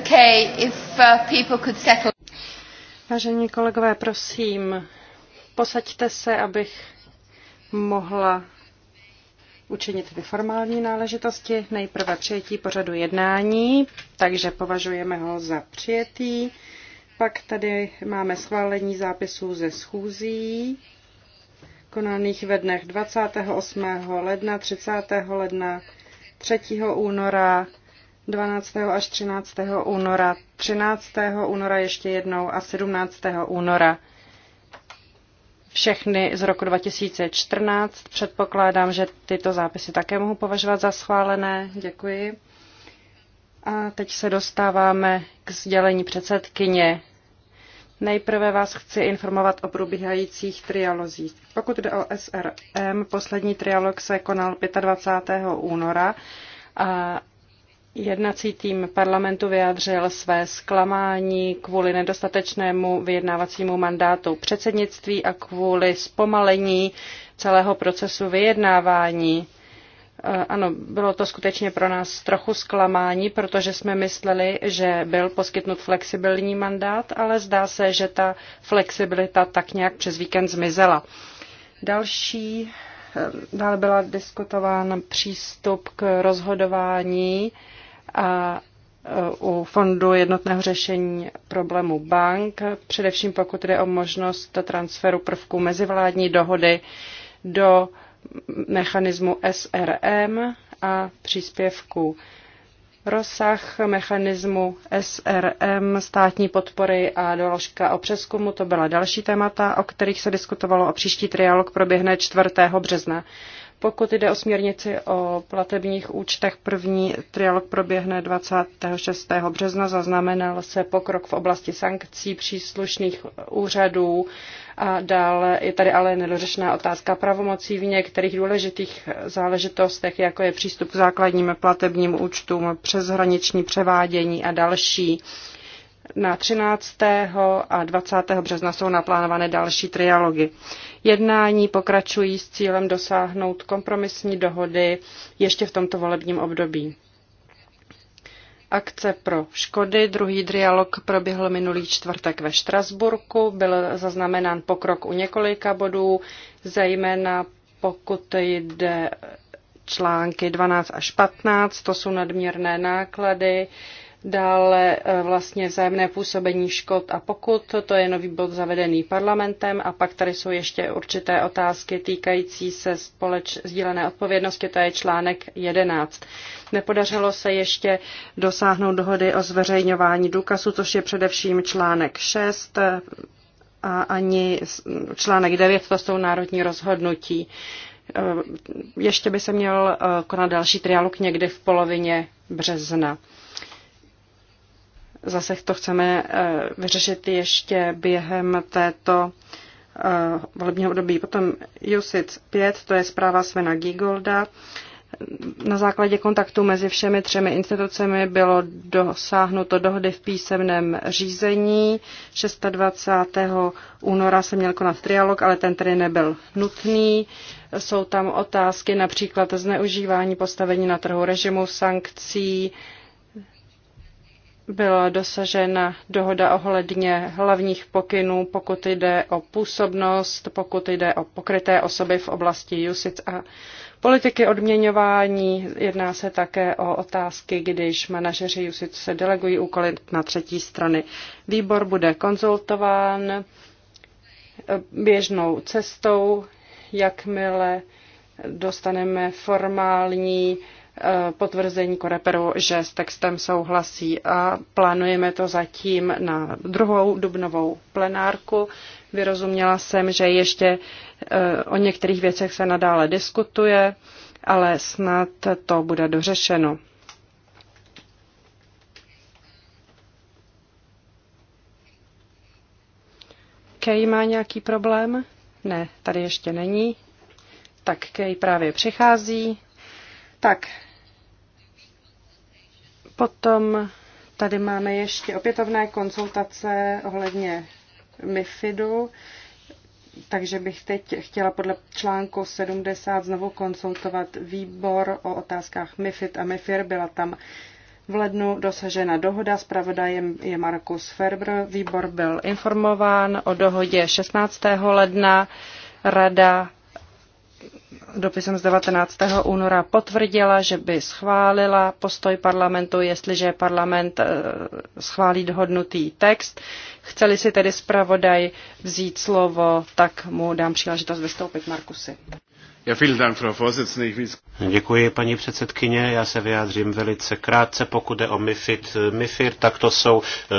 Okay, if uh, people could settle. Vážení kolegové, prosím, posaďte se, abych mohla učinit ty formální náležitosti. Nejprve přijetí pořadu jednání, takže považujeme ho za přijetý. Pak tady máme schválení zápisů ze schůzí konaných ve dnech 28. ledna, 30. ledna, 3. února, 12. až 13. února, 13. února ještě jednou a 17. února. Všechny z roku 2014. Předpokládám, že tyto zápisy také mohu považovat za schválené. Děkuji. A teď se dostáváme k sdělení předsedkyně. Nejprve vás chci informovat o probíhajících trialozích. Pokud jde o SRM, poslední trialog se konal 25. února a Jednací tým parlamentu vyjádřil své zklamání kvůli nedostatečnému vyjednávacímu mandátu předsednictví a kvůli zpomalení celého procesu vyjednávání. Eh, ano, bylo to skutečně pro nás trochu zklamání, protože jsme mysleli, že byl poskytnut flexibilní mandát, ale zdá se, že ta flexibilita tak nějak přes víkend zmizela. Další, eh, dále byla diskutován přístup k rozhodování a e, u fondu jednotného řešení problému bank, především pokud jde o možnost transferu prvků mezivládní dohody do mechanismu SRM a příspěvku Rozsah mechanismu SRM, státní podpory a doložka o přeskumu, to byla další témata, o kterých se diskutovalo a příští trialog proběhne 4. března. Pokud jde o směrnici o platebních účtech, první trialog proběhne 26. března. Zaznamenal se pokrok v oblasti sankcí příslušných úřadů a dále je tady ale nedořešená otázka pravomocí v některých důležitých záležitostech, jako je přístup k základním platebním účtům, přeshraniční převádění a další na 13. a 20. března jsou naplánované další trialogy. Jednání pokračují s cílem dosáhnout kompromisní dohody ještě v tomto volebním období. Akce pro škody. Druhý dialog proběhl minulý čtvrtek ve Štrasburku. Byl zaznamenán pokrok u několika bodů, zejména pokud jde články 12 až 15, to jsou nadměrné náklady, dále eh, vlastně vzájemné působení škod a pokud, to je nový bod zavedený parlamentem a pak tady jsou ještě určité otázky týkající se společ, sdílené odpovědnosti, to je článek 11. Nepodařilo se ještě dosáhnout dohody o zveřejňování důkazů což je především článek 6 eh, a ani článek 9, to jsou národní rozhodnutí. Eh, ještě by se měl konat další trialog někdy v polovině března. Zase to chceme eh, vyřešit ještě během této eh, volebního období. Potom USIC 5, to je zpráva Svena Gigolda. Na základě kontaktu mezi všemi třemi institucemi bylo dosáhnuto dohody v písemném řízení. 26. února se měl konat trialog, ale ten tedy nebyl nutný. Jsou tam otázky například zneužívání postavení na trhu režimu sankcí, byla dosažena dohoda ohledně hlavních pokynů, pokud jde o působnost, pokud jde o pokryté osoby v oblasti jusic a politiky odměňování. Jedná se také o otázky, když manažeři jusic se delegují úkoly na třetí strany. Výbor bude konzultován běžnou cestou, jakmile dostaneme formální Eh, potvrzení koreperu, že s textem souhlasí a plánujeme to zatím na druhou dubnovou plenárku. Vyrozuměla jsem, že ještě eh, o některých věcech se nadále diskutuje, ale snad to bude dořešeno. Kej má nějaký problém? Ne, tady ještě není. Tak Kej právě přichází. Tak, Potom tady máme ještě opětovné konzultace ohledně MIFIDu, takže bych teď chtěla podle článku 70 znovu konzultovat výbor o otázkách MIFID a MIFIR. Byla tam v lednu dosažena dohoda, zpravodajem je Markus Ferber. Výbor byl informován o dohodě 16. ledna. Rada dopisem z 19. února potvrdila, že by schválila postoj parlamentu, jestliže parlament eh, schválí dohodnutý text. Chceli si tedy zpravodaj vzít slovo, tak mu dám příležitost vystoupit Markusy. Děkuji, paní předsedkyně. Já se vyjádřím velice krátce, pokud jde o MIFID. MIFIR, tak to jsou eh,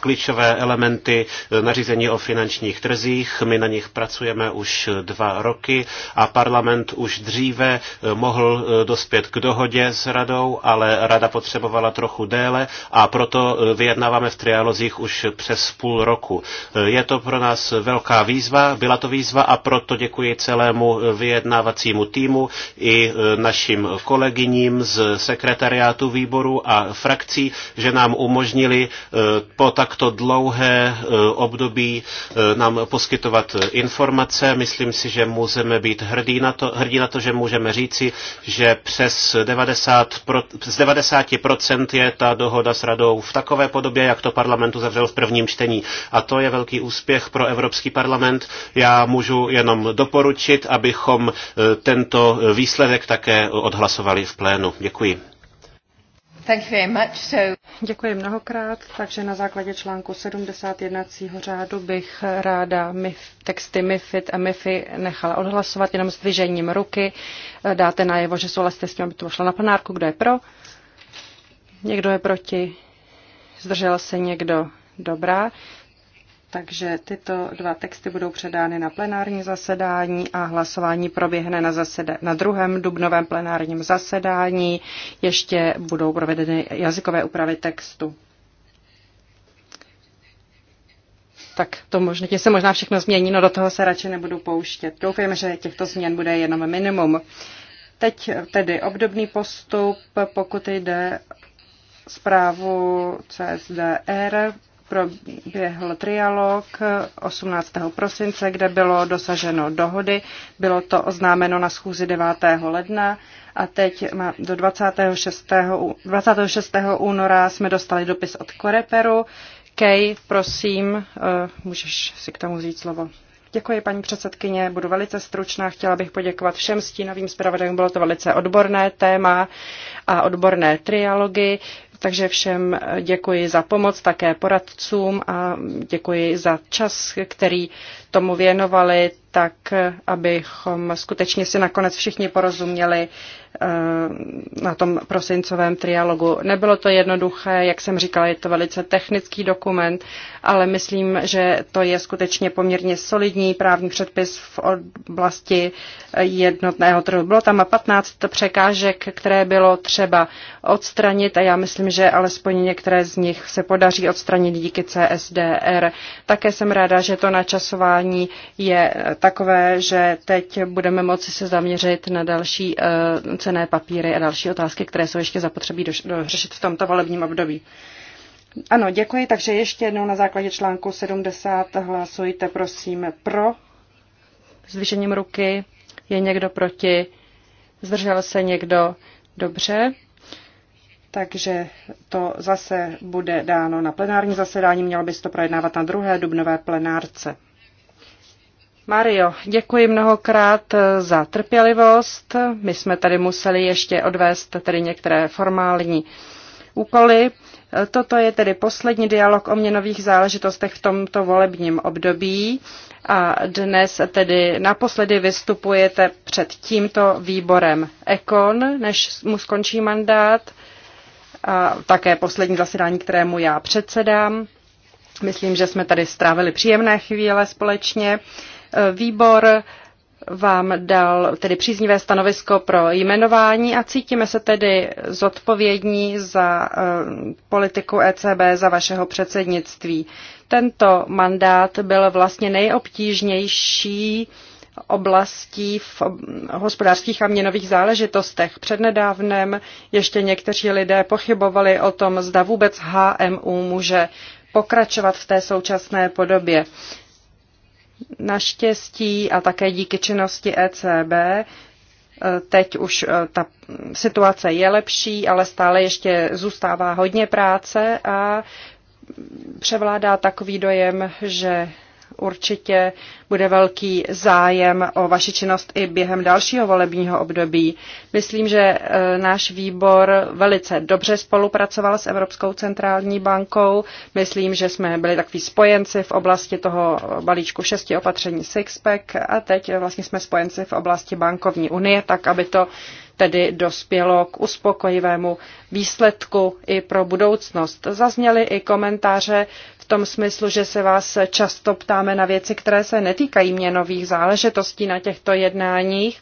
klíčové elementy eh, nařízení o finančních trzích. My na nich pracujeme už dva roky a parlament už dříve eh, mohl dospět k dohodě s radou, ale rada potřebovala trochu déle a proto vyjednáváme v trialozích už přes půl roku. Je to pro nás velká výzva, byla to výzva a proto děkuji celému vyjednávání vyjednávacímu týmu i e, našim kolegyním z sekretariátu výboru a frakcí, že nám umožnili e, po takto dlouhé e, období nám poskytovat informace. Myslím si, že můžeme být hrdí na to, hrdí na to že můžeme říci, že přes 90, z 90% je ta dohoda s radou v takové podobě, jak to parlament uzavřel v prvním čtení. A to je velký úspěch pro Evropský parlament. Já můžu jenom doporučit, abychom E, tento výsledek také odhlasovali v plénu. Děkuji. Děkuji mnohokrát. Takže na základě článku 70 jednacího řádu bych ráda MIF, texty MIFID a MIFI nechala odhlasovat jenom s dvižením ruky. E, dáte najevo, že souhlasíte s tím, aby to šlo na panárku. Kdo je pro? Někdo je proti? Zdržel se někdo? Dobrá. Takže tyto dva texty budou předány na plenární zasedání a hlasování proběhne na, zasede, na druhém dubnovém plenárním zasedání. Ještě budou provedeny jazykové úpravy textu. Tak to možná, se možná všechno změní, no do toho se radši nebudu pouštět. Doufejme, že těchto změn bude jenom minimum. Teď tedy obdobný postup, pokud jde zprávu CSDR, proběhl trialog 18. prosince, kde bylo dosaženo dohody. Bylo to oznámeno na schůzi 9. ledna a teď do 26. 26. února jsme dostali dopis od Koreperu. Kej, prosím, eh, můžeš si k tomu říct slovo. Děkuji, paní předsedkyně, budu velice stručná. Chtěla bych poděkovat všem stínovým zpravodajům. Bylo to velice odborné téma a odborné trialogy. Takže všem děkuji za pomoc, také poradcům a děkuji za čas, který tomu věnovali, tak abychom skutečně si nakonec všichni porozuměli eh, na tom prosincovém trialogu. Nebylo to jednoduché, jak jsem říkala, je to velice technický dokument, ale myslím, že to je skutečně poměrně solidní právní předpis v oblasti jednotného trhu. Bylo tam 15 překážek, které bylo třeba odstranit a já myslím, že alespoň některé z nich se podaří odstranit díky CSDR. Také jsem ráda, že to načasování je eh, takové, že teď budeme moci se zaměřit na další eh, cené papíry a další otázky, které jsou ještě zapotřebí dořešit v tomto volebním období. Ano, děkuji. Takže ještě jednou na základě článku 70 hlasujte prosím pro zvýšením ruky. Je někdo proti? Zdržel se někdo? Dobře takže to zase bude dáno na plenární zasedání, mělo by se to projednávat na druhé dubnové plenárce. Mario, děkuji mnohokrát za trpělivost. My jsme tady museli ještě odvést tedy některé formální úkoly. Toto je tedy poslední dialog o měnových záležitostech v tomto volebním období a dnes tedy naposledy vystupujete před tímto výborem Ekon, než mu skončí mandát a také poslední zasedání, kterému já předsedám. Myslím, že jsme tady strávili příjemné chvíle společně. E, výbor vám dal tedy příznivé stanovisko pro jmenování a cítíme se tedy zodpovědní za e, politiku ECB za vašeho předsednictví. Tento mandát byl vlastně nejobtížnější oblastí v hospodářských a měnových záležitostech. Přednedávnem ještě někteří lidé pochybovali o tom, zda vůbec HMU může pokračovat v té současné podobě. Naštěstí a také díky činnosti ECB eh, teď už eh, ta situace je lepší, ale stále ještě zůstává hodně práce a převládá takový dojem, že určitě bude velký zájem o vaši činnost i během dalšího volebního období. Myslím, že e, náš výbor velice dobře spolupracoval s Evropskou centrální bankou. Myslím, že jsme byli takový spojenci v oblasti toho balíčku šesti opatření Sixpack a teď vlastně jsme spojenci v oblasti bankovní unie, tak aby to tedy dospělo k uspokojivému výsledku i pro budoucnost. Zazněly i komentáře v tom smyslu, že se vás často ptáme na věci, které se netýkají měnových záležitostí na těchto jednáních,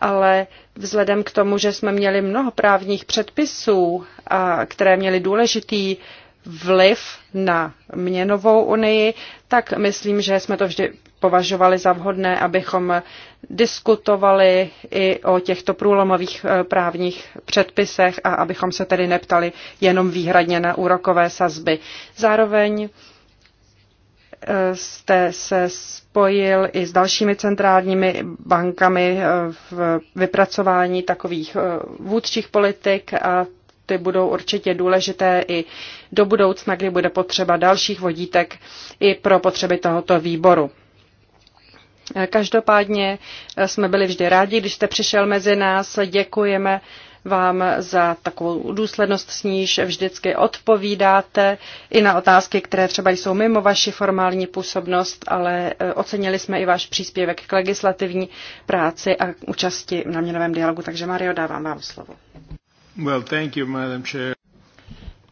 ale vzhledem k tomu, že jsme měli mnoho právních předpisů, a které měly důležitý vliv na měnovou unii, tak myslím, že jsme to vždy považovali za vhodné, abychom diskutovali i o těchto průlomových eh, právních předpisech a abychom se tedy neptali jenom výhradně na úrokové sazby. Zároveň eh, jste se spojil i s dalšími centrálními bankami eh, v vypracování takových vůdčích politik a ty budou určitě důležité i do budoucna, kdy bude potřeba dalších vodítek i pro potřeby tohoto výboru. Každopádně eh, jsme byli vždy rádi, když jste přišel mezi nás. Děkujeme vám za takovou důslednost, s níž vždycky odpovídáte i na otázky, které třeba jsou mimo vaši formální působnost, ale eh, ocenili jsme i váš příspěvek k legislativní práci a účasti na měnovém dialogu. Takže Mario, dávám vám slovo. Well, thank you, Madam Chair.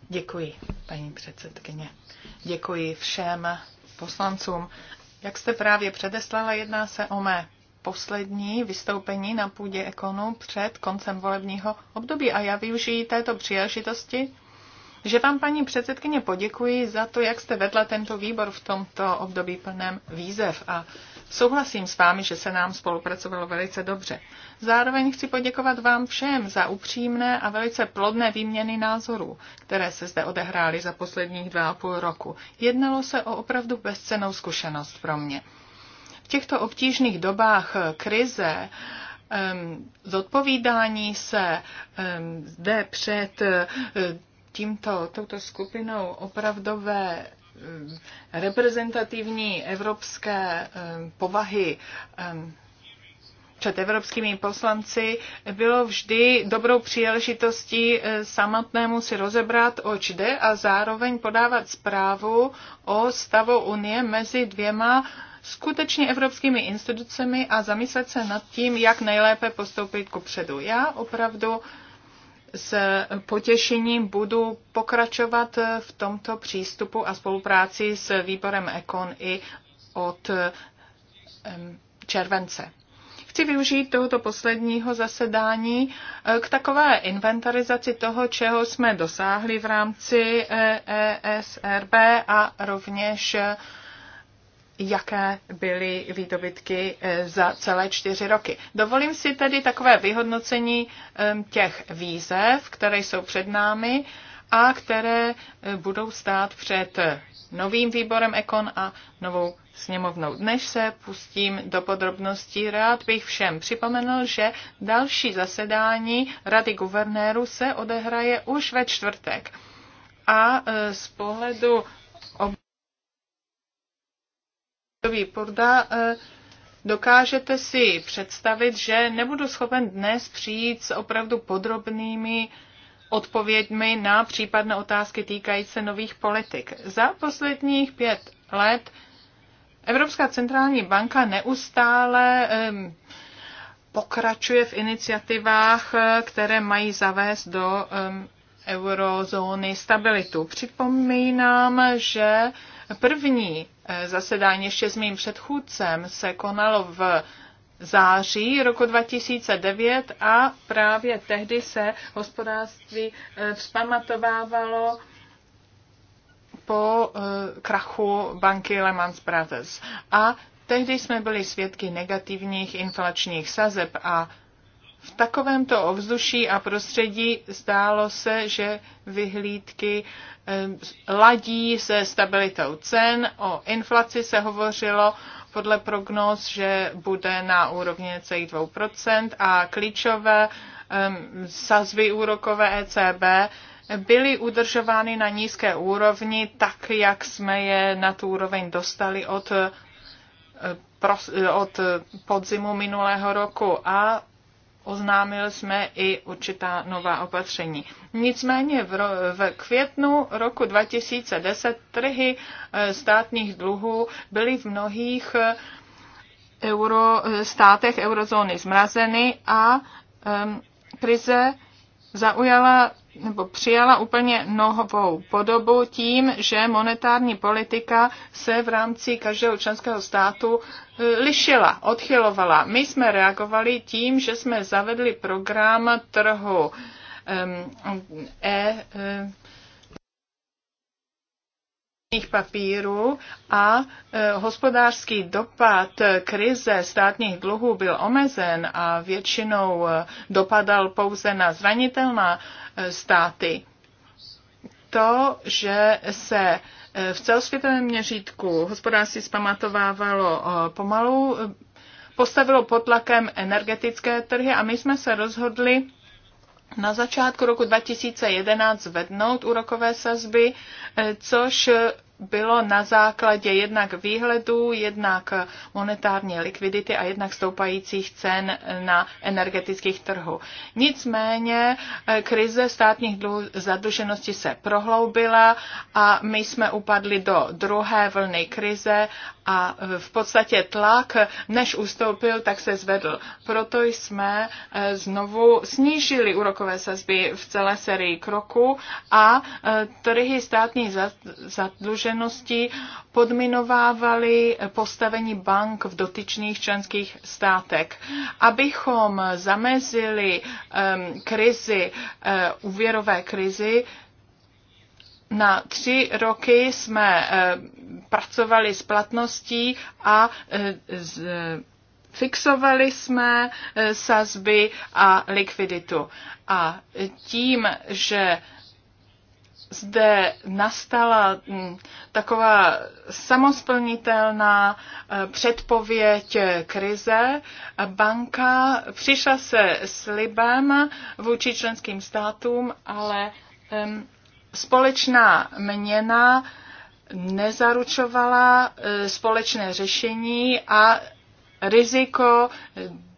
Děkuji, paní předsedkyně. Děkuji všem poslancům jak jste právě předeslala, jedná se o mé poslední vystoupení na půdě Ekonu před koncem volebního období a já využiji této příležitosti, že vám, paní předsedkyně, poděkuji za to, jak jste vedla tento výbor v tomto období plném výzev a Souhlasím s vámi, že se nám spolupracovalo velice dobře. Zároveň chci poděkovat vám všem za upřímné a velice plodné výměny názorů, které se zde odehrály za posledních dva a půl roku. Jednalo se o opravdu bezcenou zkušenost pro mě. V těchto obtížných dobách krize zodpovídání se zde před eh, tímto, touto skupinou opravdové Eh, reprezentativní evropské eh, povahy eh, před evropskými poslanci bylo vždy dobrou příležitostí samotnému si rozebrat, oč jde a zároveň podávat zprávu o stavu Unie mezi dvěma skutečně evropskými institucemi a zamyslet se nad tím, jak nejlépe postoupit ku předu. Já opravdu s potěšením budu pokračovat v tomto přístupu a spolupráci s výborem Econ i od července. Chci využít tohoto posledního zasedání eh, k takové inventarizaci toho, čeho jsme dosáhli v rámci ESRB eh, e a rovněž eh, jaké byly výdobytky eh, za celé čtyři roky. Dovolím si tedy takové vyhodnocení ehm, těch výzev, které jsou před námi a které eh, budou stát před eh, novým výborem Ekon a novou sněmovnou. Dnes se pustím do podrobností, rád bych všem připomenul, že další zasedání Rady guvernéru se odehraje už ve čtvrtek. A z pohledu Dobrý, Purda, eh, dokážete si představit, že nebudu schopen dnes přijít s opravdu podrobnými odpověďmi na případné otázky týkající se nových politik. Za posledních pět let Evropská centrální banka neustále pokračuje v iniciativách, eh, které mají zavést do eurozóny stabilitu. Připomínám, že první eh, zasedání ještě s mým předchůdcem se konalo v září roku 2009 a právě tehdy se hospodářství eh, vzpamatovávalo po eh, krachu banky Lehman Brothers. A tehdy jsme byli svědky negativních inflačních sazeb a v takovémto ovzduší a prostředí zdálo se, že vyhlídky eh, ladí se stabilitou cen. O inflaci se hovořilo podle prognóz, že bude na úrovni celých 2% a klíčové ehm, sazby úrokové ECB byly udržovány na nízké úrovni, tak jak jsme je na tu úroveň dostali od, eh, od podzimu minulého roku. A oznámili jsme i určitá nová opatření. Nicméně v, ro- v květnu roku 2010 trhy eh, státních dluhů byly v mnohých eh, euro, eh, státech eurozóny zmrazeny a um, krize zaujala nebo přijala úplně novou podobu tím, že monetární politika se v rámci každého členského státu e, lišila, odchylovala. My jsme reagovali tím, že jsme zavedli program trhu e, e papírů a e, hospodářský dopad e, krize státních dluhů byl omezen a většinou e, dopadal pouze na zranitelná státy. To, že se v celosvětovém měřítku hospodářství zpamatovávalo pomalu, postavilo pod tlakem energetické trhy a my jsme se rozhodli na začátku roku 2011 zvednout úrokové sazby, eh, což eh, bylo na základě jednak výhledů, jednak monetární likvidity a jednak stoupajících cen na energetických trhu. Nicméně eh, krize státních dluh, zadluženosti se prohloubila a my jsme upadli do druhé vlny krize a eh, v podstatě tlak, než ustoupil, tak se zvedl. Proto jsme eh, znovu snížili úrokové sazby v celé sérii kroků a trhy státní zadluženosti zkušenosti podminovávaly postavení bank v dotyčných členských státech. Abychom zamezili um, krizi, uh, úvěrové krizi, na tři roky jsme eh, pracovali s platností a eh, z, fixovali jsme sazby a likviditu. A tím, že zde nastala mm, taková samosplnitelná eh, předpověď krize. Banka přišla se slibem vůči členským státům, ale společná měna nezaručovala eh, společné řešení a riziko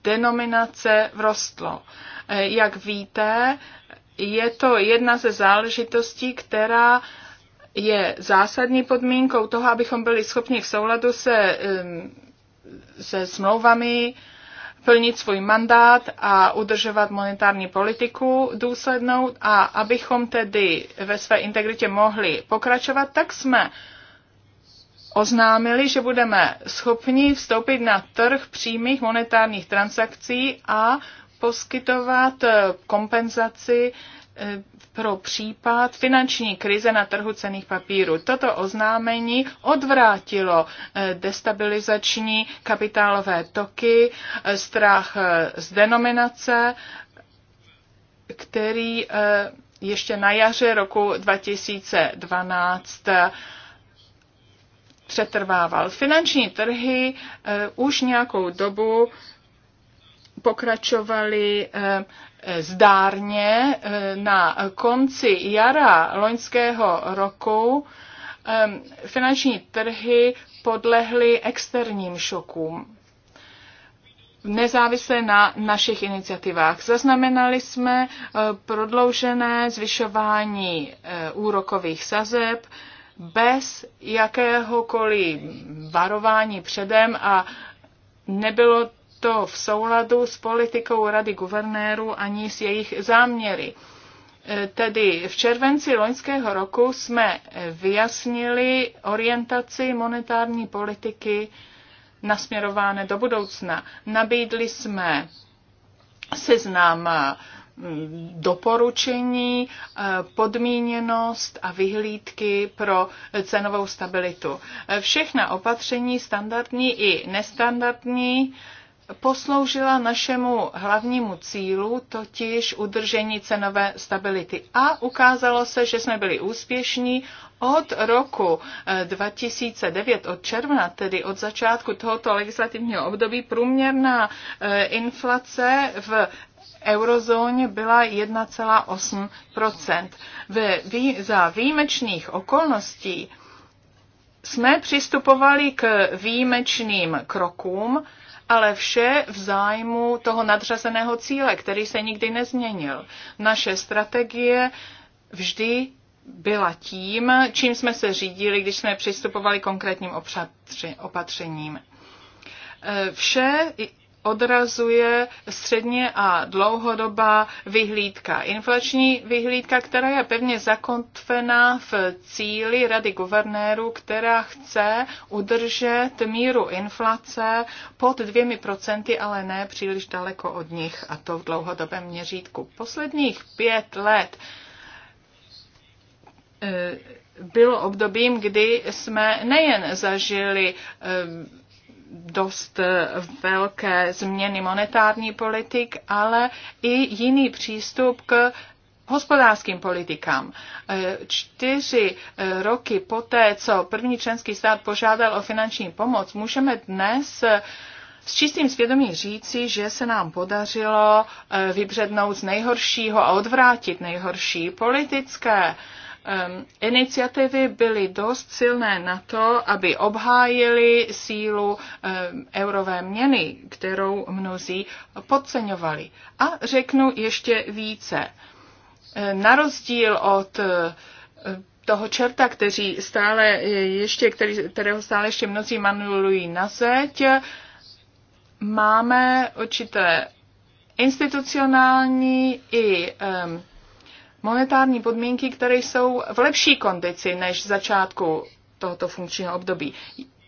denominace vrostlo. Eh, jak víte, je to jedna ze záležitostí, která je zásadní podmínkou toho, abychom byli schopni v souladu se, se smlouvami plnit svůj mandát a udržovat monetární politiku důslednou a abychom tedy ve své integritě mohli pokračovat, tak jsme oznámili, že budeme schopni vstoupit na trh přímých monetárních transakcí a poskytovat eh, kompenzaci eh, pro případ finanční krize na trhu cených papírů. Toto oznámení odvrátilo eh, destabilizační kapitálové toky, strach z denominace, který ještě na jaře roku 2012 přetrvával. Finanční trhy už nějakou dobu pokračovali eh, zdárně. Eh, na konci jara loňského roku eh, finanční trhy podlehly externím šokům nezávisle na našich iniciativách. Zaznamenali jsme prodloužené zvyšování úrokových sazeb bez jakéhokoliv varování předem a nebylo to v souladu s politikou Rady guvernérů ani s jejich záměry. E, tedy v červenci loňského roku jsme vyjasnili orientaci monetární politiky nasměrované do budoucna. Nabídli jsme seznam e, doporučení, e, podmíněnost a vyhlídky pro cenovou stabilitu. Všechna opatření, standardní i nestandardní, posloužila našemu hlavnímu cílu, totiž udržení cenové stability. A ukázalo se, že jsme byli úspěšní od roku 2009, eh, od června, tedy od začátku tohoto legislativního období, průměrná eh, inflace v eurozóně byla 1,8 Ve, Za výjimečných okolností jsme přistupovali k výjimečným krokům, ale vše v zájmu toho nadřazeného cíle, který se nikdy nezměnil. Naše strategie vždy byla tím, čím jsme se řídili, když jsme přistupovali konkrétním opatřením. E, vše odrazuje středně a dlouhodobá vyhlídka. Inflační vyhlídka, která je pevně zakotvená v cíli Rady guvernérů, která chce udržet míru inflace pod dvěmi procenty, ale ne příliš daleko od nich, a to v dlouhodobém měřítku. Posledních pět let eh, bylo obdobím, kdy jsme nejen zažili eh, dost eh, velké změny monetární politik, ale i jiný přístup k hospodářským politikám. Eh, čtyři eh, roky poté, co první členský stát požádal o finanční pomoc, můžeme dnes s čistým svědomím říci, že se nám podařilo vybřednout z nejhoršího a odvrátit nejhorší politické Ehm, iniciativy byly dost silné na to, aby obhájili sílu ehm, eurové měny, kterou mnozí podceňovali. A řeknu ještě více. Ehm, na rozdíl od toho čerta, který stále ještě, který, kterého stále ještě mnozí manulují na zeď, máme určité institucionální i um, monetární podmínky, které jsou v lepší kondici než v začátku tohoto funkčního období.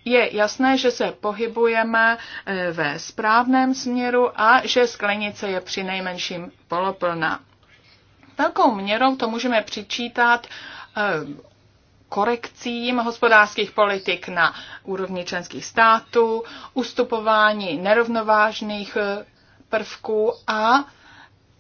Je jasné, že se pohybujeme eh, ve správném směru a že sklenice je při nejmenším poloplná. Velkou měrou to můžeme přičítat eh, korekcím hospodářských politik na úrovni členských států, ustupování nerovnovážných eh, prvků a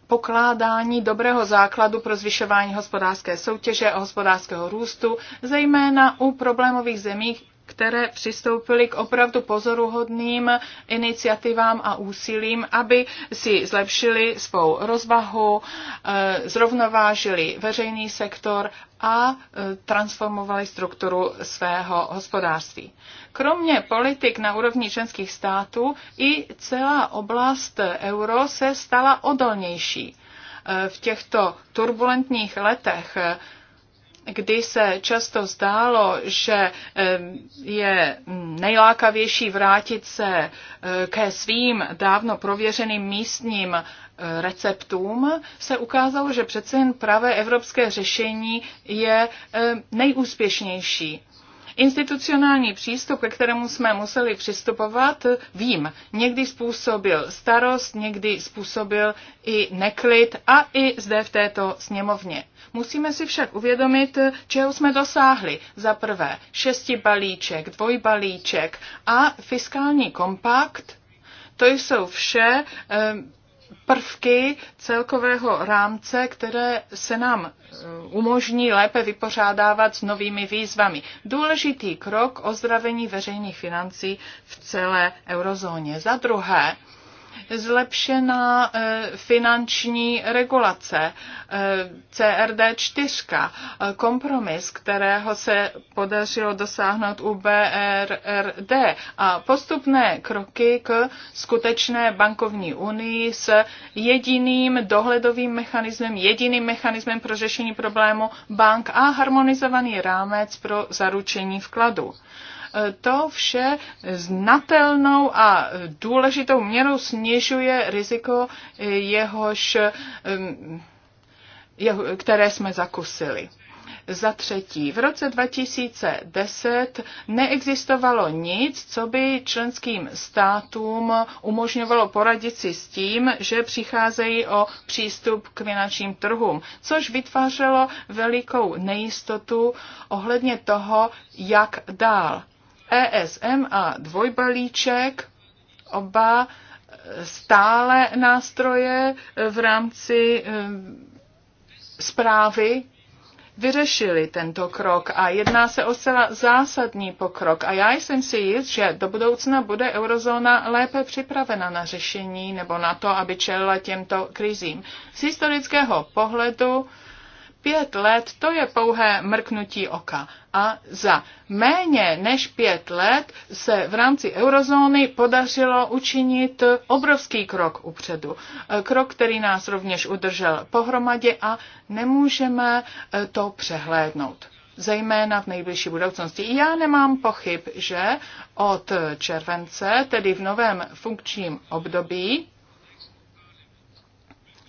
pokládání dobrého základu pro zvyšování hospodářské soutěže a hospodářského růstu, zejména u problémových zemí, které přistoupily k opravdu pozoruhodným iniciativám a úsilím, aby si zlepšili svou rozvahu, eh, zrovnovážili veřejný sektor a eh, transformovali strukturu svého hospodářství. Kromě politik na úrovni členských států i celá oblast euro se stala odolnější eh, v těchto turbulentních letech kdy se často zdálo, že je nejlákavější vrátit se eh, ke svým dávno prověřeným místním eh, receptům, se ukázalo, že přece jen pravé evropské řešení je nejúspěšnější. Institucionální přístup, ke kterému jsme museli přistupovat, vím, někdy způsobil starost, někdy způsobil i neklid a i zde v této sněmovně. Musíme si však uvědomit, čeho jsme dosáhli. Za prvé šesti balíček, dvojbalíček a fiskální kompakt. To jsou vše eh, prvky celkového rámce, které se nám eh, umožní lépe vypořádávat s novými výzvami. Důležitý krok ozdravení veřejných financí v celé eurozóně. Za druhé, zlepšená eh, finanční regulace, eh, CRD 4, eh, kompromis, kterého se podařilo dosáhnout u BRRD a postupné kroky k skutečné bankovní unii s jediným dohledovým mechanismem, jediným mechanismem pro řešení problému bank a harmonizovaný rámec pro zaručení vkladu to vše znatelnou a důležitou měrou snižuje riziko jehož, jeho, které jsme zakusili. Za třetí, v roce 2010 neexistovalo nic, co by členským státům umožňovalo poradit si s tím, že přicházejí o přístup k finančním trhům, což vytvářelo velikou nejistotu ohledně toho, jak dál. ESM a dvojbalíček, oba stále nástroje v rámci eh, zprávy vyřešili tento krok a jedná se o celá zásadní pokrok. A já jsem si jist, že do budoucna bude eurozóna lépe připravena na řešení nebo na to, aby čelila těmto krizím. Z historického pohledu Pět let to je pouhé mrknutí oka a za méně než pět let se v rámci eurozóny podařilo učinit obrovský krok upředu. E, krok, který nás rovněž udržel pohromadě a nemůžeme e, to přehlédnout zejména v nejbližší budoucnosti. Já nemám pochyb, že od července, tedy v novém funkčním období,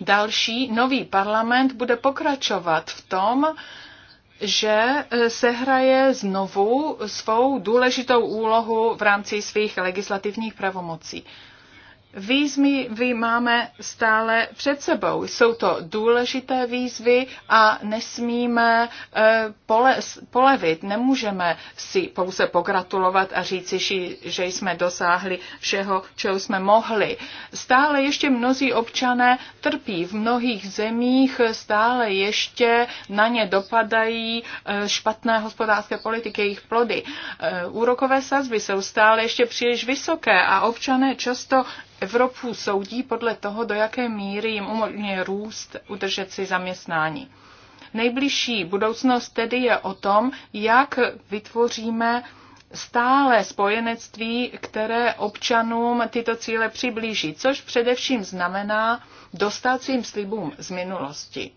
další nový parlament bude pokračovat v tom, že e, sehraje znovu svou důležitou úlohu v rámci svých legislativních pravomocí. Výzvy vy máme stále před sebou. Jsou to důležité výzvy a nesmíme eh, pole, polevit. Nemůžeme si pouze pogratulovat a říci, že jsme dosáhli všeho, čeho jsme mohli. Stále ještě mnozí občané trpí. V mnohých zemích stále ještě na ně dopadají eh, špatné hospodářské politiky, jejich plody. Eh, úrokové sazby jsou stále ještě příliš vysoké a občané často Evropu soudí podle toho, do jaké míry jim umožňuje růst, udržet si zaměstnání. Nejbližší budoucnost tedy je o tom, jak vytvoříme stále spojenectví, které občanům tyto cíle přiblíží, což především znamená dostat svým slibům z minulosti.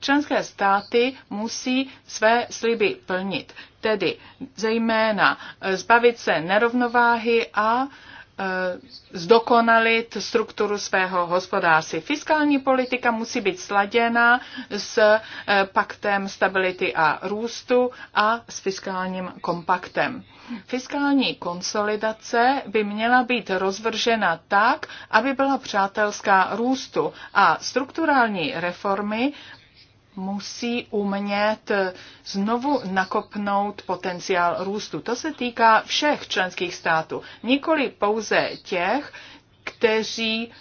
Členské státy musí své sliby plnit, tedy zejména zbavit se nerovnováhy a Eh, zdokonalit strukturu svého hospodářství. Fiskální politika musí být sladěna s eh, paktem stability a růstu a s fiskálním kompaktem. Fiskální konsolidace by měla být rozvržena tak, aby byla přátelská růstu a strukturální reformy musí umět znovu nakopnout potenciál růstu. To se týká všech členských států, nikoli pouze těch, kteří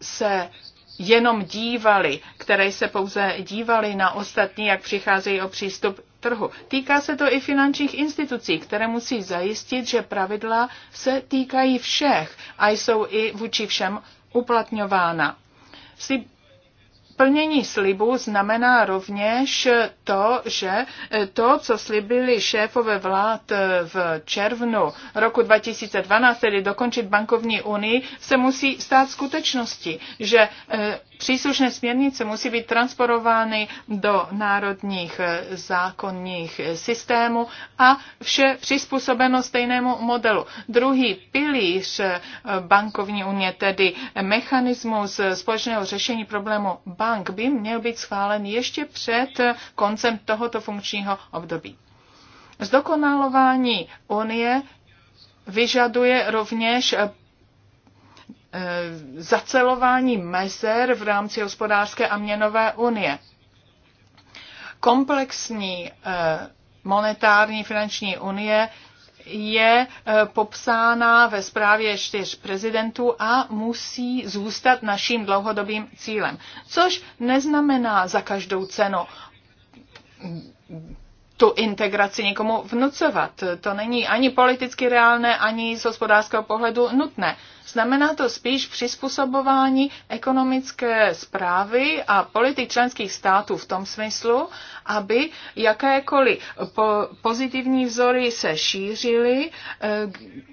se jenom dívali, které se pouze dívali na ostatní, jak přicházejí o přístup trhu. Týká se to i finančních institucí, které musí zajistit, že pravidla se týkají všech a jsou i vůči všem uplatňována. Slib. Plnění slibu znamená rovněž to, že to, co slibili šéfové vlád v červnu roku 2012, tedy dokončit bankovní unii, se musí stát skutečností, že eh, Příslušné směrnice musí být transporovány do národních eh, zákonních eh, systémů a vše přizpůsobeno stejnému modelu. Druhý pilíř eh, bankovní unie, tedy mechanismus společného řešení problému bank, by měl být schválen ještě před koncem tohoto funkčního období. Zdokonalování unie vyžaduje rovněž Eh, zacelování mezer v rámci hospodářské a měnové unie. Komplexní eh, monetární finanční unie je eh, popsána ve zprávě čtyř prezidentů a musí zůstat naším dlouhodobým cílem. Což neznamená za každou cenu tu integraci někomu vnucovat. To není ani politicky reálné, ani z hospodářského pohledu nutné. Znamená to spíš přizpůsobování ekonomické zprávy a politik členských států v tom smyslu, aby jakékoliv po- pozitivní vzory se šířily, eh,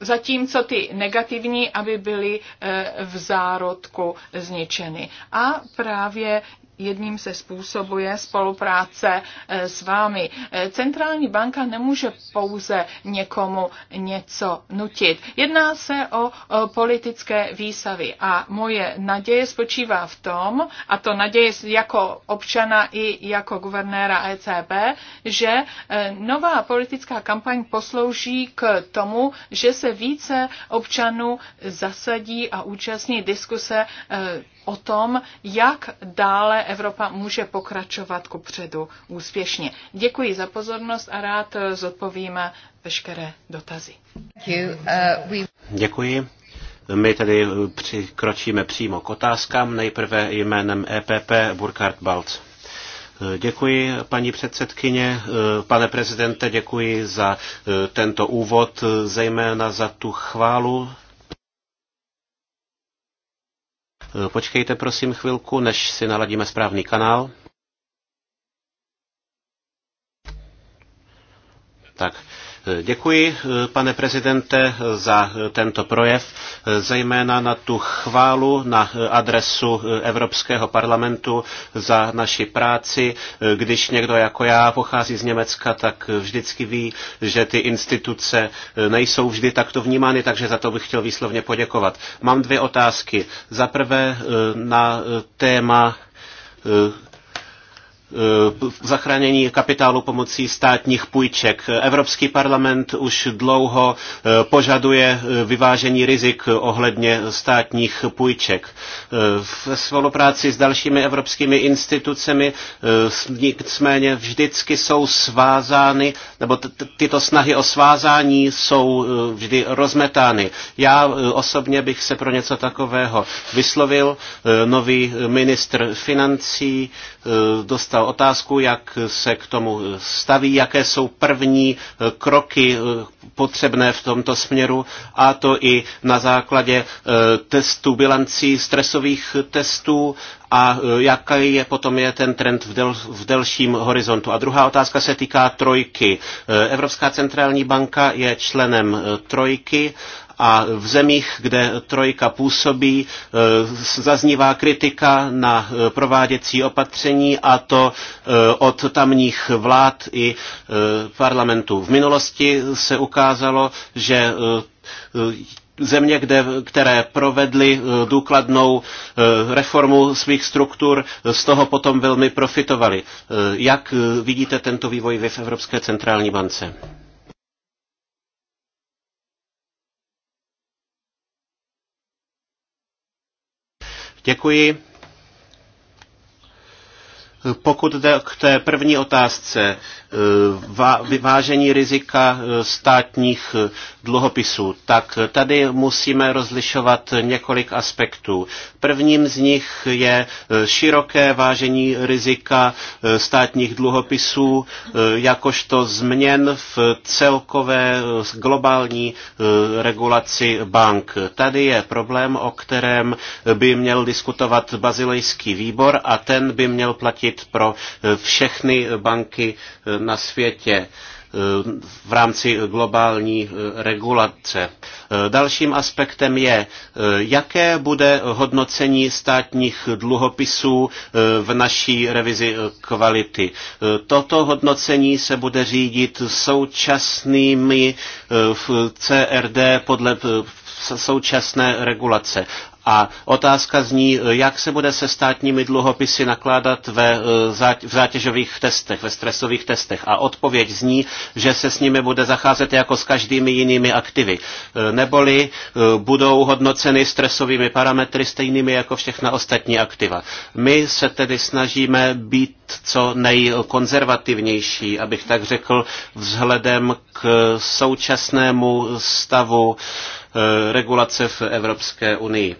zatímco ty negativní, aby byly eh, v zárodku zničeny. A právě jedním se způsobů je spolupráce e, s vámi. E, centrální banka nemůže pouze někomu něco nutit. Jedná se o politické výsavy a moje naděje spočívá v tom, a to naděje jako občana i jako guvernéra ECB, že e, nová politická kampaň poslouží k tomu, že se více občanů zasadí a účastní diskuse o tom, jak dále Evropa může pokračovat ku předu úspěšně. Děkuji za pozornost a rád zodpovím veškeré dotazy. Uh, děkuji. My tedy uh, přikročíme přímo k otázkám. Nejprve jménem EPP Burkhard Balc. Uh, děkuji, paní předsedkyně. Pane prezidente, děkuji za tento úvod, zejména za tu chválu Eh, počkejte prosím chvilku, než si naladíme správný kanál. Tak, Děkuji, pane prezidente, za tento projev, zejména na tu chválu na adresu Evropského parlamentu za naši práci. Když někdo jako já pochází z Německa, tak vždycky ví, že ty instituce nejsou vždy takto vnímány, takže za to bych chtěl výslovně poděkovat. Mám dvě otázky. Za prvé na téma Eh, zachránění kapitálu pomocí státních půjček. Evropský parlament už dlouho eh, požaduje eh, vyvážení rizik ohledně státních půjček. V spolupráci s dalšími evropskými institucemi nicméně vždycky jsou svázány, nebo tyto snahy o svázání jsou vždy rozmetány. Já osobně bych se pro něco takového vyslovil. Nový ministr financí dostal dostal otázku, jak se k tomu staví, jaké jsou první eh, kroky eh, potřebné v tomto směru a to i na základě eh, testů bilancí, stresových testů a jaký je potom je ten trend v, del, v delším horizontu. A druhá otázka se týká trojky. Evropská centrální banka je členem trojky a v zemích, kde trojka působí, e, zaznívá kritika na e, prováděcí opatření a to e, od tamních vlád i parlamentů. V minulosti se ukázalo, že země, kde, které provedly důkladnou reformu svých struktur, z toho potom velmi profitovaly. Jak vidíte tento vývoj v Evropské centrální bance? Děkuji. Pokud jde k té první otázce, e, vyvážení rizika e, státních e, dluhopisů, tak tady musíme rozlišovat několik aspektů. Prvním z nich je široké vážení rizika státních dluhopisů, jakožto změn v celkové globální regulaci bank. Tady je problém, o kterém by měl diskutovat bazilejský výbor a ten by měl platit platit pro eh, všechny banky eh, na světě eh, v rámci globální regulace. Dalším aspektem je, jaké bude hodnocení státních dluhopisů v naší revizi kvality. Toto hodnocení se bude řídit současnými v CRD podle současné regulace. A otázka zní, jak se bude se státními dluhopisy nakládat ve, eh, v zátěžových testech, ve stresových testech. A odpověď zní, že se s nimi bude zacházet jako s každými jinými aktivy. Eh, neboli eh, budou hodnoceny stresovými parametry stejnými jako všechna ostatní aktiva. My se tedy snažíme být co nejkonzervativnější, abych tak řekl, vzhledem k současnému stavu regulace v Evropské unii.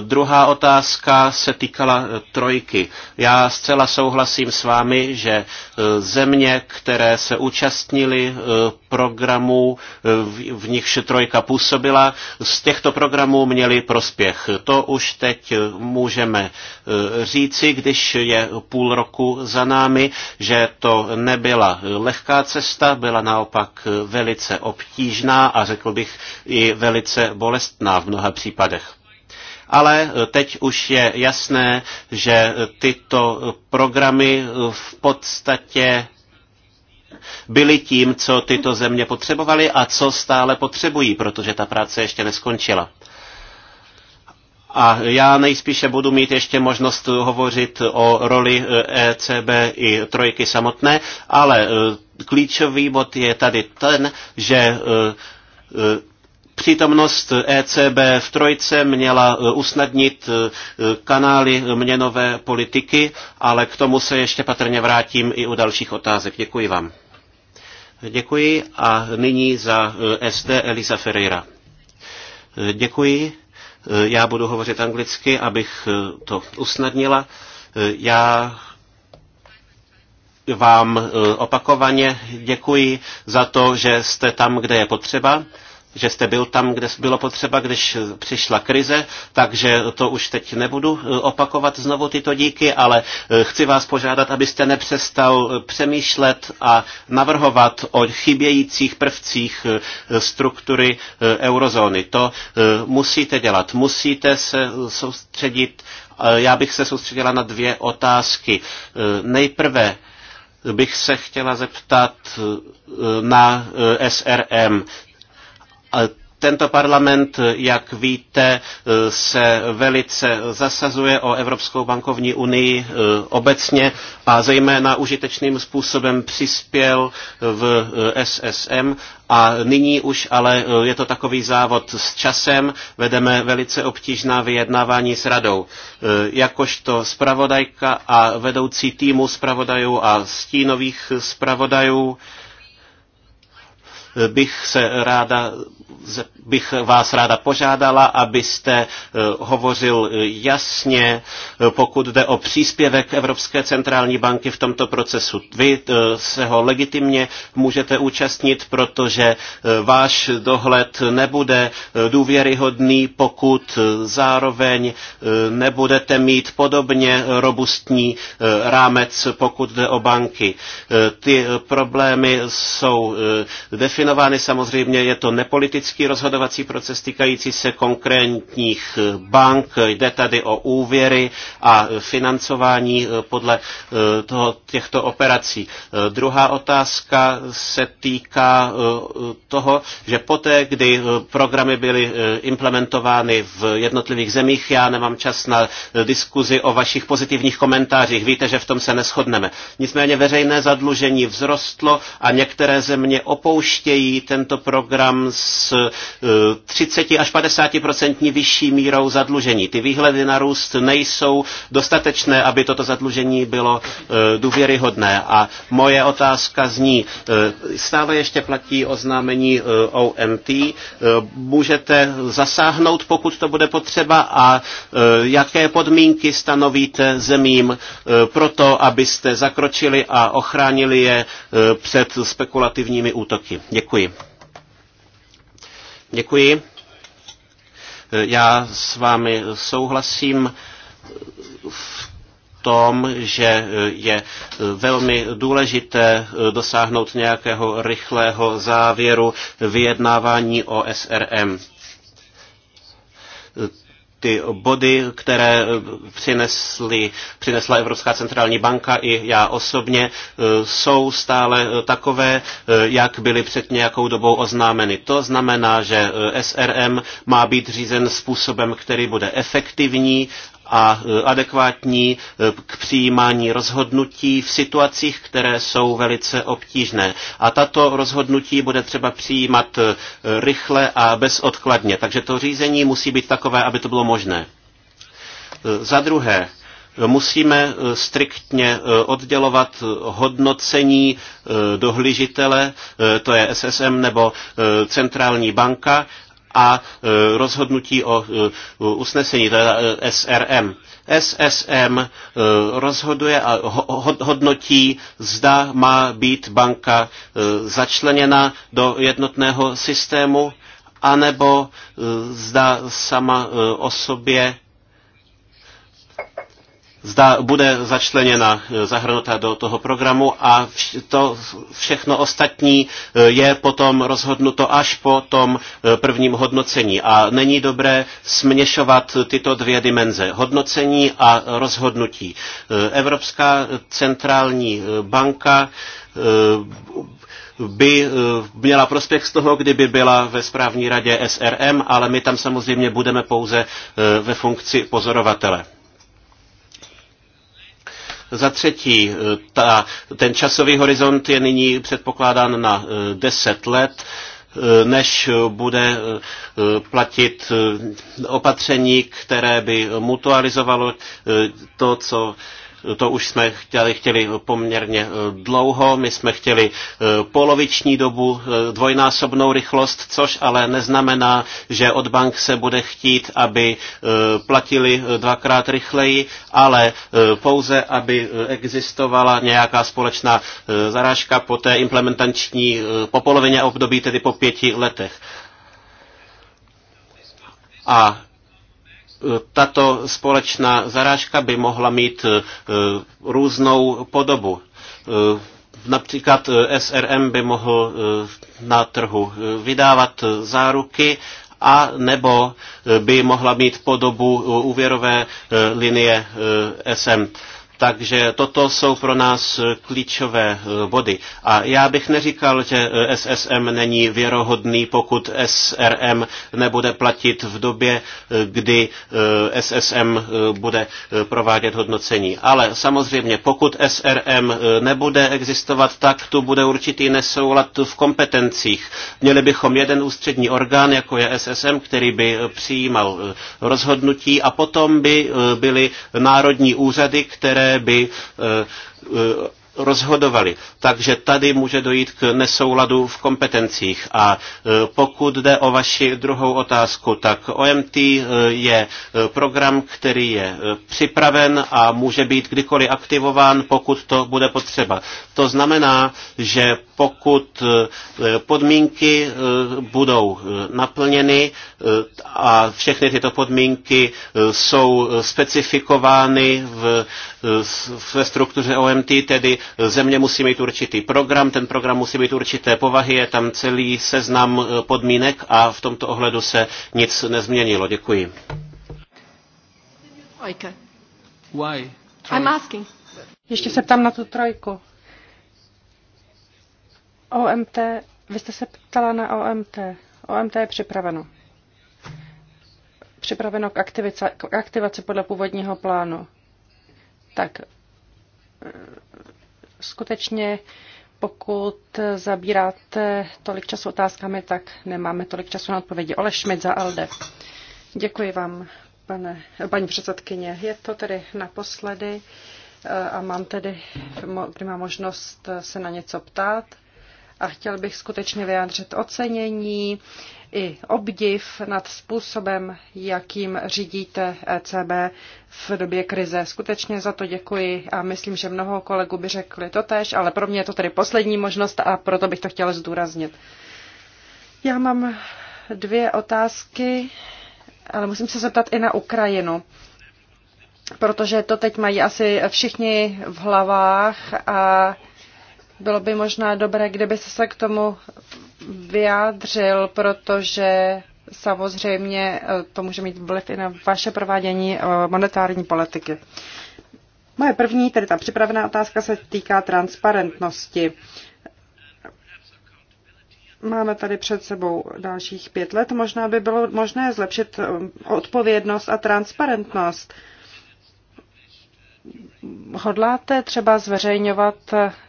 Druhá otázka se týkala eh, trojky. Já zcela souhlasím s vámi, že eh, země, které se účastnili eh, programů, v nichž trojka působila, z těchto programů měly prospěch. To už teď můžeme říci, když je půl roku za námi, že to nebyla lehká cesta, byla naopak velice obtížná a řekl bych i velice bolestná v mnoha případech ale eh, teď už je jasné, že eh, tyto eh, programy v podstatě byli tím, co tyto země potřebovaly a co stále potřebují, protože ta práce ještě neskončila. A já nejspíše budu mít ještě možnost hovořit o roli ECB e i trojky samotné, ale klíčový bod je tady ten, že Přítomnost ECB v trojce měla e, usnadnit e, kanály měnové politiky, ale k tomu se ještě patrně vrátím i u dalších otázek. Děkuji vám. Děkuji a nyní za e, SD Elisa Ferreira. Děkuji. Já budu hovořit anglicky, abych to usnadnila. Já vám opakovaně děkuji za to, že jste tam, kde je potřeba že jste byl tam, kde bylo potřeba, když přišla krize, takže to už teď nebudu eh, opakovat znovu tyto díky, ale eh, chci vás požádat, abyste nepřestal eh, přemýšlet a navrhovat o chybějících prvcích struktury eurozóny. To musíte dělat. Musíte se soustředit, já bych se soustředila na dvě otázky. Nejprve bych se chtěla zeptat na SRM. Tento parlament, jak víte, se velice zasazuje o Evropskou bankovní unii eh, obecně a zejména užitečným způsobem přispěl v eh, SSM a nyní už ale eh, je to takový závod s časem, vedeme velice obtížná vyjednávání s radou. Jakožto zpravodajka a vedoucí týmu zpravodajů a stínových zpravodajů, bych, se ráda, bych vás ráda požádala, abyste eh, hovořil jasně, eh, pokud jde o příspěvek Evropské centrální banky v tomto procesu. Vy eh, se ho legitimně můžete účastnit, protože váš dohled nebude důvěryhodný, pokud zároveň nebudete mít podobně robustní rámec, pokud jde o banky. Ty problémy jsou definitivní koordinovány samozřejmě. Je to nepolitický rozhodovací proces týkající se konkrétních eh, bank. Jde tady o úvěry a eh, financování eh, podle toho, těchto operací. Druhá otázka se týká toho, že poté, kdy programy byly implementovány v jednotlivých zemích, já nemám čas na diskuzi o vašich pozitivních komentářích. Víte, že v tom se neschodneme. Nicméně veřejné zadlužení vzrostlo a některé země opouštějí rozvíjejí tento program s 30 eh, až 50 vyšší mírou zadlužení. Ty výhledy na růst nejsou dostatečné, aby toto zadlužení bylo eh, důvěryhodné. A moje otázka zní, eh, stále ještě platí oznámení OMT, můžete zasáhnout, pokud to bude potřeba a jaké podmínky stanovíte zemím pro to, abyste zakročili a ochránili je před spekulativními útoky. Děkuji. Děkuji. Děkuji. Já s vámi souhlasím v tom, že je velmi důležité dosáhnout nějakého rychlého závěru vyjednávání o SRM ty body, které eh, přinesly, přinesla Evropská centrální banka i já osobně, eh, jsou stále eh, takové, jak byly před nějakou dobou oznámeny. To znamená, že SRM má být řízen způsobem, který bude efektivní a e, adekvátní e, k přijímání rozhodnutí v situacích, které jsou velice obtížné. A tato rozhodnutí bude třeba přijímat e, rychle a bezodkladně. Takže to řízení musí být takové, aby to bylo možné. Za druhé, musíme striktně oddělovat hodnocení dohlížitele, to je SSM nebo centrální banka, a e, rozhodnutí o e, usnesení, je e, SRM. SSM rozhoduje a hodnotí, zda má být banka začleněna do jednotného systému, anebo zda sama o sobě zda bude začleněna, eh, zahrnuta do toho programu a to všechno ostatní eh, je potom rozhodnuto až po tom eh, prvním hodnocení. A není dobré směšovat tyto dvě dimenze, hodnocení a rozhodnutí. Evropská centrální banka by měla prospěch z toho, kdyby byla ve správní radě SRM, ale my tam samozřejmě budeme pouze ve funkci pozorovatele. Za třetí, eh, ta, ten časový horizont je nyní předpokládán na 10 eh, let eh, než bude platit opatření, které by mutualizovalo to, co to už jsme chtěli, chtěli poměrně e, dlouho. My jsme chtěli e, poloviční dobu, e, dvojnásobnou rychlost, což ale neznamená, že od bank se bude chtít, aby platili dvakrát rychleji, ale pouze, aby existovala nějaká společná zarážka po té implementační, po polovině období, tedy po pěti letech. A tato společná zarážka by mohla mít e, různou podobu. E, například e, SRM by mohl na trhu vydávat záruky a nebo by mohla mít podobu úvěrové linie SM. Takže toto jsou pro nás eh, klíčové eh, body. A já bych neříkal, že eh, SSM není věrohodný, pokud SRM nebude platit v době, kdy SSM bude provádět hodnocení. Ale samozřejmě, pokud SRM nebude existovat, tak tu bude určitý nesoulad v kompetencích. Měli bychom jeden ústřední orgán, jako je SSM, který by přijímal rozhodnutí a potom by byly národní úřady, které by eh, eh, rozhodovali. Takže tady může dojít k nesouladu v kompetencích. A eh, pokud jde o vaši druhou otázku, tak OMT je program, který je připraven a může být kdykoliv aktivován, pokud to bude potřeba. To znamená, že pokud eh, podmínky eh, budou eh, naplněny a všechny tyto podmínky jsou specifikovány v, ve struktuře OMT, tedy země musí mít určitý program, ten program musí být určité povahy, je tam celý seznam podmínek a v tomto ohledu se nic nezměnilo. Děkuji. Why? I'm asking. Ještě se ptám na tu trojku. OMT, vy jste se ptala na OMT. OMT je připraveno. Připraveno k, aktivice, k aktivaci podle původního plánu. Tak eh, skutečně, pokud zabíráte tolik času otázkami, tak nemáme tolik času na odpovědi. Ole Schmidt za ALDE. Děkuji vám, pane, paní předsedkyně. Je to tedy naposledy eh, a mám tedy, kdy mám možnost eh, se na něco ptát a chtěl bych skutečně vyjádřit ocenění i obdiv nad způsobem, jakým řídíte ECB v době krize. Skutečně za to děkuji a myslím, že mnoho kolegů by řekli to tež, ale pro mě je to tedy poslední možnost a proto bych to chtěla zdůraznit. Já mám dvě otázky, ale musím se zeptat i na Ukrajinu protože to teď mají asi všichni v hlavách a bylo by možná dobré, kdyby se k tomu vyjádřil, protože samozřejmě eh, to může mít vliv i na vaše provádění eh, monetární politiky. Moje první, tedy ta připravená otázka, se týká transparentnosti. Máme tady před sebou dalších pět let. Možná by bylo možné zlepšit eh, odpovědnost a transparentnost hodláte třeba zveřejňovat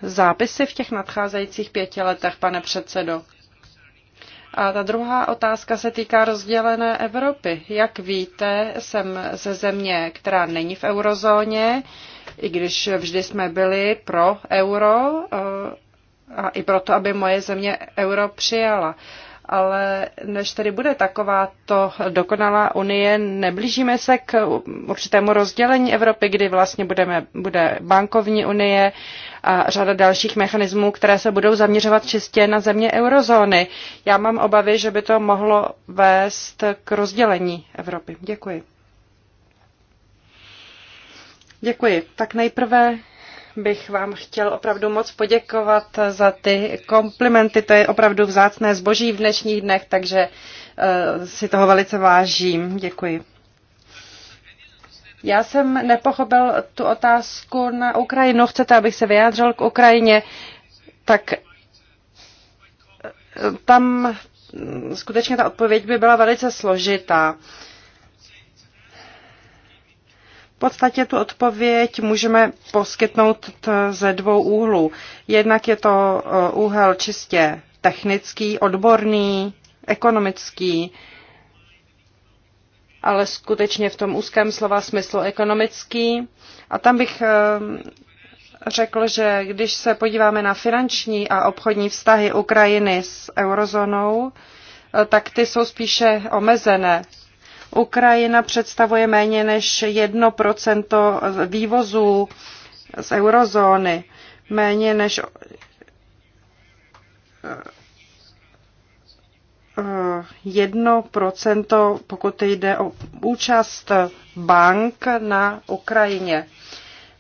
zápisy v těch nadcházejících pěti letech, pane předsedo? A ta druhá otázka se týká rozdělené Evropy. Jak víte, jsem ze země, která není v eurozóně, i když vždy jsme byli pro euro eh, a i proto, aby moje země euro přijala ale než tedy bude taková to dokonalá unie, neblížíme se k určitému rozdělení Evropy, kdy vlastně budeme, bude bankovní unie a řada dalších mechanismů, které se budou zaměřovat čistě na země eurozóny. Já mám obavy, že by to mohlo vést k rozdělení Evropy. Děkuji. Děkuji. Tak nejprve bych vám chtěl opravdu moc poděkovat za ty komplimenty. To je opravdu vzácné zboží v dnešních dnech, takže eh, si toho velice vážím. Děkuji. Já jsem nepochopil tu otázku na Ukrajinu. Chcete, abych se vyjádřil k Ukrajině? Tak eh, tam skutečně ta odpověď by byla velice složitá. Uh, v podstatě tu odpověď můžeme poskytnout ze dvou úhlů. Jednak je to eh, úhel čistě technický, odborný, ekonomický, ale skutečně v tom úzkém slova smyslu ekonomický. A tam bych eh, řekl, že když se podíváme na finanční a obchodní vztahy Ukrajiny s eurozónou, eh, tak ty jsou spíše omezené. Ukrajina představuje méně než 1% vývozů z eurozóny, méně než eh, eh, jedno procento, pokud jde o účast bank na Ukrajině.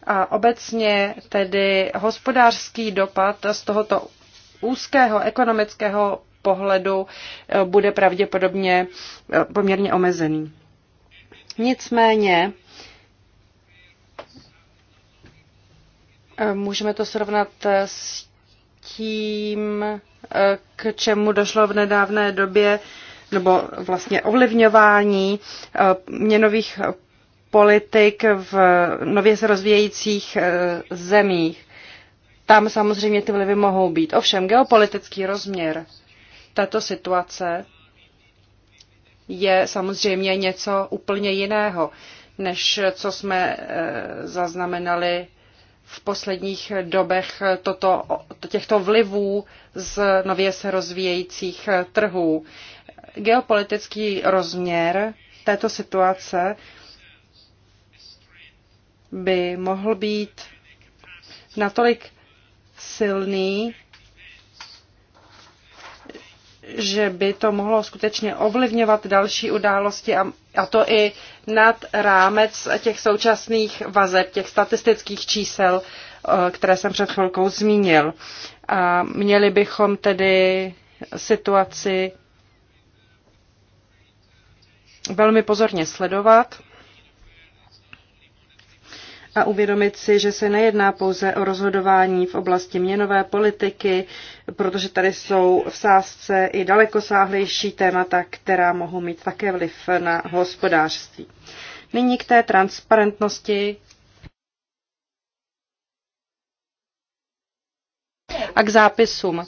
A obecně tedy hospodářský dopad z tohoto úzkého ekonomického pohledu eh, bude pravděpodobně eh, poměrně omezený. Nicméně eh, můžeme to srovnat s tím, k čemu došlo v nedávné době, nebo vlastně ovlivňování měnových politik v nově se rozvíjejících zemích. Tam samozřejmě ty vlivy mohou být. Ovšem, geopolitický rozměr tato situace je samozřejmě něco úplně jiného, než co jsme eh, zaznamenali v posledních dobech toto, těchto vlivů z nově se rozvíjejících eh, trhů. Geopolitický rozměr této situace by mohl být natolik silný, že by to mohlo skutečně ovlivňovat další události a, a to i nad rámec těch současných vazeb, těch statistických čísel, eh, které jsem před chvilkou zmínil. A měli bychom tedy situaci velmi pozorně sledovat a uvědomit si, že se nejedná pouze o rozhodování v oblasti měnové politiky, protože tady jsou v sázce i dalekosáhlejší témata, která mohou mít také vliv na hospodářství. Nyní k té transparentnosti a k zápisům.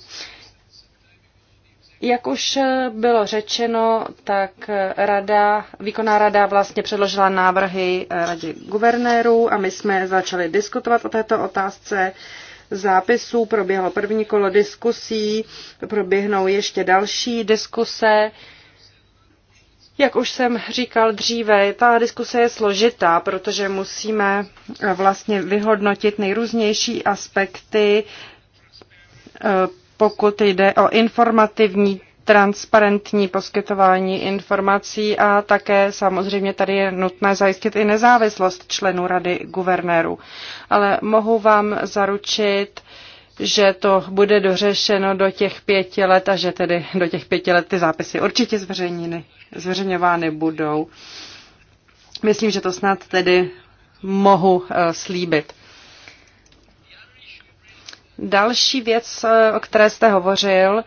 Jak už bylo řečeno, tak rada, výkonná rada vlastně předložila návrhy radě guvernérů a my jsme začali diskutovat o této otázce zápisů. Proběhlo první kolo diskusí, proběhnou ještě další diskuse. Jak už jsem říkal dříve, ta diskuse je složitá, protože musíme vlastně vyhodnotit nejrůznější aspekty eh, pokud jde o informativní transparentní poskytování informací a také samozřejmě tady je nutné zajistit i nezávislost členů Rady guvernérů. Ale mohu vám zaručit, že to bude dořešeno do těch pěti let a že tedy do těch pěti let ty zápisy určitě zveřejňovány budou. Myslím, že to snad tedy mohu eh, slíbit. Další věc, eh, o které jste hovořil,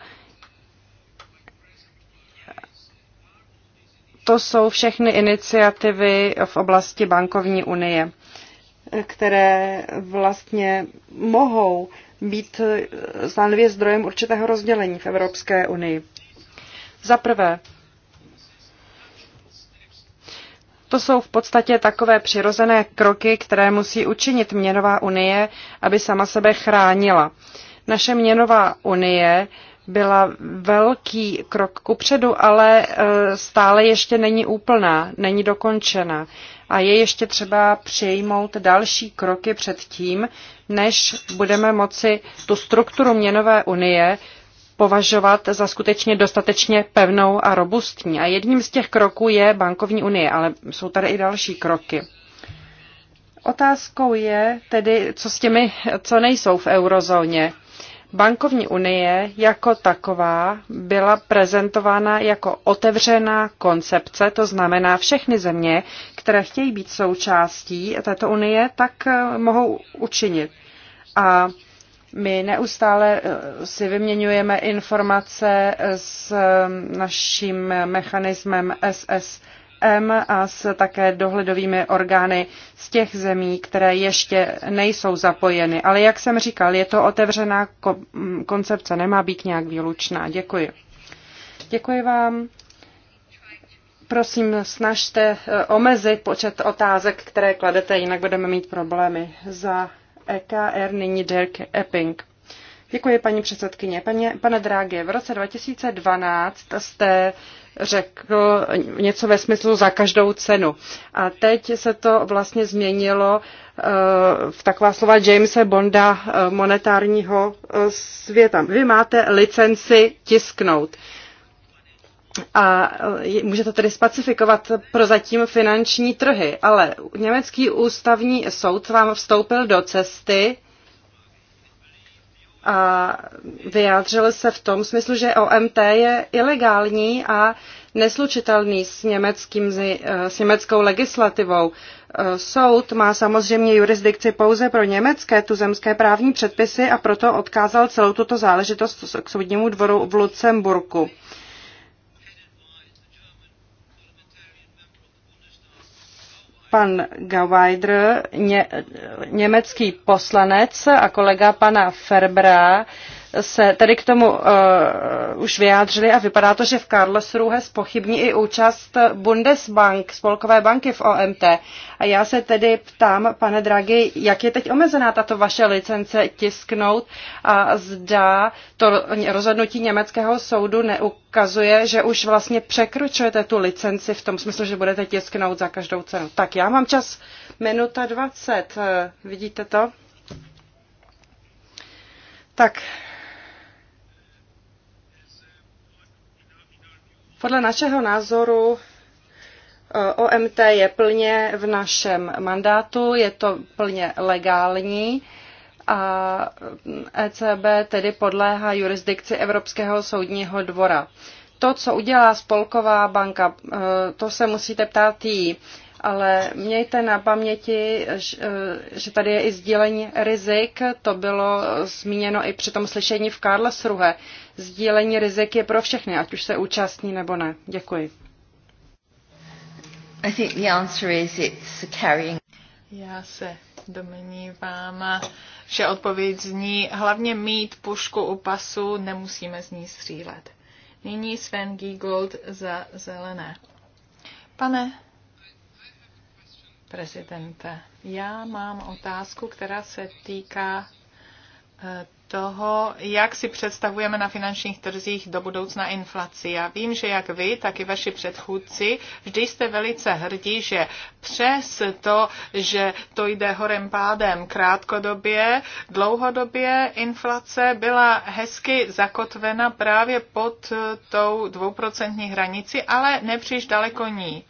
to jsou všechny iniciativy v oblasti bankovní unie, které vlastně mohou být eh, zdánlivě zdrojem určitého rozdělení v Evropské unii. Za prvé, To jsou v podstatě takové přirozené kroky, které musí učinit měnová unie, aby sama sebe chránila. Naše měnová unie byla velký krok kupředu, ale e, stále ještě není úplná, není dokončena. A je ještě třeba přejmout další kroky před tím, než budeme moci tu strukturu měnové unie považovat za skutečně dostatečně pevnou a robustní. A jedním z těch kroků je bankovní unie, ale jsou tady i další kroky. Otázkou je tedy, co s těmi, co nejsou v eurozóně. Bankovní unie jako taková byla prezentována jako otevřená koncepce, to znamená všechny země, které chtějí být součástí této unie, tak mohou učinit. A my neustále eh, si vyměňujeme informace s eh, naším mechanismem SSM a s také dohledovými orgány z těch zemí, které ještě nejsou zapojeny. Ale jak jsem říkal, je to otevřená mm, koncepce, nemá být nějak výlučná. Děkuji. Děkuji vám. Prosím, snažte eh, omezit počet otázek, které kladete, jinak budeme mít problémy. Za EKR nyní Dirk Epping. Děkuji, paní předsedkyně. Paně, pane Drágy, v roce 2012 jste řekl něco ve smyslu za každou cenu. A teď se to vlastně změnilo e, v taková slova Jamesa Bonda e, monetárního e, světa. Vy máte licenci tisknout a může to tedy pro prozatím finanční trhy, ale německý ústavní soud vám vstoupil do cesty a vyjádřil se v tom smyslu, že OMT je ilegální a neslučitelný s, německým, eh, s německou legislativou. Eh, soud má samozřejmě jurisdikci pouze pro německé tuzemské právní předpisy a proto odkázal celou tuto záležitost k soudnímu dvoru v Lucemburku. pan Gawajdr, ně, německý poslanec a kolega pana Ferbra, se tedy k tomu uh, už vyjádřili a vypadá to, že v Karlsruhe spochybní i účast Bundesbank, spolkové banky v OMT. A já se tedy ptám, pane Draghi, jak je teď omezená tato vaše licence tisknout a zdá to rozhodnutí německého soudu neukazuje, že už vlastně překročujete tu licenci v tom smyslu, že budete tisknout za každou cenu. Tak já mám čas minuta 20, eh, vidíte to? Tak Podle našeho názoru eh, OMT je plně v našem mandátu, je to plně legální a ECB tedy podléhá jurisdikci Evropského soudního dvora. To, co udělá Spolková banka, eh, to se musíte ptát jí ale mějte na paměti, eh, že tady je i sdílení rizik, to bylo zmíněno i při tom slyšení v Karlsruhe. Sdílení rizik je pro všechny, ať už se účastní nebo ne. Děkuji. I think the answer is it's carrying. Já se domnívám, že odpověď zní hlavně mít pušku u pasu, nemusíme z ní střílet. Nyní Sven Giegold za zelené. Pane prezidente. Já mám otázku, která se týká eh, toho, jak si představujeme na finančních trzích do budoucna inflaci. Já vím, že jak vy, tak i vaši předchůdci vždy jste velice hrdí, že přes to, že to jde horem pádem krátkodobě, dlouhodobě inflace byla hezky zakotvena právě pod eh, tou dvouprocentní hranici, ale nepříliš daleko ní.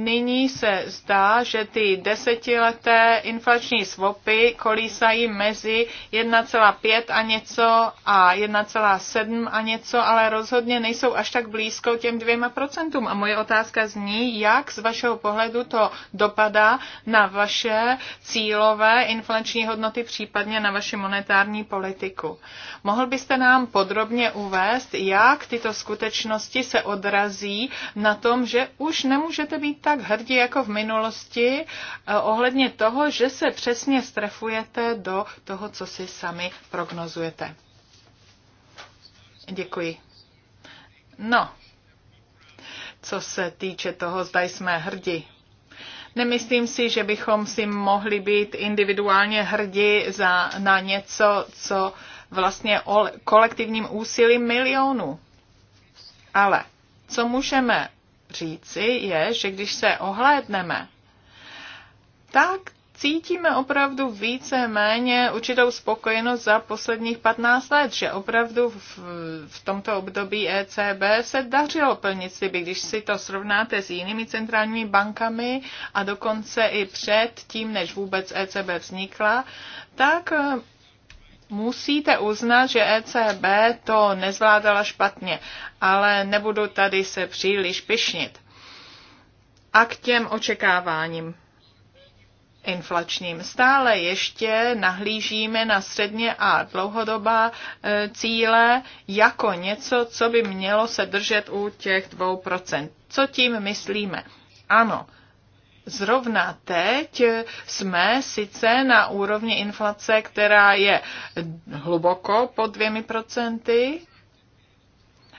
Nyní se zdá, že ty desetileté inflační svopy kolísají mezi 1,5 a něco a 1,7 a něco, ale rozhodně nejsou až tak blízko těm dvěma procentům. A moje otázka zní, jak z vašeho pohledu to dopadá na vaše cílové inflační hodnoty, případně na vaši monetární politiku. Mohl byste nám podrobně uvést, jak tyto skutečnosti se odrazí na tom, že už nemůžete být tak hrdí jako v minulosti eh, ohledně toho, že se přesně strefujete do toho, co si sami prognozujete. Děkuji. No, co se týče toho, zda jsme hrdí. Nemyslím si, že bychom si mohli být individuálně hrdí za, na něco, co vlastně o kolektivním úsilím milionů. Ale co můžeme říci, je, že když se ohlédneme, tak cítíme opravdu více-méně určitou spokojenost za posledních 15 let, že opravdu v, v tomto období ECB se dařilo plnit sliby, když si to srovnáte s jinými centrálními bankami a dokonce i před tím, než vůbec ECB vznikla, tak musíte uznat, že ECB to nezvládala špatně, ale nebudu tady se příliš pišnit. A k těm očekáváním inflačním. Stále ještě nahlížíme na středně a dlouhodobá e, cíle jako něco, co by mělo se držet u těch 2%. Co tím myslíme? Ano, Zrovna teď jsme sice na úrovni inflace, která je hluboko pod dvěmi procenty,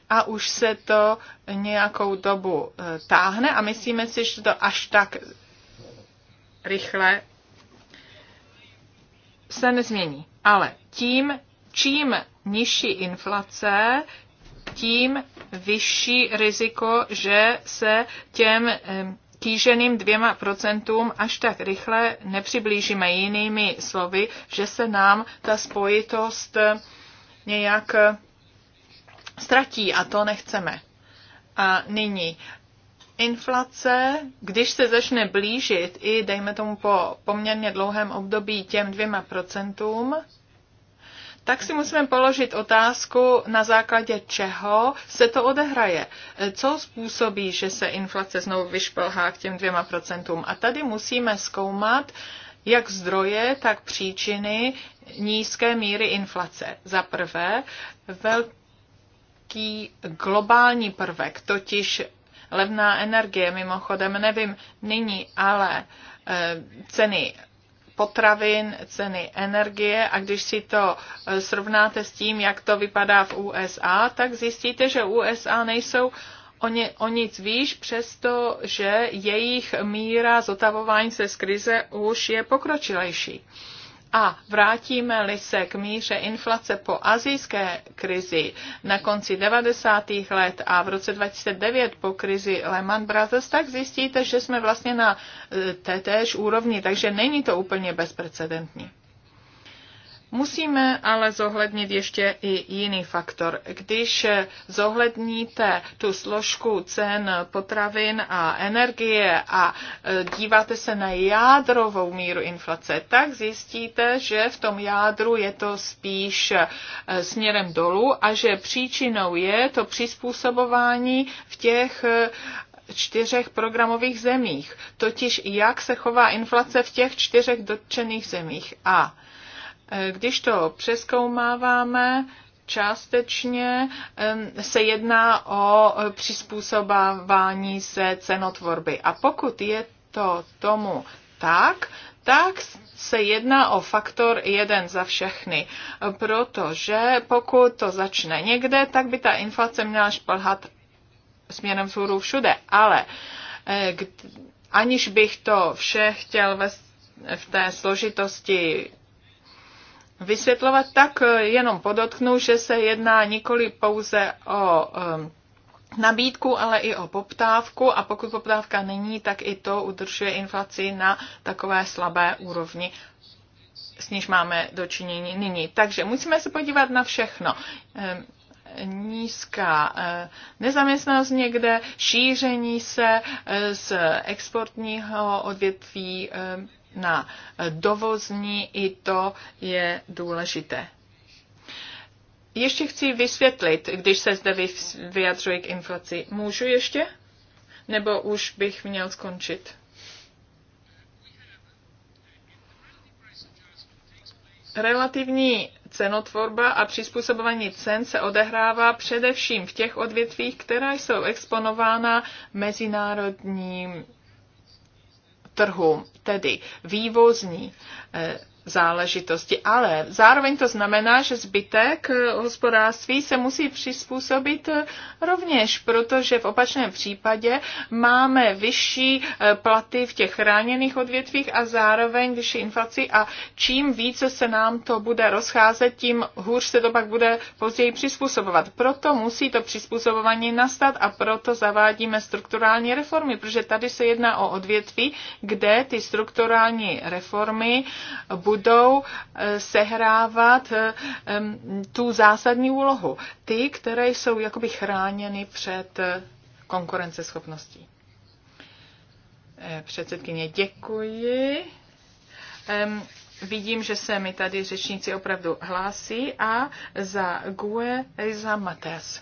a už se to nějakou dobu eh, táhne a myslíme si, že to až tak rychle se nezmění. Ale tím, čím nižší inflace, tím vyšší riziko, že se těm eh, kýženým dvěma procentům až tak rychle nepřiblížíme jinými slovy, že se nám ta spojitost nějak eh, ztratí a to nechceme. A nyní inflace, když se začne blížit i, dejme tomu, po poměrně dlouhém období těm dvěma procentům, tak si musíme položit otázku, na základě čeho se to odehraje. Co způsobí, že se inflace znovu vyšplhá k těm dvěma procentům. A tady musíme zkoumat jak zdroje, tak příčiny nízké míry inflace. Za prvé, velký globální prvek, totiž levná energie, mimochodem nevím nyní, ale eh, ceny potravin, ceny energie a když si to e, srovnáte s tím, jak to vypadá v USA, tak zjistíte, že USA nejsou o, ně, o nic výš, přestože jejich míra zotavování se z krize už je pokročilejší. A vrátíme-li se k míře inflace po azijské krizi na konci 90. let a v roce 2009 po krizi Lehman Brothers, tak zjistíte, že jsme vlastně na e, též úrovni, takže není to úplně bezprecedentní. Musíme ale zohlednit ještě i jiný faktor. Když zohledníte tu složku cen potravin a energie a e, díváte se na jádrovou míru inflace, tak zjistíte, že v tom jádru je to spíš e, směrem dolů a že příčinou je to přizpůsobování v těch e, čtyřech programových zemích, totiž jak se chová inflace v těch čtyřech dotčených zemích. A když to přeskoumáváme, částečně se jedná o přizpůsobování se cenotvorby. A pokud je to tomu tak, tak se jedná o faktor jeden za všechny, protože pokud to začne někde, tak by ta inflace měla šplhat směrem vzhůru všude. Ale eh, aniž bych to vše chtěl ve v té složitosti vysvětlovat, tak eh, jenom podotknu, že se jedná nikoli pouze o ehm, nabídku, ale i o poptávku a pokud poptávka není, tak i to udržuje inflaci na takové slabé úrovni s níž máme dočinění nyní. Takže musíme se podívat na všechno. Ehm, nízká eh, nezaměstnanost někde, šíření se eh, z exportního odvětví ehm, na dovozní, i to je důležité. Ještě chci vysvětlit, když se zde vyjadřuji k inflaci. Můžu ještě? Nebo už bych měl skončit? Relativní cenotvorba a přizpůsobování cen se odehrává především v těch odvětvích, která jsou exponována mezinárodním trhu tedy vývozní eh, záležitosti. Ale zároveň to znamená, že zbytek eh, hospodářství se musí přizpůsobit eh, rovněž, protože v opačném případě máme vyšší eh, platy v těch chráněných odvětvích a zároveň vyšší inflaci a čím více se nám to bude rozcházet, tím hůř se to pak bude později přizpůsobovat. Proto musí to přizpůsobování nastat a proto zavádíme strukturální reformy, protože tady se jedná o odvětví, kde ty strukturální reformy budou budou eh, sehrávat eh, tu zásadní úlohu. Ty, které jsou jakoby chráněny před eh, konkurenceschopností. Předsedkyně, děkuji. Vidím, že se mi tady řečníci opravdu hlásí a za GUE za Mates.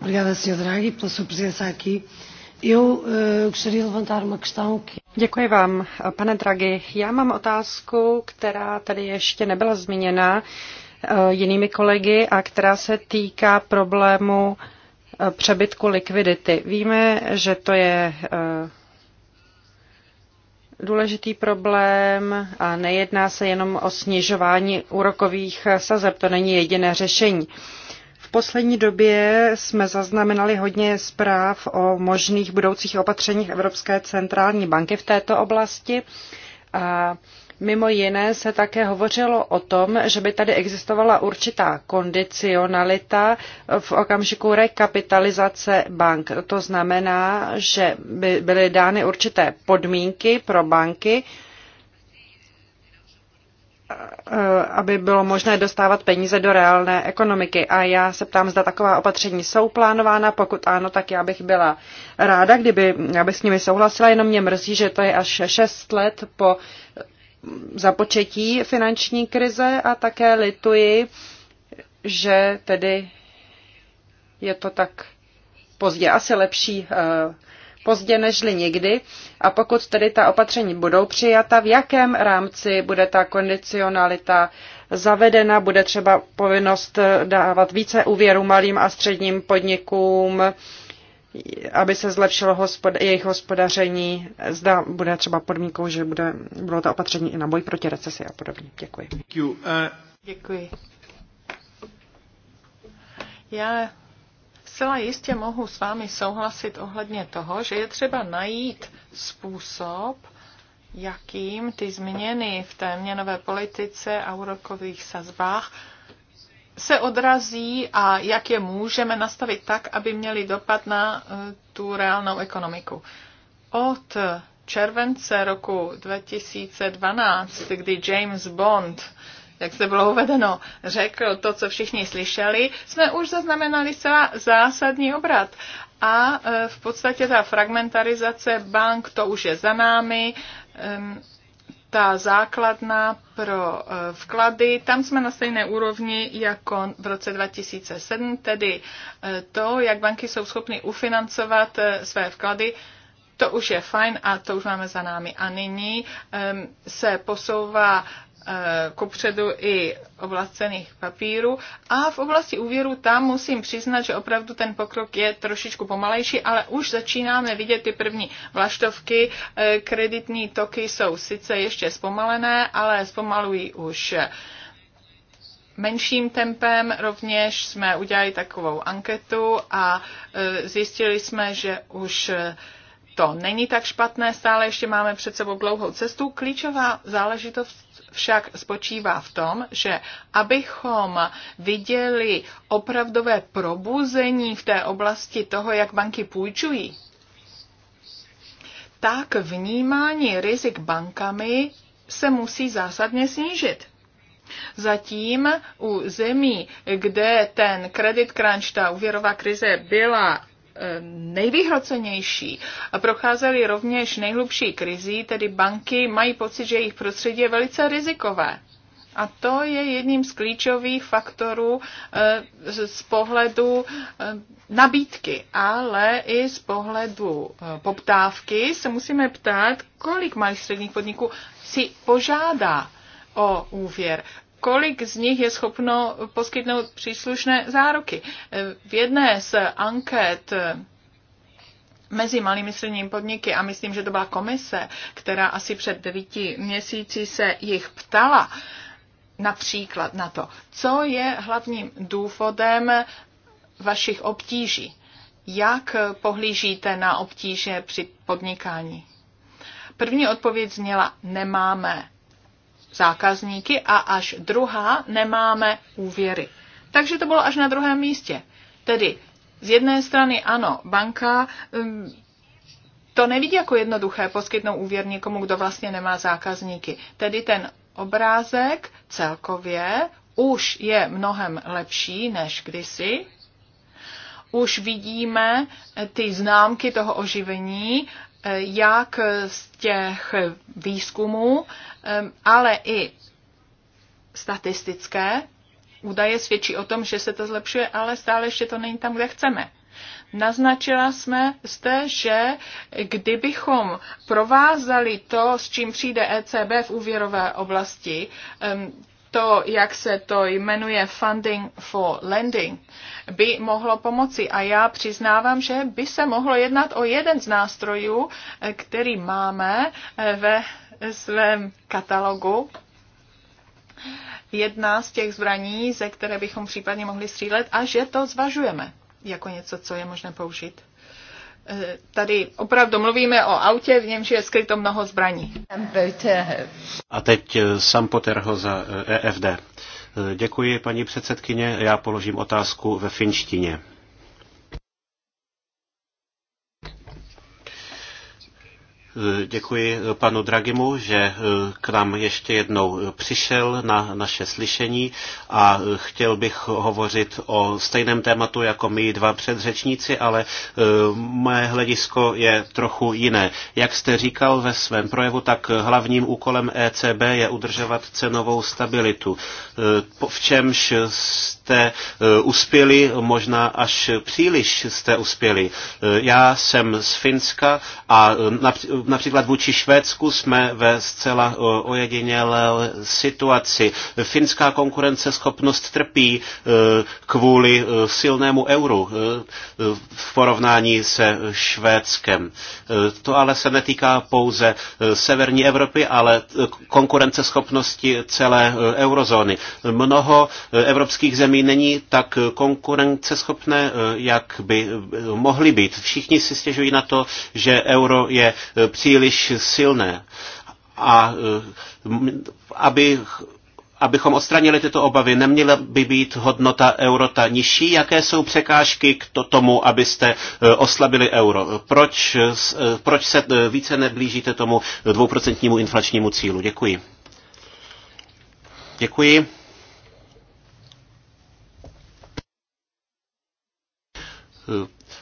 Obrigada, Sr. Draghi, pela sua presença aqui. Eu uh, gostaria de levantar uma questão que Děkuji vám, pane Draghi. Já mám otázku, která tady ještě nebyla zmíněna eh, jinými kolegy a která se týká problému eh, přebytku likvidity. Víme, že to je eh, důležitý problém a nejedná se jenom o snižování úrokových sazeb, to není jediné řešení. V poslední době jsme zaznamenali hodně zpráv o možných budoucích opatřeních Evropské centrální banky v této oblasti. A Mimo jiné se také hovořilo o tom, že by tady existovala určitá kondicionalita v okamžiku rekapitalizace bank. To znamená, že by byly dány určité podmínky pro banky, Eh, aby bylo možné dostávat peníze do reálné ekonomiky. A já se ptám, zda taková opatření jsou plánována. Pokud ano, tak já bych byla ráda, kdyby, já bych s nimi souhlasila, jenom mě mrzí, že to je až 6 let po započetí finanční krize a také lituji, že tedy je to tak pozdě asi lepší eh, pozdě nežli nikdy. A pokud tedy ta opatření budou přijata, v jakém rámci bude ta kondicionalita zavedena, bude třeba povinnost dávat více úvěru malým a středním podnikům, aby se zlepšilo hospod- jejich hospodaření. Zda bude třeba podmínkou, že bude, bylo to opatření i na boj proti recesi a podobně. Děkuji. Uh, Děkuji. Já Zcela jistě mohu s vámi souhlasit ohledně toho, že je třeba najít způsob, jakým ty změny v té měnové politice a úrokových sazbách se odrazí a jak je můžeme nastavit tak, aby měly dopad na eh, tu reálnou ekonomiku. Od července roku 2012, kdy James Bond jak se bylo uvedeno, řekl to, co všichni slyšeli, jsme už zaznamenali celá zásadní obrat. A e, v podstatě ta fragmentarizace bank, to už je za námi, ta základna pro e, vklady, tam jsme na stejné úrovni jako v roce 2007, tedy e, to, jak banky jsou schopny ufinancovat své vklady, to už je fajn a to už máme za námi. A nyní se posouvá Eh, kopředu i oblast cených papírů. A v oblasti úvěru tam musím přiznat, že opravdu ten pokrok je trošičku pomalejší, ale už začínáme vidět ty první vlaštovky. Eh, kreditní toky jsou sice ještě zpomalené, ale zpomalují už menším tempem. Rovněž jsme udělali takovou anketu a eh, zjistili jsme, že už to není tak špatné, stále ještě máme před sebou dlouhou cestu. Klíčová záležitost však spočívá v tom, že abychom viděli opravdové probuzení v té oblasti toho, jak banky půjčují, tak vnímání rizik bankami se musí zásadně snížit. Zatím u zemí, kde ten kredit crunch, ta úvěrová krize byla Eh, nejvyhrocenější a procházeli rovněž nejhlubší krizí, tedy banky mají pocit, že jejich prostředí je velice rizikové. A to je jedním z klíčových faktorů eh, z pohledu eh, nabídky, ale i z pohledu poptávky se musíme ptát, kolik malých středních podniků si požádá o úvěr kolik z nich je schopno poskytnout příslušné záruky. V jedné z anket eh, mezi malými středními podniky a myslím, že to byla komise, která asi před devíti měsíci se jich ptala například na to, co je hlavním důvodem vašich obtíží. Jak pohlížíte na obtíže při podnikání? První odpověď zněla, nemáme zákazníky a až druhá nemáme úvěry. Takže to bylo až na druhém místě. Tedy z jedné strany ano, banka mm, to nevidí jako jednoduché poskytnout úvěr někomu, kdo vlastně nemá zákazníky. Tedy ten obrázek celkově už je mnohem lepší než kdysi. Už vidíme eh, ty známky toho oživení, eh, jak z těch výzkumů, Ehm, ale i statistické údaje svědčí o tom, že se to zlepšuje, ale stále ještě to není tam, kde chceme. Naznačila jsme zde, že kdybychom provázali to, s čím přijde ECB v úvěrové oblasti, ehm, to, jak se to jmenuje Funding for Lending, by mohlo pomoci. A já přiznávám, že by se mohlo jednat o jeden z nástrojů, eh, který máme eh, ve svém katalogu jedna z těch zbraní, ze které bychom případně mohli střílet a že to zvažujeme jako něco, co je možné použít. Eh, tady opravdu mluvíme o autě, v němž je skryto mnoho zbraní. A teď eh, Sam Potterho za EFD. Eh, e děkuji, paní předsedkyně. Já položím otázku ve finštině. Děkuji panu Dragimu, že eh, k nám ještě jednou přišel na naše slyšení a eh, chtěl bych hovořit o stejném tématu jako my dva předřečníci, ale eh, moje hledisko je trochu jiné. Jak jste říkal ve svém projevu, tak hlavním úkolem ECB je udržovat cenovou stabilitu, v čemž jste uspěli, možná až příliš jste uspěli. Já jsem z Finska a například například vůči Švédsku jsme ve zcela ojedinělé situaci. Finská konkurenceschopnost trpí e, kvůli e, silnému euru e, v porovnání se Švédskem. To ale se netýká pouze severní Evropy, ale konkurenceschopnosti celé eurozóny. Mnoho evropských zemí není tak konkurenceschopné, jak by mohly být. Všichni si stěžují na to, že euro je příliš silné. A eh, aby abychom odstranili tyto obavy, neměla by být hodnota eurota nižší? Jaké jsou překážky k tomu, abyste eh, oslabili euro? Proč, eh, proč se více neblížíte tomu dvouprocentnímu inflačnímu cílu? Děkuji. Děkuji.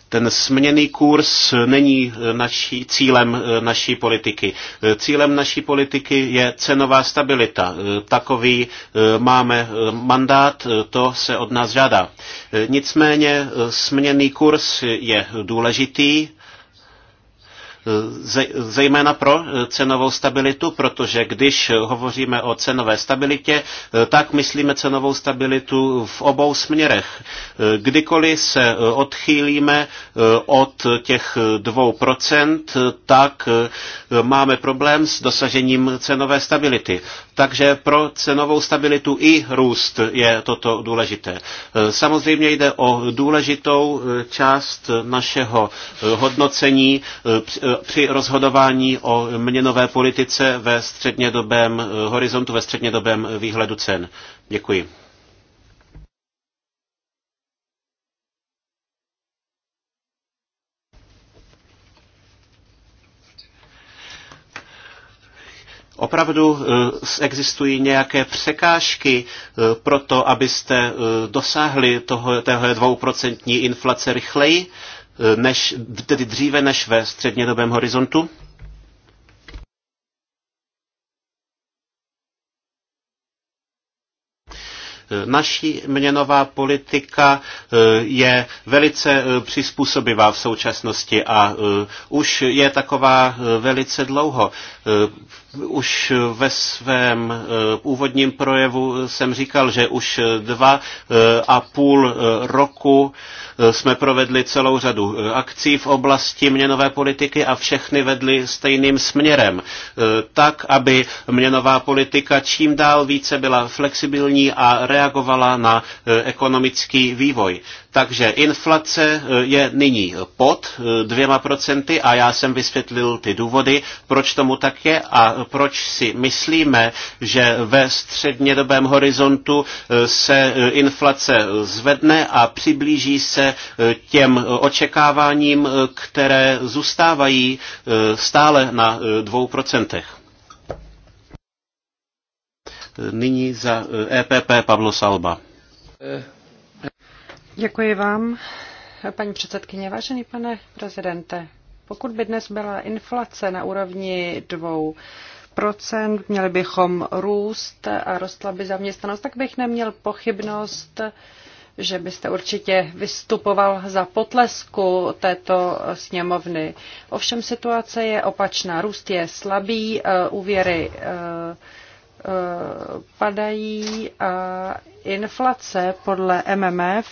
Ten směný kurz není eh, naší, cílem eh, naší politiky. Eh, cílem naší politiky je cenová stabilita. Takový máme mandát, to se od nás žádá. Nicméně směný kurz je důležitý, zejména pro eh, cenovou stabilitu, protože když hovoříme o cenové stabilitě, eh, tak myslíme cenovou stabilitu v obou směrech. Eh, kdykoliv se odchýlíme od těch 2%, tak máme problém s dosažením cenové stability. Takže pro cenovou stabilitu i růst je toto důležité. Samozřejmě jde o důležitou část našeho hodnocení při rozhodování o měnové politice ve střednědobém eh, horizontu, ve střednědobém eh, výhledu cen. Děkuji. Opravdu eh, existují nějaké překážky pro to, abyste dosáhli toho, téhle dvouprocentní inflace rychleji? Eh, než, tedy dříve než ve střednědobém horizontu? Eh, naší měnová politika eh, je velice přizpůsobivá v současnosti a už je taková velice dlouho. Už ve svém eh, úvodním projevu jsem říkal, že už dva eh, a půl eh, roku jsme provedli celou řadu akcí v oblasti měnové politiky a všechny vedly stejným směrem. Tak, aby měnová politika čím dál více byla flexibilní a reagovala na ekonomický vývoj. Takže inflace eh, je nyní pod eh, dvěma procenty a já jsem vysvětlil ty důvody, proč tomu tak je a proč si myslíme, že ve střednědobém horizontu eh, se inflace zvedne a přiblíží se těm očekáváním, které zůstávají stále na dvou procentech. Nyní za EPP e Pablo Salba. Děkuji vám, paní předsedkyně. Vážený pane prezidente, pokud by dnes byla inflace na úrovni dvou procent, měli bychom růst a rostla by zaměstnanost, tak bych neměl pochybnost, že byste určitě vystupoval za potlesku této sněmovny. Ovšem situace je opačná. Růst je slabý, úvěry eh, Eh, padají a inflace podle MMF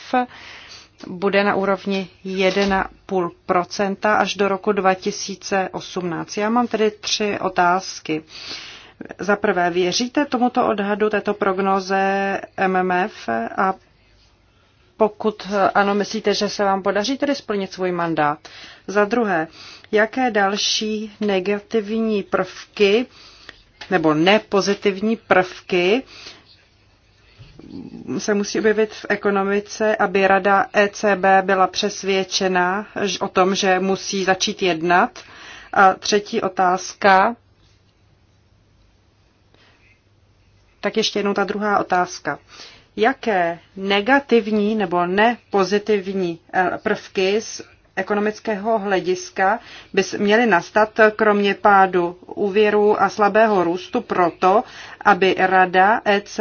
bude na úrovni 1,5 až do roku 2018. Já mám tedy tři otázky. Za prvé, věříte tomuto odhadu, této prognoze MMF a pokud ano, myslíte, že se vám podaří tedy splnit svůj mandát? Za druhé, jaké další negativní prvky nebo nepozitivní prvky se musí objevit v ekonomice, aby rada ECB byla přesvědčena o tom, že musí začít jednat. A třetí otázka. Tak ještě jednou ta druhá otázka jaké negativní nebo nepozitivní eh, prvky z ekonomického hlediska by měly nastat kromě pádu úvěrů a slabého růstu proto, aby Rada ECB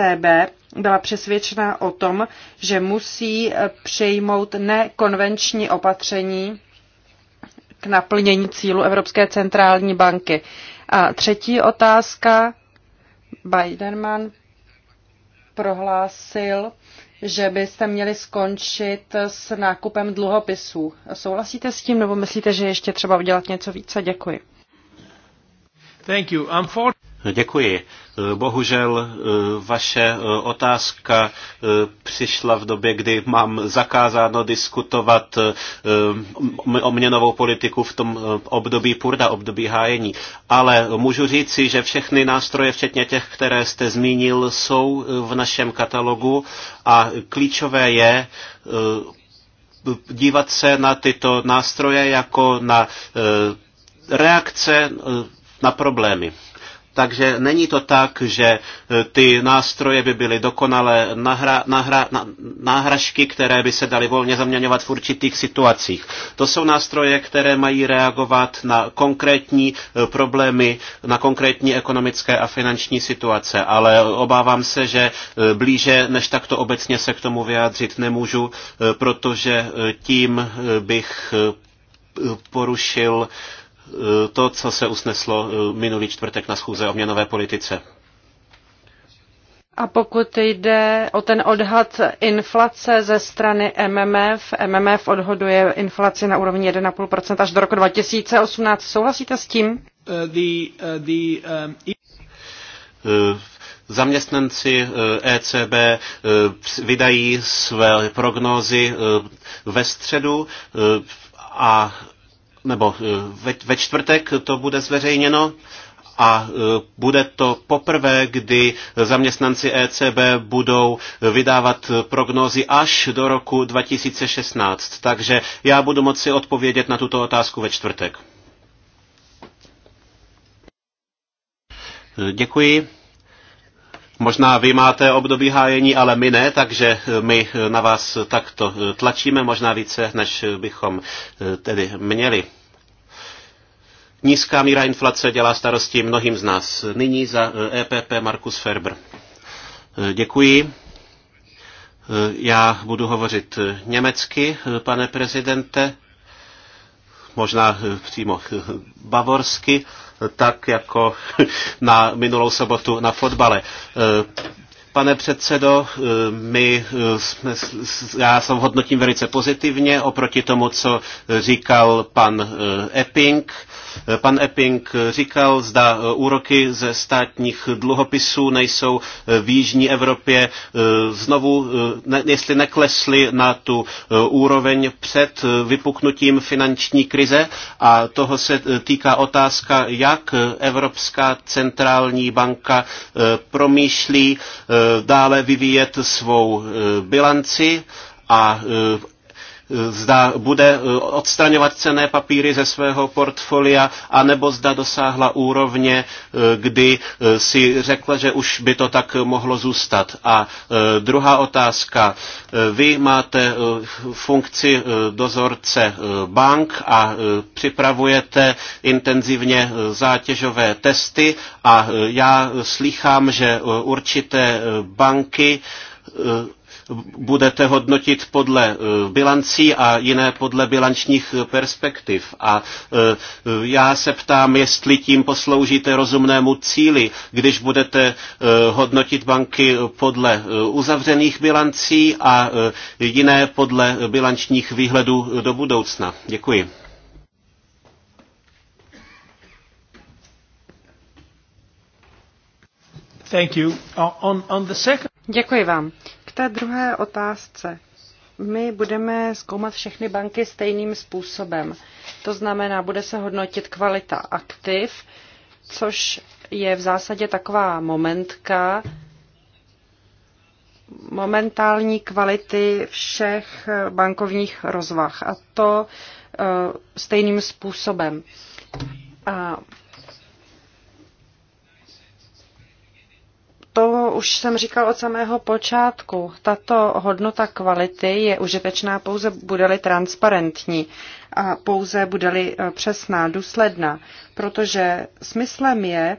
byla přesvědčena o tom, že musí přejmout nekonvenční opatření k naplnění cílu Evropské centrální banky. A třetí otázka. Bidenman prohlásil, že byste měli skončit s nákupem dluhopisů. Souhlasíte s tím, nebo myslíte, že ještě třeba udělat něco více? Děkuji. Thank you. I'm for... Děkuji. Bohužel eh, vaše eh, otázka eh, přišla v době, kdy mám zakázáno diskutovat o měnovou politiku v tom období purda, období hájení. Ale můžu říci, že všechny nástroje, včetně těch, které jste zmínil, jsou v našem katalogu a klíčové je dívat se na tyto nástroje jako na reakce na problémy. Takže není to tak, že e, ty nástroje by byly dokonalé nahra, nahra, na, náhražky, které by se daly volně zaměňovat v určitých situacích. To jsou nástroje, které mají reagovat na konkrétní e, problémy, na konkrétní ekonomické a finanční situace. Ale obávám se, že e, blíže než takto obecně se k tomu vyjádřit nemůžu, protože tím bych porušil Eh, to, co se usneslo eh, minulý čtvrtek na schůze o měnové politice. A pokud jde o ten odhad inflace ze strany MMF, MMF odhoduje inflaci na úrovni 1,5 až do roku 2018. Souhlasíte s tím? Uh, the, uh, the, um... zaměstnanci ECB e vydají své prognózy ve středu a nebo eh, ve, ve čtvrtek to bude zveřejněno a eh, bude to poprvé, kdy zaměstnanci ECB budou eh, vydávat prognózy až do roku 2016. Takže já budu moci odpovědět na tuto otázku ve čtvrtek. Děkuji. Možná vy máte období hájení, ale my ne, takže my na vás takto tlačíme, možná více, než bychom tedy měli. Nízká míra inflace dělá starosti mnohým z nás. Nyní za EPP eh, e Markus Ferber. Eh, děkuji. Eh, já budu hovořit německy, pane prezidente, možná přímo bavorsky, tak jako na minulou sobotu na fotbale. Pane předsedo, my jsme, já jsem hodnotím velice pozitivně oproti tomu, co říkal pan Epping Pan Epping říkal, zda e, úroky ze státních dluhopisů nejsou e, v Jižní Evropě e, znovu, ne, jestli neklesly na tu úroveň před vypuknutím finanční krize a toho se týká otázka, jak Evropská centrální banka promýšlí dále vyvíjet svou bilanci a zda bude e, odstraňovat cené papíry ze svého portfolia, anebo zda dosáhla úrovně, e, kdy e, si řekla, že už by to tak mohlo zůstat. A druhá otázka. Vy máte funkci dozorce bank a připravujete intenzivně zátěžové testy a já slýchám, že určité banky budete hodnotit podle e, bilancí a jiné podle bilančních perspektiv. A e, e, já se ptám, jestli tím posloužíte rozumnému cíli, když budete hodnotit banky podle uzavřených bilancí a jiné podle bilančních výhledů do budoucna. Děkuji. Thank you. Uh, on the second... Děkuji vám té druhé otázce. My budeme zkoumat všechny banky stejným způsobem. To znamená, bude se hodnotit kvalita aktiv, což je v zásadě taková momentka momentální kvality všech bankovních rozvah. A to eh, stejným způsobem. A to už jsem říkal od samého počátku. Tato hodnota kvality je užitečná pouze bude-li transparentní a pouze bude-li e, přesná, důsledná, protože smyslem je,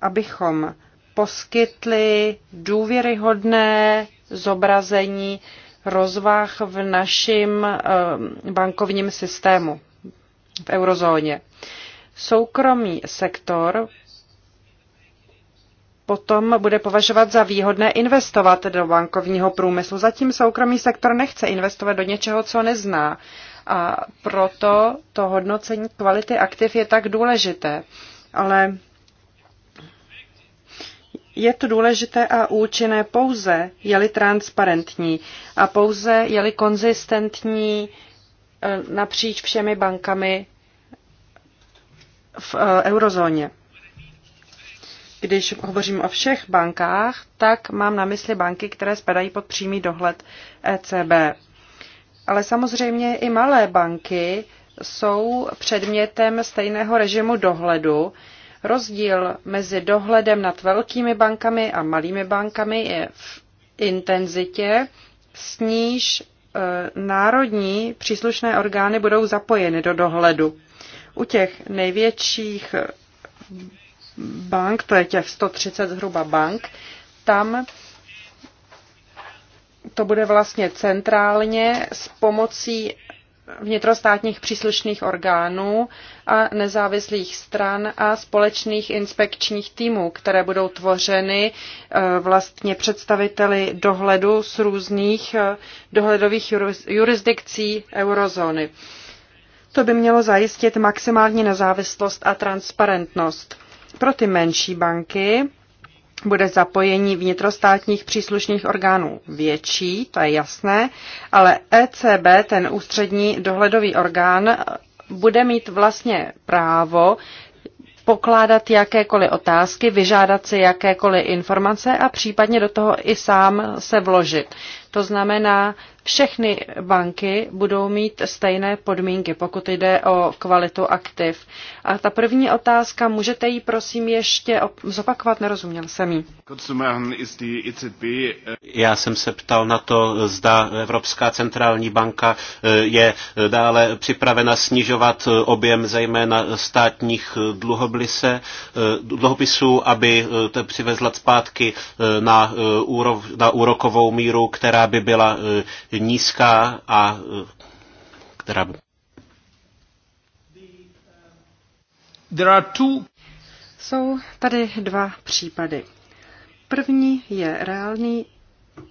abychom poskytli důvěryhodné zobrazení rozvah v našem e, bankovním systému v eurozóně. Soukromý sektor potom bude považovat za výhodné investovat do bankovního průmyslu. Zatím soukromý sektor nechce investovat do něčeho, co nezná. A proto to hodnocení kvality aktiv je tak důležité. Ale je to důležité a účinné pouze, je-li transparentní a pouze, je-li konzistentní eh, napříč všemi bankami v eh, eurozóně. Když hovořím o všech bankách, tak mám na mysli banky, které spadají pod přímý dohled ECB. Ale samozřejmě i malé banky jsou předmětem stejného režimu dohledu. Rozdíl mezi dohledem nad velkými bankami a malými bankami je v intenzitě, s níž e, národní příslušné orgány budou zapojeny do dohledu. U těch největších bank, to je těch 130 zhruba bank, tam to bude vlastně centrálně s pomocí vnitrostátních příslušných orgánů a nezávislých stran a společných inspekčních týmů, které budou tvořeny eh, vlastně představiteli dohledu z různých eh, dohledových jurisdikcí eurozóny. To by mělo zajistit maximální nezávislost a transparentnost. Pro ty menší banky bude zapojení vnitrostátních příslušných orgánů větší, to je jasné, ale ECB, ten ústřední dohledový orgán, bude mít vlastně právo pokládat jakékoliv otázky, vyžádat si jakékoliv informace a případně do toho i sám se vložit. To znamená, všechny banky budou mít stejné podmínky, pokud jde o kvalitu aktiv. A ta první otázka, můžete ji prosím ještě zopakovat, nerozuměl jsem ji. E eh, Já jsem se ptal na to, zda Evropská centrální banka eh, je eh, dále připravena snižovat objem zejména státních dluhoblise, dluhopisů, aby to přivezla zpátky na, úrov, na úrokovou míru, která by byla nízká a eh, která There are two... Jsou tady dva případy. První je reálný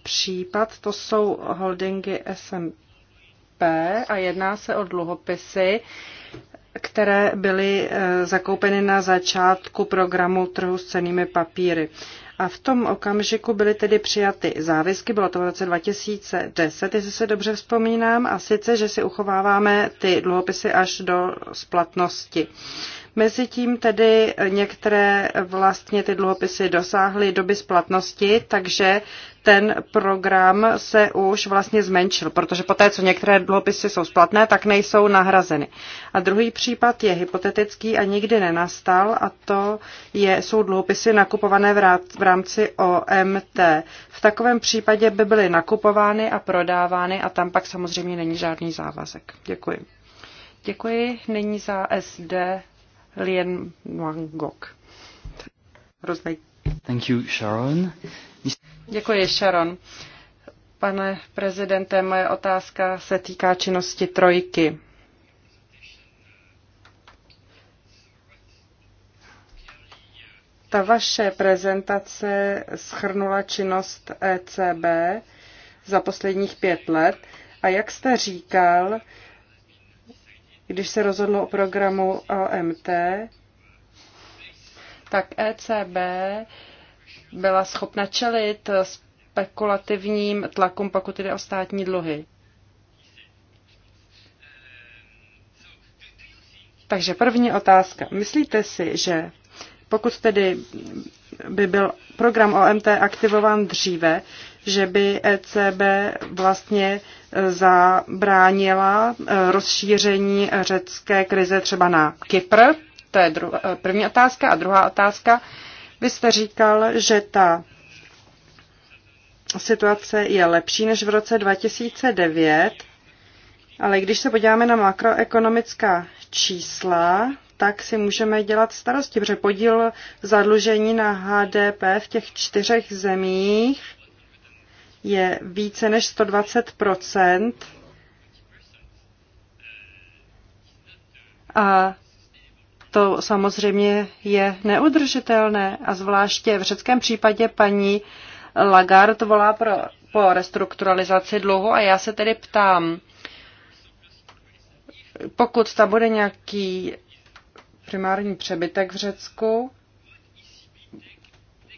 případ, to jsou holdingy SMP a jedná se o dluhopisy, které byly eh, zakoupeny na začátku programu trhu s cenými papíry. A v tom okamžiku byly tedy přijaty závisky, bylo to v roce 2010, jestli se dobře vzpomínám, a sice, že si uchováváme ty dluhopisy až do splatnosti. Mezitím tedy některé vlastně ty dluhopisy dosáhly doby splatnosti, takže ten program se už vlastně zmenšil, protože poté, co některé dluhopisy jsou splatné, tak nejsou nahrazeny. A druhý případ je hypotetický a nikdy nenastal a to je, jsou dluhopisy nakupované v rámci OMT. V takovém případě by byly nakupovány a prodávány a tam pak samozřejmě není žádný závazek. Děkuji. Děkuji. Není za SD Lien Nwangok. Rozlej. Thank you, Sharon. Děkuji, Sharon. Pane prezidente, moje otázka se týká činnosti trojky. Ta vaše prezentace schrnula činnost ECB za posledních pět let a jak jste říkal, když se rozhodlo o programu OMT, tak ECB byla schopna čelit spekulativním tlakům, pokud jde o státní dluhy. Takže první otázka. Myslíte si, že pokud tedy by byl program OMT aktivován dříve, že by ECB vlastně zabránila eh, rozšíření řecké krize třeba na Kypr? To je eh, první otázka. A druhá otázka, vy jste říkal, že ta situace je lepší než v roce 2009, ale když se podíváme na makroekonomická čísla, tak si můžeme dělat starosti, protože podíl zadlužení na HDP v těch čtyřech zemích je více než 120 A to samozřejmě je neudržitelné a zvláště v řeckém případě paní Lagarde volá pro, po restrukturalizaci dluhu a já se tedy ptám, pokud tam bude nějaký primární přebytek v Řecku,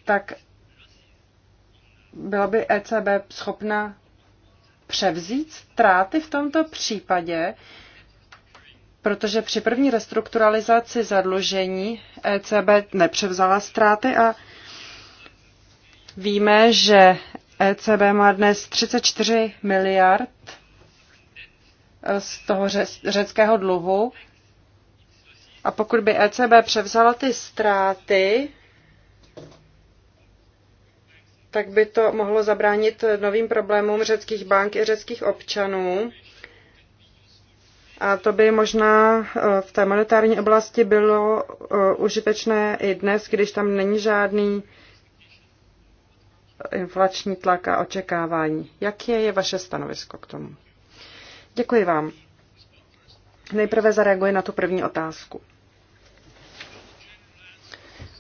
tak byla by ECB schopna převzít ztráty v tomto případě, protože při první restrukturalizaci zadlužení ECB nepřevzala ztráty a víme, že ECB má dnes 34 miliard eh, z toho řeckého dluhu. A pokud by ECB převzala ty ztráty, tak by to mohlo zabránit novým problémům řeckých bank i řeckých občanů. A to by možná eh, v té monetární oblasti bylo eh, užitečné i dnes, když tam není žádný inflační tlak a očekávání. Jaké je, je vaše stanovisko k tomu? Děkuji vám. Nejprve zareaguji na tu první otázku.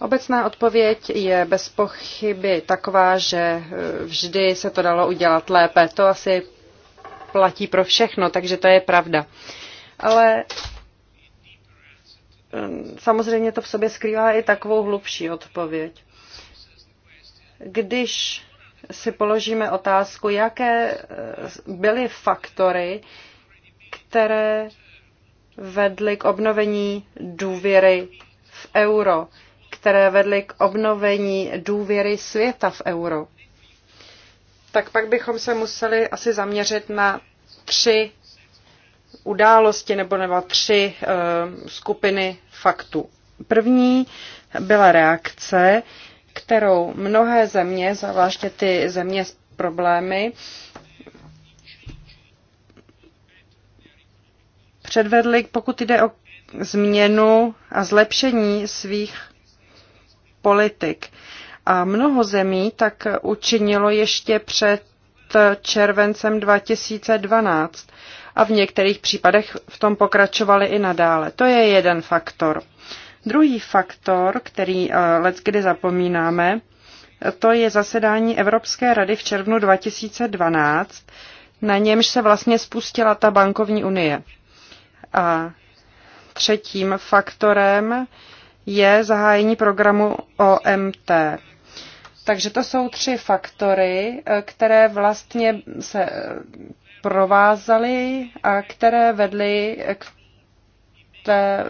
Obecná odpověď je bez pochyby taková, že eh, vždy se to dalo udělat lépe. To asi platí pro všechno, takže to je pravda ale samozřejmě to v sobě skrývá i takovou hlubší odpověď. Když si položíme otázku, jaké eh, byly faktory, které vedly k obnovení důvěry v euro, které vedly k obnovení důvěry světa v euro, tak pak bychom se museli asi zaměřit na tři události nebo, nebo tři eh, skupiny faktů. První byla reakce, kterou mnohé země, zvláště ty země s problémy, předvedly, pokud jde o změnu a zlepšení svých politik. A mnoho zemí tak učinilo ještě před červencem 2012 a v některých případech v tom pokračovali i nadále. To je jeden faktor. Druhý faktor, který eh, letskdy zapomínáme, to je zasedání Evropské rady v červnu 2012, na němž se vlastně spustila ta bankovní unie. A třetím faktorem je zahájení programu OMT. Takže to jsou tři faktory, eh, které vlastně se eh, provázaly a které vedly eh, k té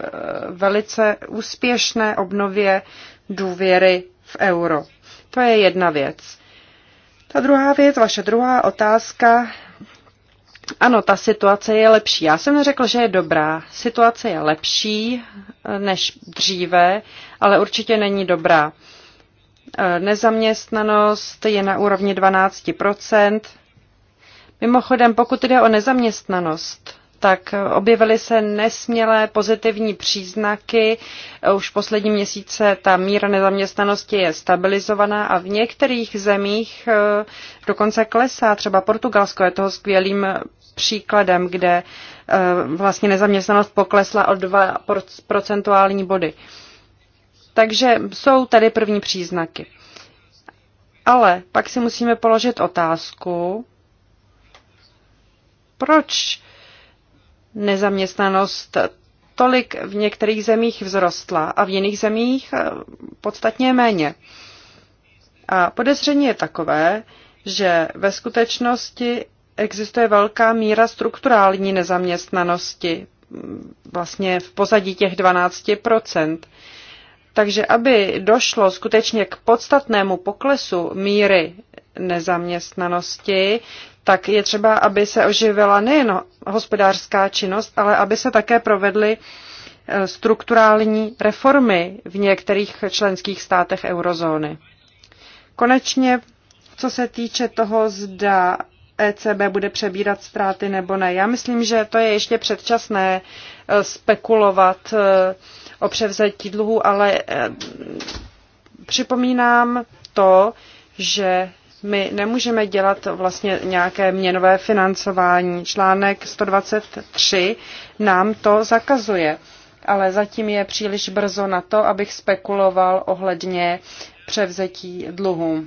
velice úspěšné obnově důvěry v euro. To je jedna věc. Ta druhá věc, vaše druhá otázka. Ano, ta situace je lepší. Já jsem neřekl, že je dobrá. Situace je lepší než dříve, ale určitě není dobrá. Eh, nezaměstnanost je na úrovni 12 Mimochodem, pokud jde o nezaměstnanost, tak objevily se nesmělé pozitivní příznaky. Eh, už poslední měsíce ta míra nezaměstnanosti je stabilizovaná a v některých zemích eh, dokonce klesá. Třeba Portugalsko je toho skvělým příkladem, kde vlastně nezaměstnanost poklesla o 2 procentuální body. Takže jsou tady první příznaky. Ale pak si musíme položit otázku, proč nezaměstnanost tolik v některých zemích vzrostla a v jiných zemích eh, podstatně méně. A podezření je takové, že ve skutečnosti existuje velká míra strukturální nezaměstnanosti, mm, vlastně v pozadí těch 12 takže aby došlo skutečně k podstatnému poklesu míry nezaměstnanosti, tak je třeba, aby se oživila nejen hospodářská činnost, ale aby se také provedly eh, strukturální reformy v některých členských státech eurozóny. Konečně, co se týče toho, zda ECB bude přebírat ztráty nebo ne. Já myslím, že to je ještě předčasné e, spekulovat e, o převzetí dluhu, ale e, připomínám to, že my nemůžeme dělat vlastně nějaké měnové financování. Článek 123 nám to zakazuje, ale zatím je příliš brzo na to, abych spekuloval ohledně převzetí dluhu.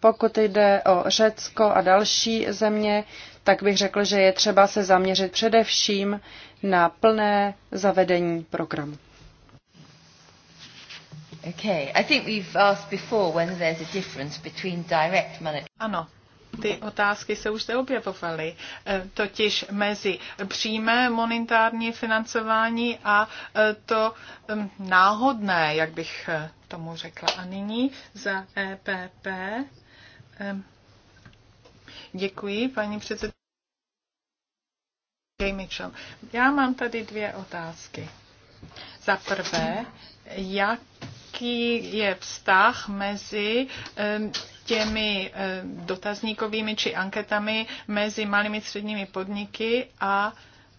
Pokud jde o Řecko a další země, tak bych řekl, že je třeba se zaměřit především na plné zavedení programu. Ano, ty otázky se už zde objevovaly, eh, totiž mezi přímé monetární financování a eh, to hm, náhodné, jak bych eh, tomu řekla. A nyní za EPP Ehm, děkuji, paní předsedkyně. Mitchell. Já mám tady dvě otázky. Za prvé, jaký je vztah mezi ehm, těmi ehm, dotazníkovými či anketami mezi malými středními podniky a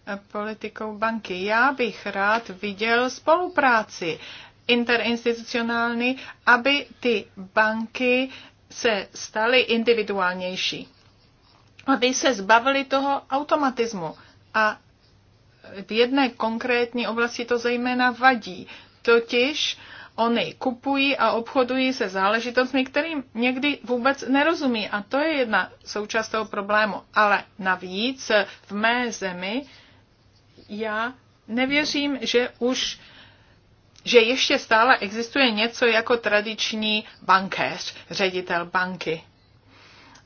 eh, politikou banky. Já bych rád viděl spolupráci interinstitucionální, aby ty banky se stali individuálnější, aby se zbavili toho automatismu. A v jedné konkrétní oblasti to zejména vadí, totiž oni kupují a obchodují se záležitostmi, kterým někdy vůbec nerozumí. A to je jedna součást toho problému. Ale navíc v mé zemi já nevěřím, že už že ještě stále existuje něco jako tradiční bankéř, ředitel banky.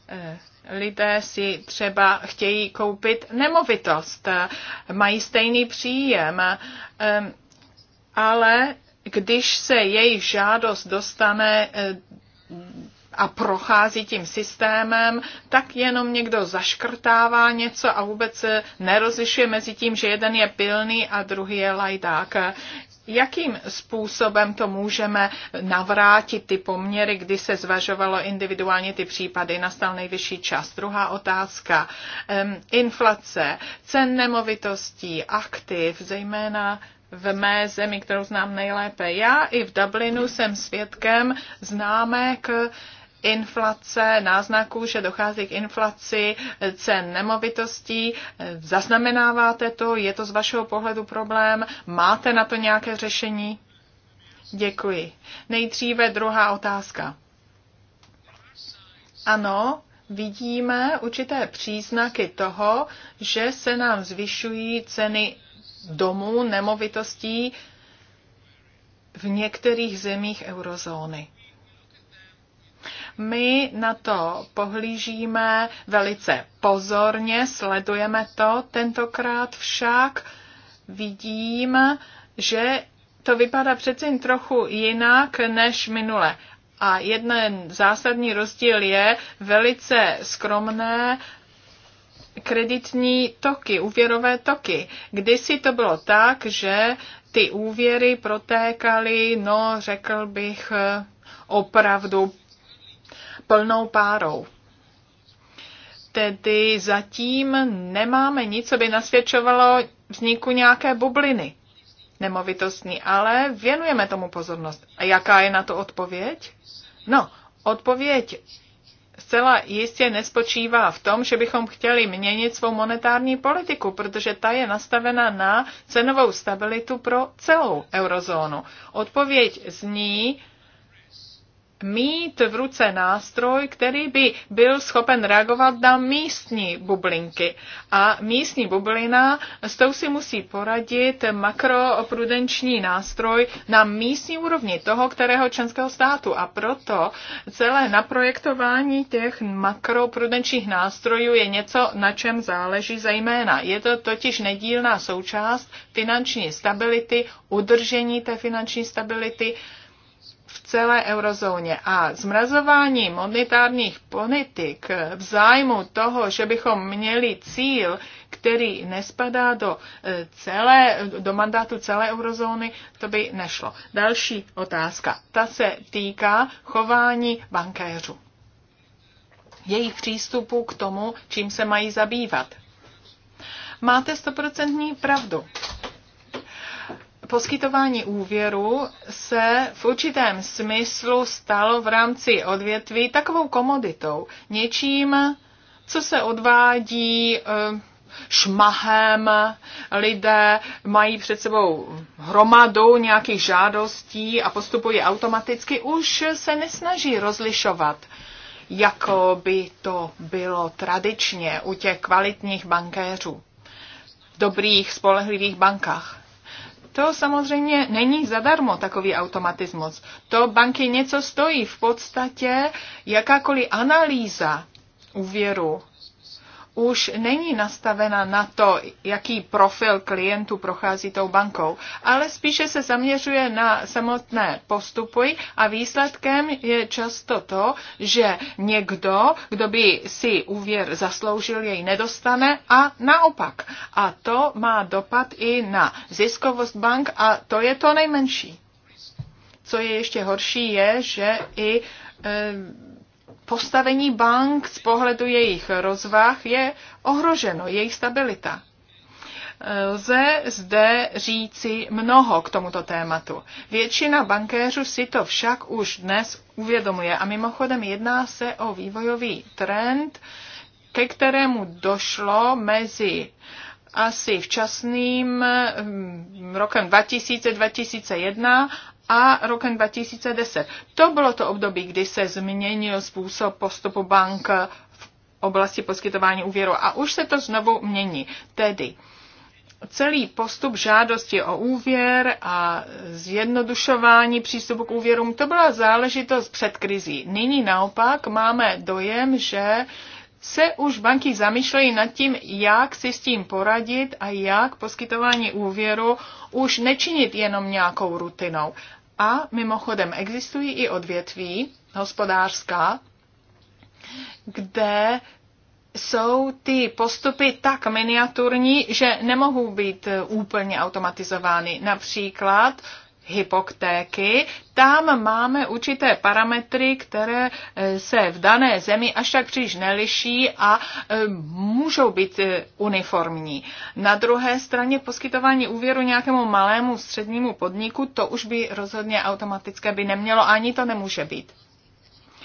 Eh, lidé si třeba chtějí koupit nemovitost, eh, mají stejný příjem, eh, ale když se jejich žádost dostane a prochází tím systémem, tak jenom někdo zaškrtává něco a vůbec nerozlišuje mezi tím, že jeden je pilný a druhý je lajdák. Jakým způsobem to můžeme navrátit ty poměry, kdy se zvažovalo individuálně ty případy? Nastal nejvyšší čas. Druhá otázka. Inflace, cen nemovitostí, aktiv, zejména v mé zemi, kterou znám nejlépe. Já i v Dublinu jsem svědkem známek inflace, náznaků, že dochází k inflaci cen nemovitostí. Zaznamenáváte to? Je to z vašeho pohledu problém? Máte na to nějaké řešení? Děkuji. Nejdříve druhá otázka. Ano, vidíme určité příznaky toho, že se nám zvyšují ceny domů, nemovitostí v některých zemích eurozóny. My na to pohlížíme velice pozorně, sledujeme to. Tentokrát však vidím, že to vypadá přece jen trochu jinak než minule. A jeden zásadní rozdíl je velice skromné kreditní toky, úvěrové toky. Kdysi to bylo tak, že ty úvěry protékaly, no řekl bych, opravdu plnou párou. Tedy zatím nemáme nic, co by nasvědčovalo vzniku nějaké bubliny nemovitostní, ale věnujeme tomu pozornost. A jaká je na to odpověď? No, odpověď zcela jistě nespočívá v tom, že bychom chtěli měnit svou monetární politiku, protože ta je nastavena na cenovou stabilitu pro celou eurozónu. Odpověď zní, mít v ruce nástroj, který by byl schopen reagovat na místní bublinky. A místní bublina, s tou si musí poradit makroprudenční nástroj na místní úrovni toho, kterého členského státu. A proto celé naprojektování těch makroprudenčních nástrojů je něco, na čem záleží zejména. Je to totiž nedílná součást finanční stability, udržení té finanční stability, celé eurozóně. A zmrazování monetárních politik v zájmu toho, že bychom měli cíl, který nespadá do, eh, celé, do mandátu celé eurozóny, to by nešlo. Další otázka. Ta se týká chování bankéřů. Jejich přístupu k tomu, čím se mají zabývat. Máte stoprocentní pravdu poskytování úvěru se v určitém smyslu stalo v rámci odvětví takovou komoditou, něčím, co se odvádí eh, šmahem, lidé mají před sebou hromadu nějakých žádostí a postupují automaticky, už se nesnaží rozlišovat, jako by to bylo tradičně u těch kvalitních bankéřů, dobrých, spolehlivých bankách to samozřejmě není zadarmo takový automatismus. To banky něco stojí. V podstatě jakákoliv analýza úvěru už není nastavena na to, jaký profil klientů prochází tou bankou, ale spíše se zaměřuje na samotné postupy a výsledkem je často to, že někdo, kdo by si úvěr zasloužil, jej nedostane a naopak. A to má dopad i na ziskovost bank a to je to nejmenší. Co je ještě horší, je, že i e, postavení bank z pohledu jejich rozvah je ohroženo, jejich stabilita. Lze zde říci mnoho k tomuto tématu. Většina bankéřů si to však už dnes uvědomuje a mimochodem jedná se o vývojový trend, ke kterému došlo mezi asi včasným hm, rokem 2000-2001 a rokem 2010. To bylo to období, kdy se změnil způsob postupu bank v oblasti poskytování úvěru a už se to znovu mění. Tedy celý postup žádosti o úvěr a zjednodušování přístupu k úvěrům, to byla záležitost před krizí. Nyní naopak máme dojem, že uh, se už banky zamýšlejí nad tím, jak si s tím poradit a jak poskytování úvěru už nečinit jenom nějakou rutinou. A mimochodem existují i odvětví hospodářská, kde jsou ty postupy tak miniaturní, že nemohou být eh, úplně automatizovány. Například hypotéky, tam máme určité parametry, které eh, se v dané zemi až tak příliš neliší a eh, můžou být eh, uniformní. Na druhé straně poskytování úvěru nějakému malému střednímu podniku, to už by rozhodně automatické by nemělo, ani to nemůže být.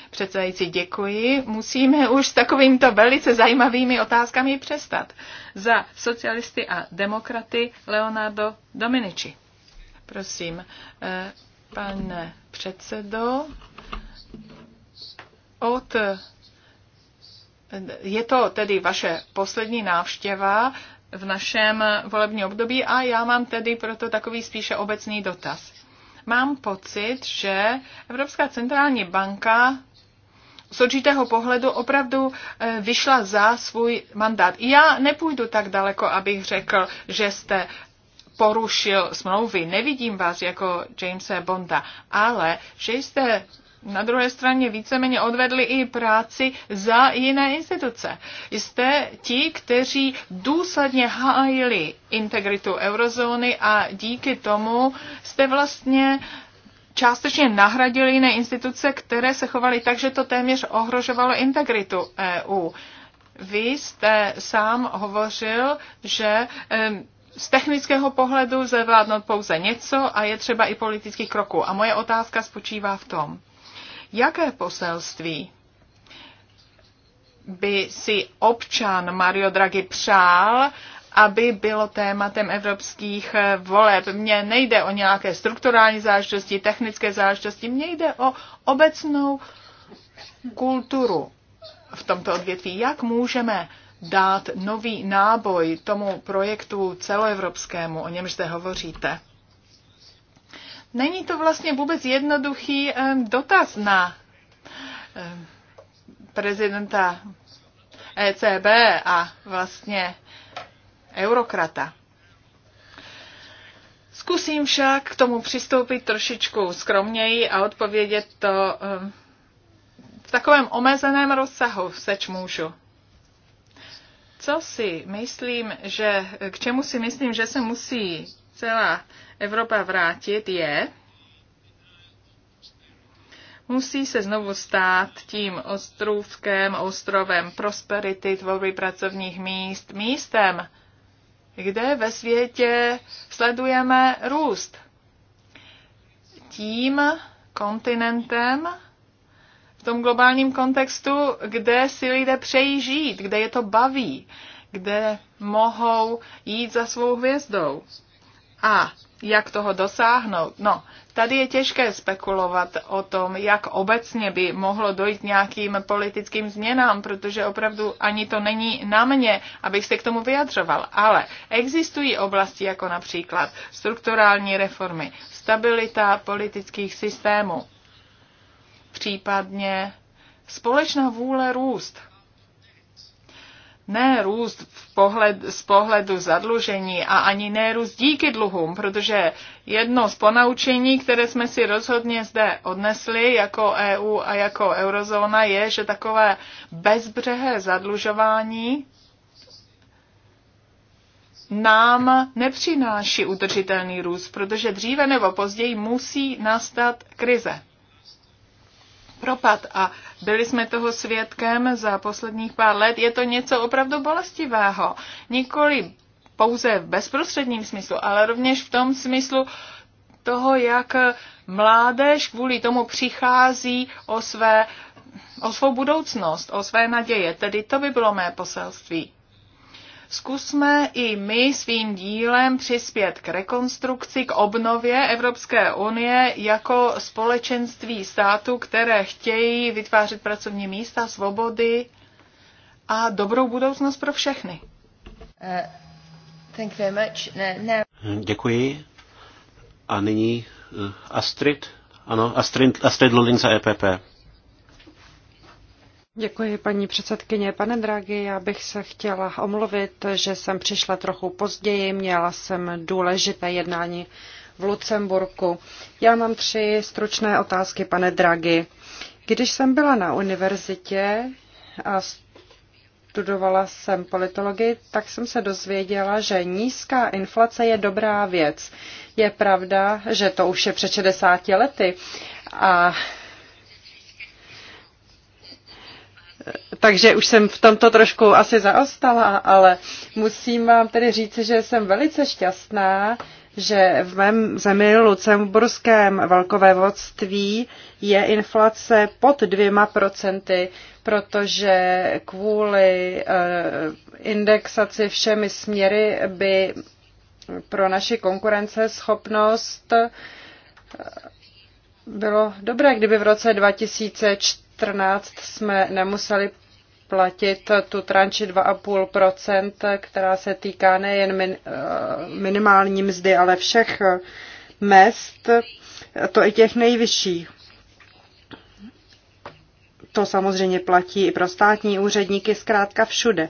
Předsedající, děkuji. Musíme už s takovýmto velice zajímavými otázkami přestat. Za socialisty a demokraty Leonardo Dominici. Prosím, eh, pane předsedo, od eh, je to tedy vaše poslední návštěva v našem volebním období a já mám tedy proto takový spíše obecný dotaz. Mám pocit, že Evropská centrální banka z určitého pohledu opravdu eh, vyšla za svůj mandát. Já nepůjdu tak daleko, abych řekl, že jste porušil smlouvy. Nevidím vás jako Jamesa Bonda, ale že jste na druhé straně víceméně odvedli i práci za jiné instituce. Jste ti, kteří důsledně hájili integritu eurozóny a díky tomu jste vlastně částečně nahradili jiné instituce, které se chovaly tak, že to téměř ohrožovalo integritu EU. Vy jste sám hovořil, že z technického pohledu lze vládnout pouze něco a je třeba i politických kroků. A moje otázka spočívá v tom, jaké poselství by si občan Mario Draghi přál, aby bylo tématem evropských eh, voleb. Mně nejde o nějaké strukturální záležitosti, technické záležitosti, mně jde o obecnou kulturu v tomto odvětví. Jak můžeme dát nový náboj tomu projektu celoevropskému, o němž zde hovoříte. Není to vlastně vůbec jednoduchý dotaz na prezidenta ECB a vlastně eurokrata. Zkusím však k tomu přistoupit trošičku skromněji a odpovědět to v takovém omezeném rozsahu, seč můžu co si myslím, že, k čemu si myslím, že se musí celá Evropa vrátit, je, musí se znovu stát tím ostrůvkem, ostrovem prosperity, tvorby pracovních míst, místem, kde ve světě sledujeme růst. Tím kontinentem, v tom globálním kontextu, kde si lidé přejí žít, kde je to baví, kde mohou jít za svou hvězdou. A jak toho dosáhnout? No, tady je těžké spekulovat o tom, jak obecně by mohlo dojít nějakým politickým změnám, protože opravdu ani to není na mě, abych se k tomu vyjadřoval. Ale existují oblasti jako například strukturální reformy, stabilita politických systémů, případně společná vůle růst. Ne růst v pohled, z pohledu zadlužení a ani ne růst díky dluhům, protože jedno z ponaučení, které jsme si rozhodně zde odnesli jako EU a jako eurozóna, je, že takové bezbřehé zadlužování nám nepřináší udržitelný růst, protože dříve nebo později musí nastat krize propad a byli jsme toho svědkem za posledních pár let. Je to něco opravdu bolestivého. Nikoli pouze v bezprostředním smyslu, ale rovněž v tom smyslu toho, jak mládež kvůli tomu přichází o, své, o svou budoucnost, o své naděje. Tedy to by bylo mé poselství. Zkusme i my svým dílem přispět k rekonstrukci, k obnově Evropské unie jako společenství států, které chtějí vytvářet pracovní místa, svobody a dobrou budoucnost pro všechny. Děkuji. A nyní eh, Astrid. Ano, Astrid, Astrid Luling za EPP. Děkuji, paní předsedkyně. Pane Draghi, já bych se chtěla omluvit, že jsem přišla trochu později. Měla jsem důležité jednání v Lucemburku. Já mám tři stručné otázky, pane Draghi. Když jsem byla na univerzitě a studovala jsem politologii, tak jsem se dozvěděla, že nízká inflace je dobrá věc. Je pravda, že to už je před 60 lety a takže už jsem v tomto trošku asi zaostala, ale musím vám tedy říct, že jsem velice šťastná, že v mém zemi Lucemburském vodství je inflace pod dvěma procenty, protože kvůli eh, indexaci všemi směry by pro naši konkurenceschopnost eh, bylo dobré, kdyby v roce 2004 2014 jsme nemuseli platit tu tranči 2,5%, která se týká nejen min, eh, minimální mzdy, ale všech mest, to i těch nejvyšších. To samozřejmě platí i pro státní úředníky, zkrátka všude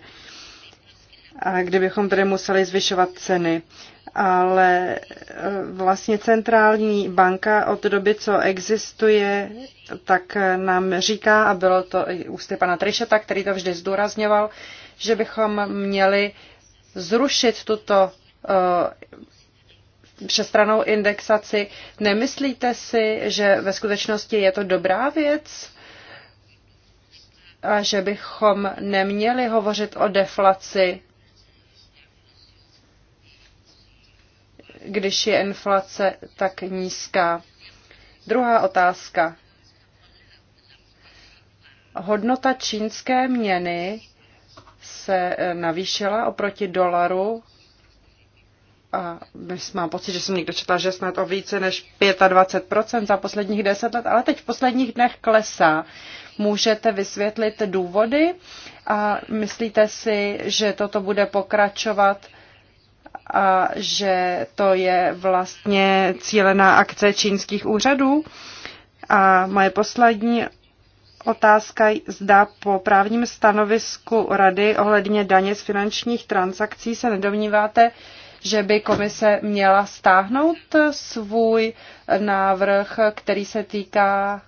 a kdybychom tedy museli zvyšovat ceny. Ale e, vlastně centrální banka od doby, co existuje, tak nám říká, a bylo to i ústy pana Trišeta, který to vždy zdůrazňoval, že bychom měli zrušit tuto e, přestranou indexaci. Nemyslíte si, že ve skutečnosti je to dobrá věc? A že bychom neměli hovořit o deflaci když je inflace tak nízká. Druhá otázka. Hodnota čínské měny se eh, navýšila oproti dolaru a mám pocit, že jsem někdo četla, že snad o více než 25% za posledních 10 let, ale teď v posledních dnech klesá. Můžete vysvětlit důvody a myslíte si, že toto bude pokračovat a že to je vlastně cílená akce čínských úřadů. A moje poslední otázka zda po právním stanovisku Rady ohledně daně z finančních transakcí se nedomníváte, že by komise měla stáhnout svůj návrh, který se týká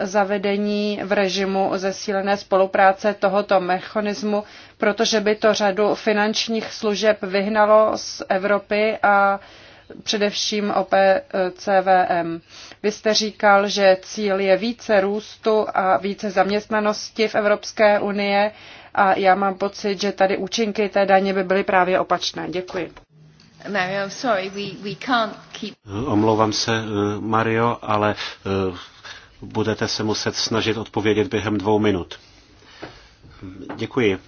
zavedení v režimu zesílené spolupráce tohoto mechanismu, protože by to řadu finančních služeb vyhnalo z Evropy a především OPCVM. Vy jste říkal, že cíl je více růstu a více zaměstnanosti v Evropské unie a já mám pocit, že tady účinky té daně by byly právě opačné. Děkuji. Mario, sorry, we, we can't keep... Omlouvám se, eh, Mario, ale eh, budete se muset snažit odpovědět během dvou minut. Děkuji.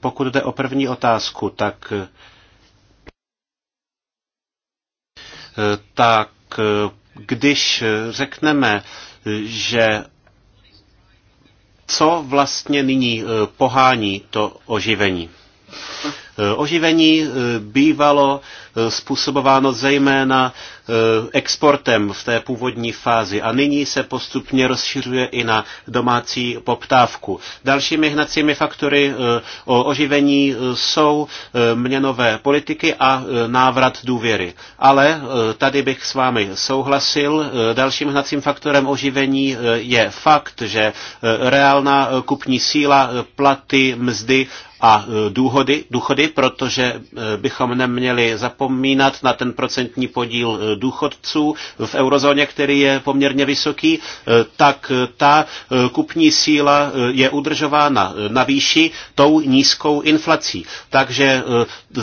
Pokud jde o první otázku, tak tak když řekneme, že co vlastně nyní pohání to oživení? Eh, oživení eh, bývalo eh, způsobováno zejména exportem v té původní fázi a nyní se postupně rozšiřuje i na domácí poptávku. Dalšími hnacími faktory o oživení jsou měnové politiky a návrat důvěry. Ale tady bych s vámi souhlasil. Dalším hnacím faktorem oživení je fakt, že reálná kupní síla, platy, mzdy a důchody, důchody důchody, protože eh, bychom neměli zapomínat na ten procentní podíl eh, důchodců v eurozóně, který je poměrně vysoký, eh, tak ta kupní síla je udržována na výši tou nízkou inflací. Takže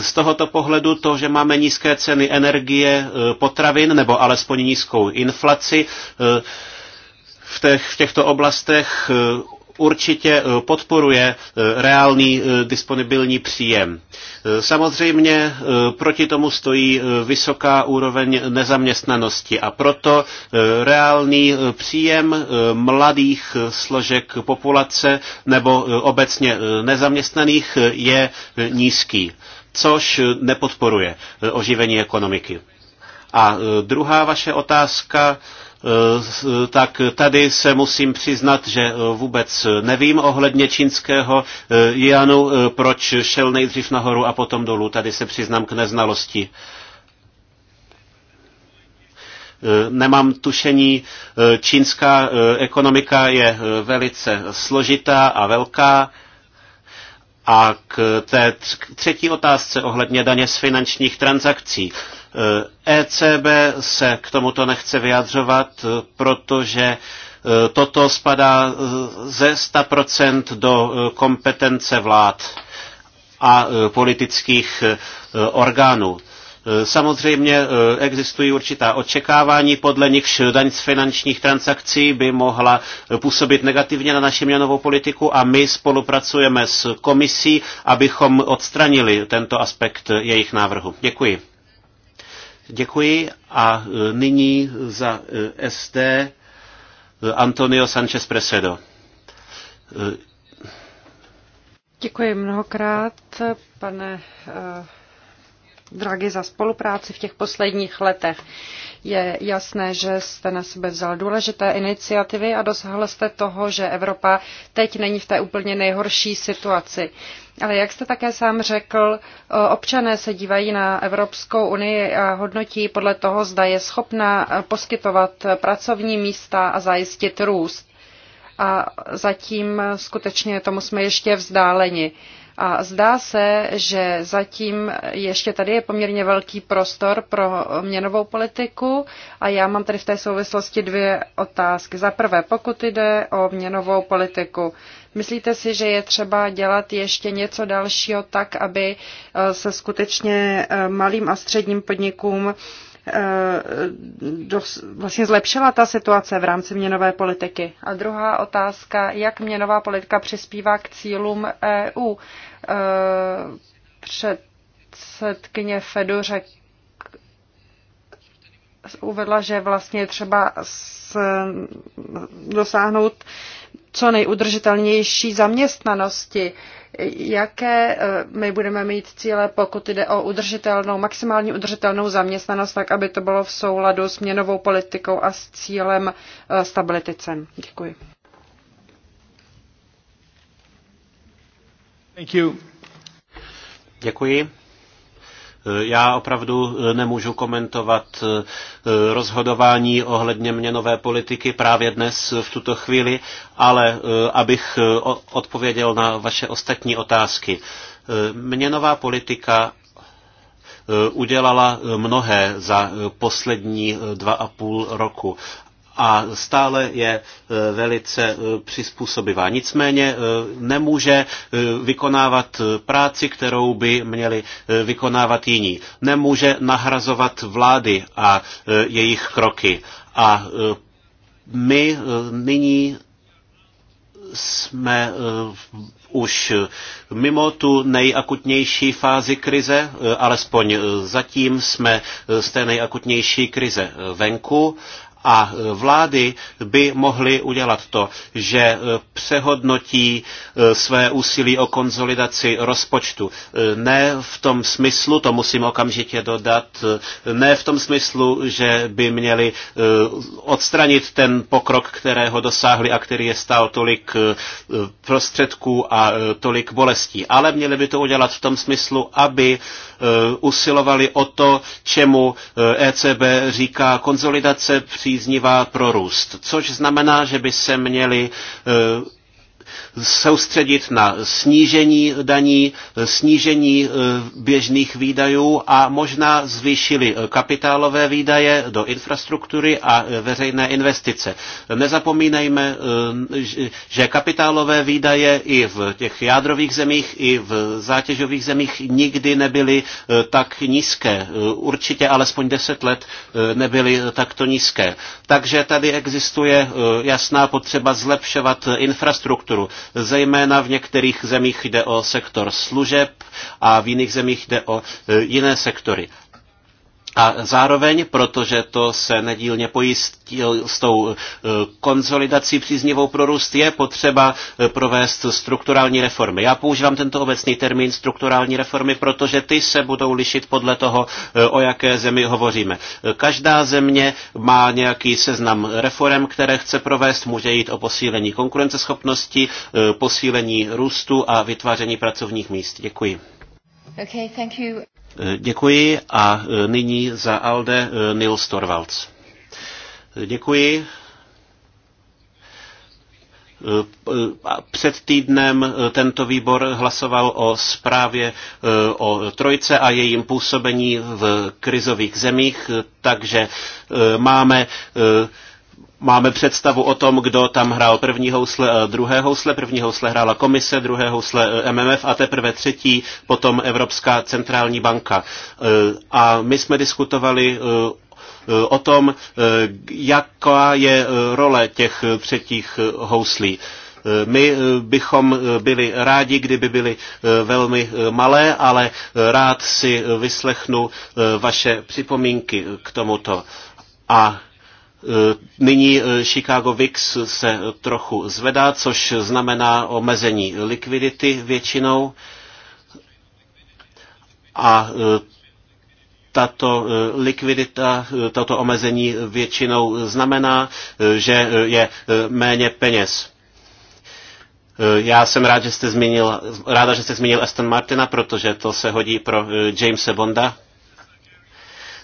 z tohoto pohledu to, že máme nízké ceny energie, potravin nebo alespoň nízkou inflaci, v, těch, v těchto oblastech určitě eh, podporuje eh, reálný eh, disponibilní příjem. Samozřejmě proti tomu stojí vysoká úroveň nezaměstnanosti a proto reálný příjem mladých složek populace nebo obecně nezaměstnaných je nízký, což nepodporuje oživení ekonomiky. A druhá vaše otázka Eh, tak tady se musím přiznat, že eh, vůbec nevím ohledně čínského eh, Janu, proč šel nejdřív nahoru a potom dolů. Tady se přiznám k neznalosti. Nemám tušení, čínská ekonomika je velice složitá a velká. A k té třetí otázce ohledně daně z finančních transakcí. ECB eh, e se k tomuto nechce vyjadřovat, eh, protože eh, toto spadá ze 100% do kompetence vlád a politických orgánů. Samozřejmě existují určitá očekávání, podle nichž daň z finančních transakcí by mohla působit negativně na naši měnovou politiku a my spolupracujeme s komisí, abychom odstranili tento aspekt jejich návrhu. Děkuji. Děkuji a e, nyní za e, SD e, Antonio Sanchez Presedo. Děkuji mnohokrát, pane dragi za spolupráci v těch posledních letech. Je jasné, že jste na sebe vzal důležité iniciativy a dosáhl jste toho, že Evropa teď není v té úplně nejhorší situaci. Ale jak jste také sám řekl, občané se dívají na Evropskou unii a hodnotí podle toho, zda je schopna poskytovat pracovní místa a zajistit růst. A zatím skutečně tomu jsme ještě vzdáleni. A zdá se, že zatím ještě tady je poměrně velký prostor pro měnovou politiku a já mám tady v té souvislosti dvě otázky. Za prvé, pokud jde o měnovou politiku, myslíte si, že je třeba dělat ještě něco dalšího tak, aby eh, se skutečně eh, malým a středním podnikům Eh, dos, vlastně zlepšila ta situace v rámci měnové politiky? A druhá otázka, jak měnová politika přispívá k cílům EU? Eh, předsedkyně Fedu řek, uvedla, že vlastně třeba s, dosáhnout co nejudržitelnější zaměstnanosti. Uh, jaké e, my budeme mít cíle, pokud jde o udržitelnou, maximální udržitelnou zaměstnanost, tak aby to bylo v souladu s měnovou politikou a s cílem e, stability cen. Děkuji. Thank you. Děkuji. Já opravdu eh, nemůžu komentovat eh, rozhodování ohledně měnové politiky právě dnes eh, v tuto chvíli, ale abych odpověděl na vaše ostatní otázky. Měnová politika udělala mnohé za poslední dva a půl roku a stále je e, velice e, přizpůsobivá. Nicméně e, nemůže vykonávat práci, kterou by měli vykonávat jiní. Nemůže nahrazovat vlády a jejich kroky. A my nyní jsme už mimo tu nejakutnější fázi krize, alespoň zatím jsme z té nejakutnější krize venku a vlády by mohly udělat to, že eh, přehodnotí eh, své úsilí o konzolidaci rozpočtu. Eh, ne v tom smyslu, to musím okamžitě dodat, ne v tom smyslu, že by měli odstranit ten pokrok, kterého dosáhli a který je stál tolik prostředků a tolik bolestí. Ale měli by to udělat v tom smyslu, aby usilovali o to, čemu ECB e říká konzolidace při příznivá pro růst, což znamená, že by se měly eh, soustředit na snížení daní, snížení eh, běžných výdajů a možná zvýšili eh, kapitálové výdaje do infrastruktury a eh, veřejné investice. Nezapomínejme, že kapitálové výdaje i v těch jádrových zemích, i v zátěžových zemích nikdy nebyly tak nízké. Určitě alespoň deset let nebyly takto nízké. Takže tady existuje jasná potřeba zlepšovat infrastrukturu sektoru. Zejména v některých zemích jde o sektor služeb a v jiných zemích jde o e, jiné sektory. A zároveň, protože to se nedílně pojí s tou e, konzolidací příznivou pro růst, je potřeba e, provést strukturální reformy. Já používám tento obecný termín strukturální reformy, protože ty se budou lišit podle toho, e, o jaké zemi hovoříme. Každá země má nějaký seznam reform, které chce provést. Může jít o posílení konkurenceschopnosti, posílení růstu a vytváření pracovních míst. Děkuji. Okay, thank you. Eh, děkuji a eh, nyní za Alde eh, Nils Torvalds. Děkuji. Před týdnem tento výbor hlasoval o zprávě o trojce a jejím působení v krizových zemích, takže máme máme představu o tom, kdo tam hrál první housle, eh, druhé housle. První housle hrála komise, druhé housle eh, MMF a teprve třetí potom Evropská centrální banka. Eh, a my jsme diskutovali o tom, jaká je role těch třetích houslí. My bychom byli rádi, kdyby byly velmi malé, ale rád si vyslechnu vaše připomínky k tomuto. A Eh, nyní eh, Chicago VIX se trochu zvedá, což znamená omezení likvidity většinou. A eh, tato likvidita, toto omezení většinou znamená, že je méně peněz. Já jsem rád, že jste zmínil, ráda, že jste zmínil Aston Martina, protože to se hodí pro Jamesa Bonda,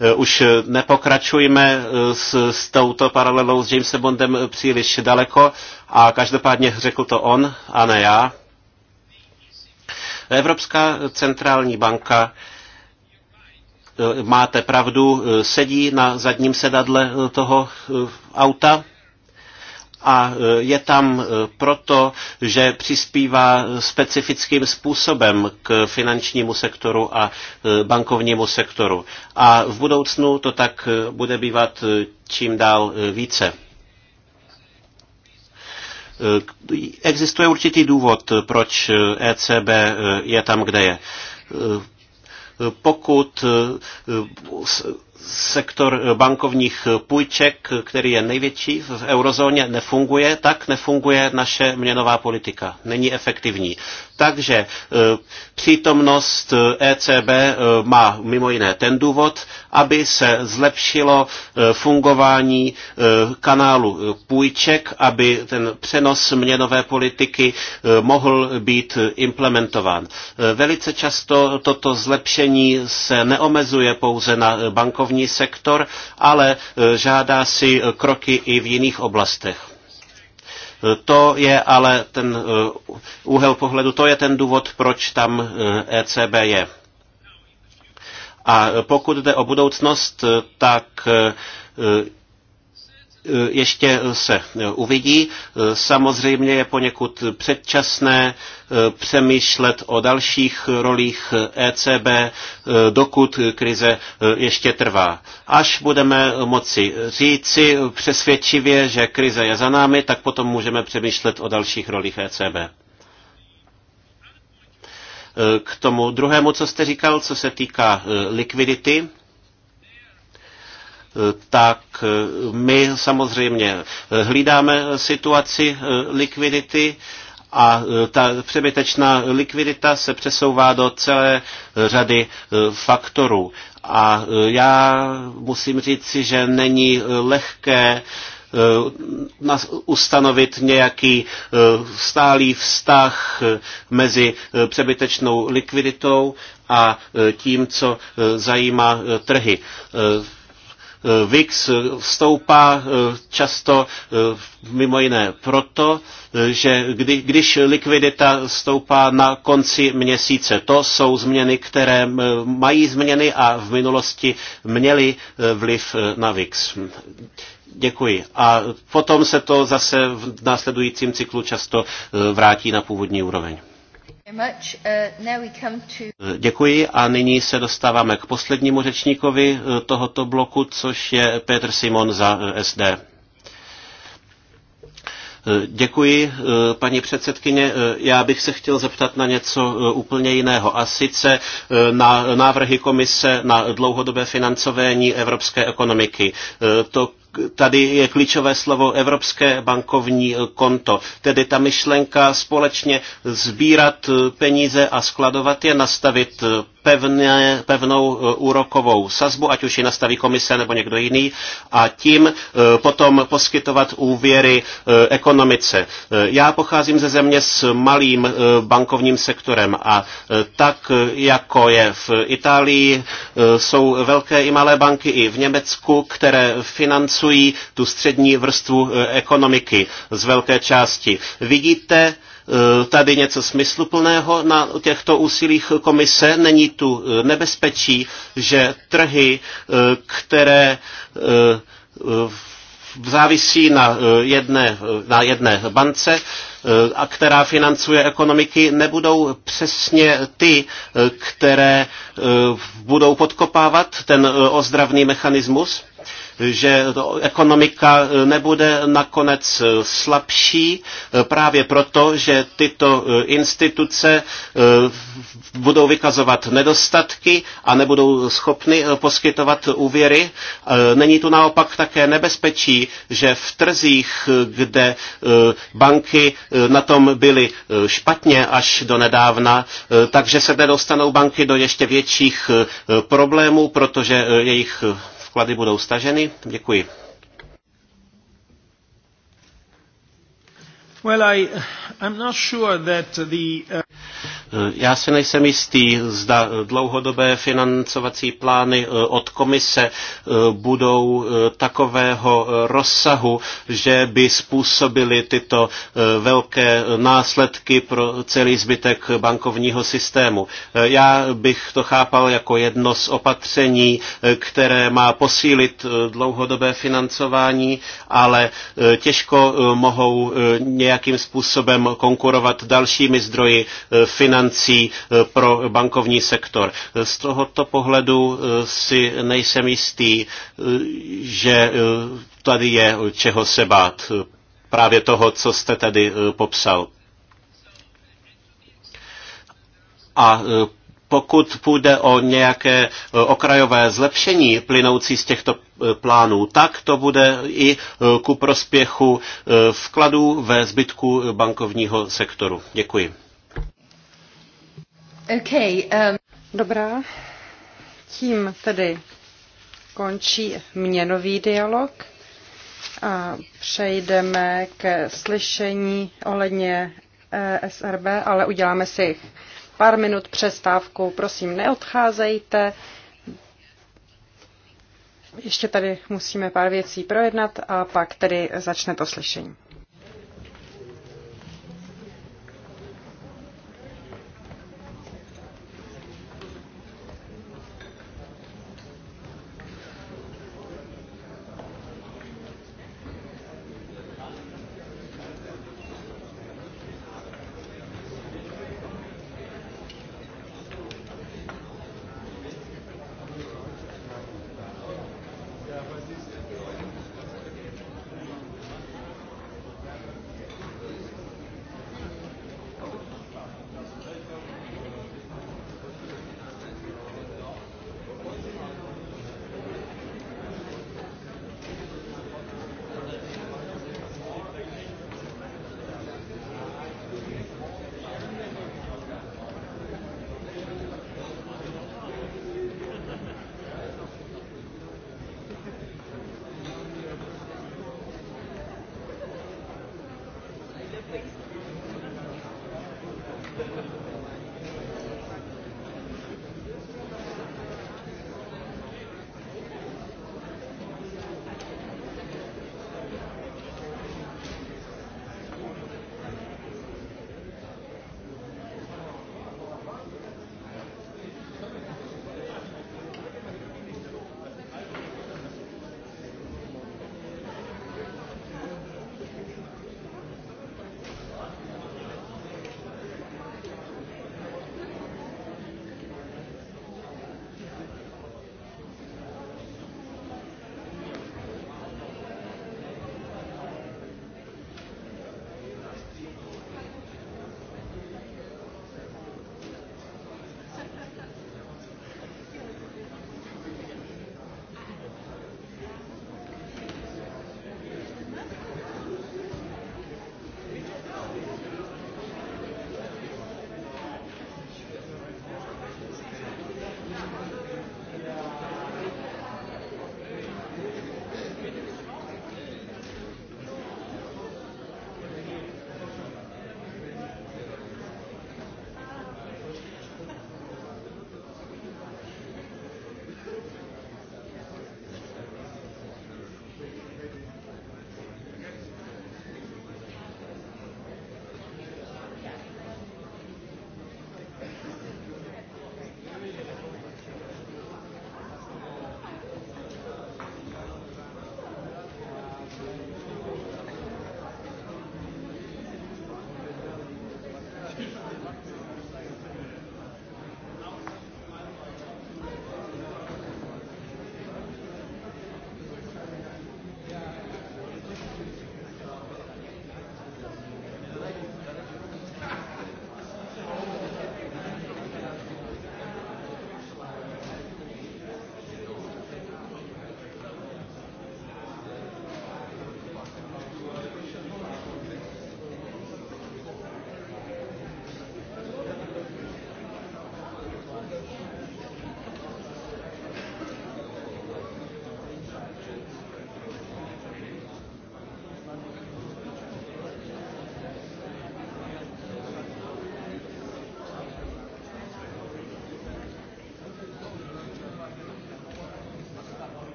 Eh, už eh, nepokračujme eh, s, s touto paralelou s Jamesem Bondem příliš daleko a každopádně řekl to on a ne já. Evropská centrální banka máte pravdu, sedí na zadním sedadle toho auta a e, je tam e, proto, že přispívá specifickým způsobem k finančnímu sektoru a e, bankovnímu sektoru. A v budoucnu to tak bude bývat čím dál více. Existuje určitý důvod, proč ECB je tam, kde je. Pokud sektor bankovních půjček, který je největší v eurozóně, nefunguje, tak nefunguje naše měnová politika. Není efektivní. Takže e, přítomnost ECB e e, má mimo jiné ten důvod, aby se zlepšilo fungování kanálu půjček, aby ten přenos měnové politiky mohl být implementován. Velice často toto zlepšení se neomezuje pouze na bankovní sektor, ale žádá si kroky i v jiných oblastech. To je ale ten eh, úhel pohledu, to je ten důvod, proč tam ECB eh, e je. A pokud jde o budoucnost, eh, tak Eh, ještě se eh, uvidí. Eh, samozřejmě je poněkud předčasné přemýšlet o dalších rolích ECB, dokud krize ještě trvá. Až budeme moci říci přesvědčivě, že krize je za námi, tak potom můžeme přemýšlet o dalších rolích ECB. K tomu druhému, co jste říkal, co se týká likvidity, tak my samozřejmě hlídáme situaci likvidity a ta přebytečná likvidita se přesouvá do celé řady faktorů. A já musím říci, že není lehké eh, ustanovit nějaký eh, stálý vztah eh, mezi přebytečnou likviditou a tím, co zajímá trhy. Eh, VIX eh, stoupá eh, často mimo jiné proto, že kdy, když likvidita stoupá na konci měsíce, to jsou změny, které mají změny a v minulosti měly vliv na VIX. Děkuji. A potom se to zase v následujícím cyklu často vrátí na původní úroveň. Uh, děkuji a nyní se dostáváme k poslednímu řečníkovi uh, tohoto bloku, což je Petr Simon za uh, SD. Děkuji, paní předsedkyně. Já bych se chtěl zeptat na něco úplně jiného, a sice na návrhy komise na dlouhodobé financování evropské ekonomiky. To tady je klíčové slovo Evropské bankovní konto. Tedy ta myšlenka společně sbírat eh, peníze a skladovat je, nastavit eh, pevné, pevnou eh, úrokovou sazbu, ať už ji nastaví komise nebo někdo jiný, a tím potom poskytovat úvěry ekonomice. Já pocházím ze země s malým bankovním sektorem a tak, jako je v Itálii, jsou velké i malé banky i v Německu, které financují poskytují tu střední vrstvu eh, ekonomiky z velké části. Vidíte, eh, tady něco smysluplného na těchto úsilích komise. Není tu eh, nebezpečí, že trhy, které závisí na jedné, na jedné bance, a která financuje ekonomiky, nebudou přesně ty, které budou podkopávat ten ozdravný mechanismus? že ekonomika eh, nebude nakonec eh, slabší eh, právě proto, že tyto instituce budou vykazovat nedostatky a nebudou schopny poskytovat úvěry. Není tu naopak také nebezpečí, že v trzích, kde banky na tom byly špatně až do nedávna, takže se nedostanou banky do ještě větších problémů, protože jejich odklady budou staženy. Děkuji. Well, I, I'm not sure that the, uh... Eh, já si nejsem jistý, zda dlouhodobé financovací plány eh, od komise eh, budou takového rozsahu, že by způsobily tyto velké následky pro celý zbytek bankovního systému. Já bych to chápal jako jedno z opatření, které má posílit dlouhodobé financování, ale těžko mohou nějakým způsobem konkurovat dalšími zdroji financování financí eh, pro bankovní sektor. Eh, z tohoto pohledu eh, si nejsem jistý, že tady je čeho se bát. Právě toho, co jste tady popsal. A pokud půjde o nějaké okrajové zlepšení plynoucí z těchto plánů, tak to bude i ku prospěchu vkladů ve zbytku bankovního sektoru. Děkuji. Okay, um... Dobrá, tím tedy končí měnový dialog a přejdeme k slyšení ohledně eh, SRB, ale uděláme si pár minut přestávku. Prosím, neodcházejte. Ještě tady musíme pár věcí projednat a pak tedy začne to slyšení.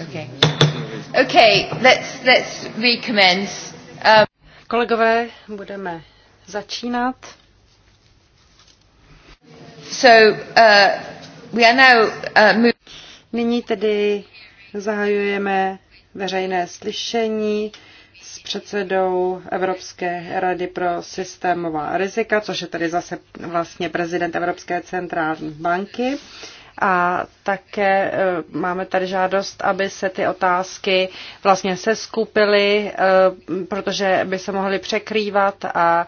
Okay. Okay, let's, let's recommence. Um... Kolegové, budeme začínat. So, uh, we are now, uh, Nyní tedy zahajujeme veřejné slyšení s předsedou Evropské rady pro systémová rizika, což je tedy zase vlastně prezident Evropské centrální banky. Uh, a také eh, máme tady žádost, aby se ty otázky vlastně seskupily, eh, protože by se mohly překrývat a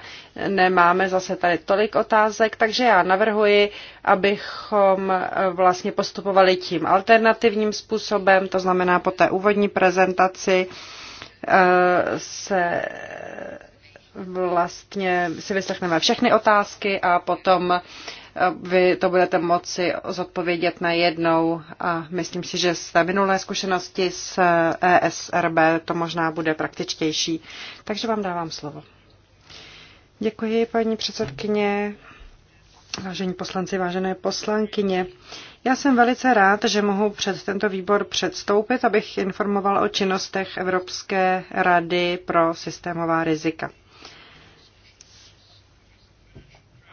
nemáme zase tady tolik otázek, takže já navrhuji, abychom eh, vlastně postupovali tím alternativním způsobem, to znamená po té úvodní prezentaci se vlastně si vyslechneme všechny otázky a potom vy to budete moci zodpovědět na jednou a myslím si, že z té minulé zkušenosti s ESRB to možná bude praktičtější. Takže vám dávám slovo. Děkuji, paní předsedkyně. Vážení poslanci, vážené poslankyně, já jsem velice rád, že mohu před tento výbor předstoupit, abych informoval o činnostech Evropské rady pro systémová rizika.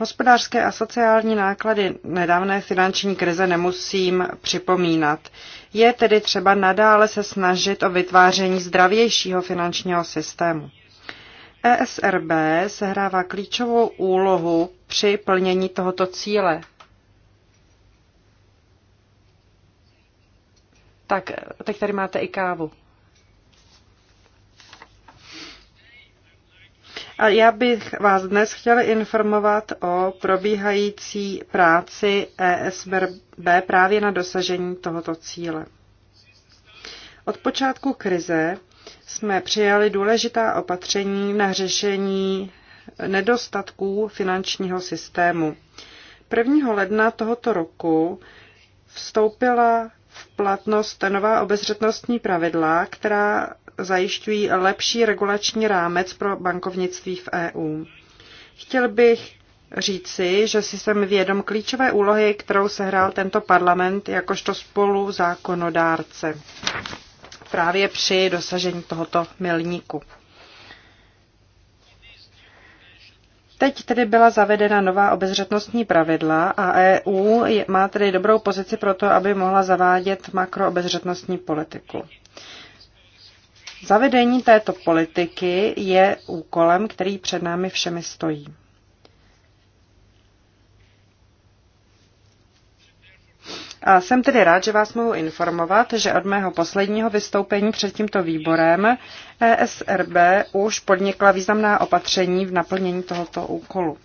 Hospodářské a sociální náklady nedávné finanční krize nemusím připomínat. Je tedy třeba nadále se snažit o vytváření zdravějšího finančního systému. ESRB sehrává klíčovou úlohu při plnění tohoto cíle. Tak, teď tady máte i kávu. A já bych vás dnes chtěl informovat o probíhající práci ESBB právě na dosažení tohoto cíle. Od počátku krize jsme přijali důležitá opatření na řešení nedostatků finančního systému. 1. ledna tohoto roku vstoupila v platnost nová obezřetnostní pravidla, která zajišťují lepší regulační rámec pro bankovnictví v EU. Chtěl bych říci, že si jsem vědom klíčové úlohy, kterou sehrál tento parlament jakožto spolu zákonodárce právě při dosažení tohoto milníku. Teď tedy byla zavedena nová obezřetnostní pravidla a EU má tedy dobrou pozici pro to, aby mohla zavádět makroobezřetnostní politiku. Zavedení této politiky je úkolem, který před námi všemi stojí. A jsem tedy rád, že vás mohu informovat, že od mého posledního vystoupení před tímto výborem ESRB už podnikla významná opatření v naplnění tohoto úkolu.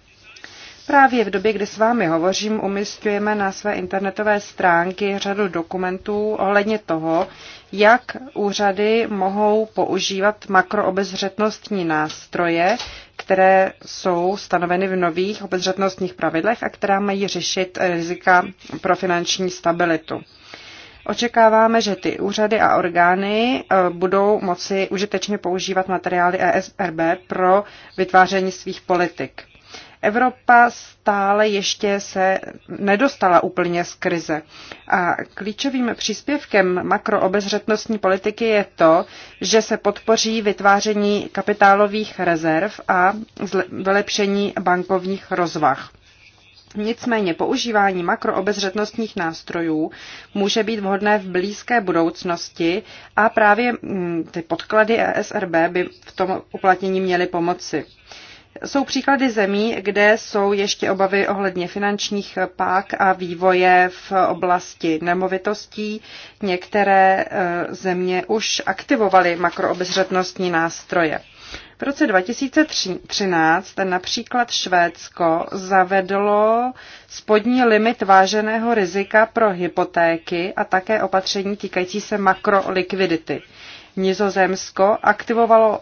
Právě v době, kdy s vámi hovořím, umistujeme na své internetové stránky řadu dokumentů ohledně toho, jak úřady mohou používat makroobezřetnostní nástroje, které jsou stanoveny v nových obezřetnostních pravidlech a která mají řešit rizika pro finanční stabilitu. Očekáváme, že ty úřady a orgány e, budou moci užitečně používat materiály ESRB pro vytváření svých politik. Evropa stále ještě se nedostala úplně z krize. A klíčovým příspěvkem makroobezřetnostní politiky je to, že se podpoří vytváření kapitálových rezerv a vylepšení bankovních rozvah. Nicméně používání makroobezřetnostních nástrojů může být vhodné v blízké budoucnosti a právě mm, ty podklady ESRB by v tom uplatnění měly pomoci. Jsou příklady zemí, kde jsou ještě obavy ohledně finančních pák a vývoje v oblasti nemovitostí. Některé eh, země už aktivovaly makroobezřetnostní nástroje. V roce 2013 například Švédsko zavedlo spodní limit váženého rizika pro hypotéky a také opatření týkající se makrolikvidity. Nizozemsko aktivovalo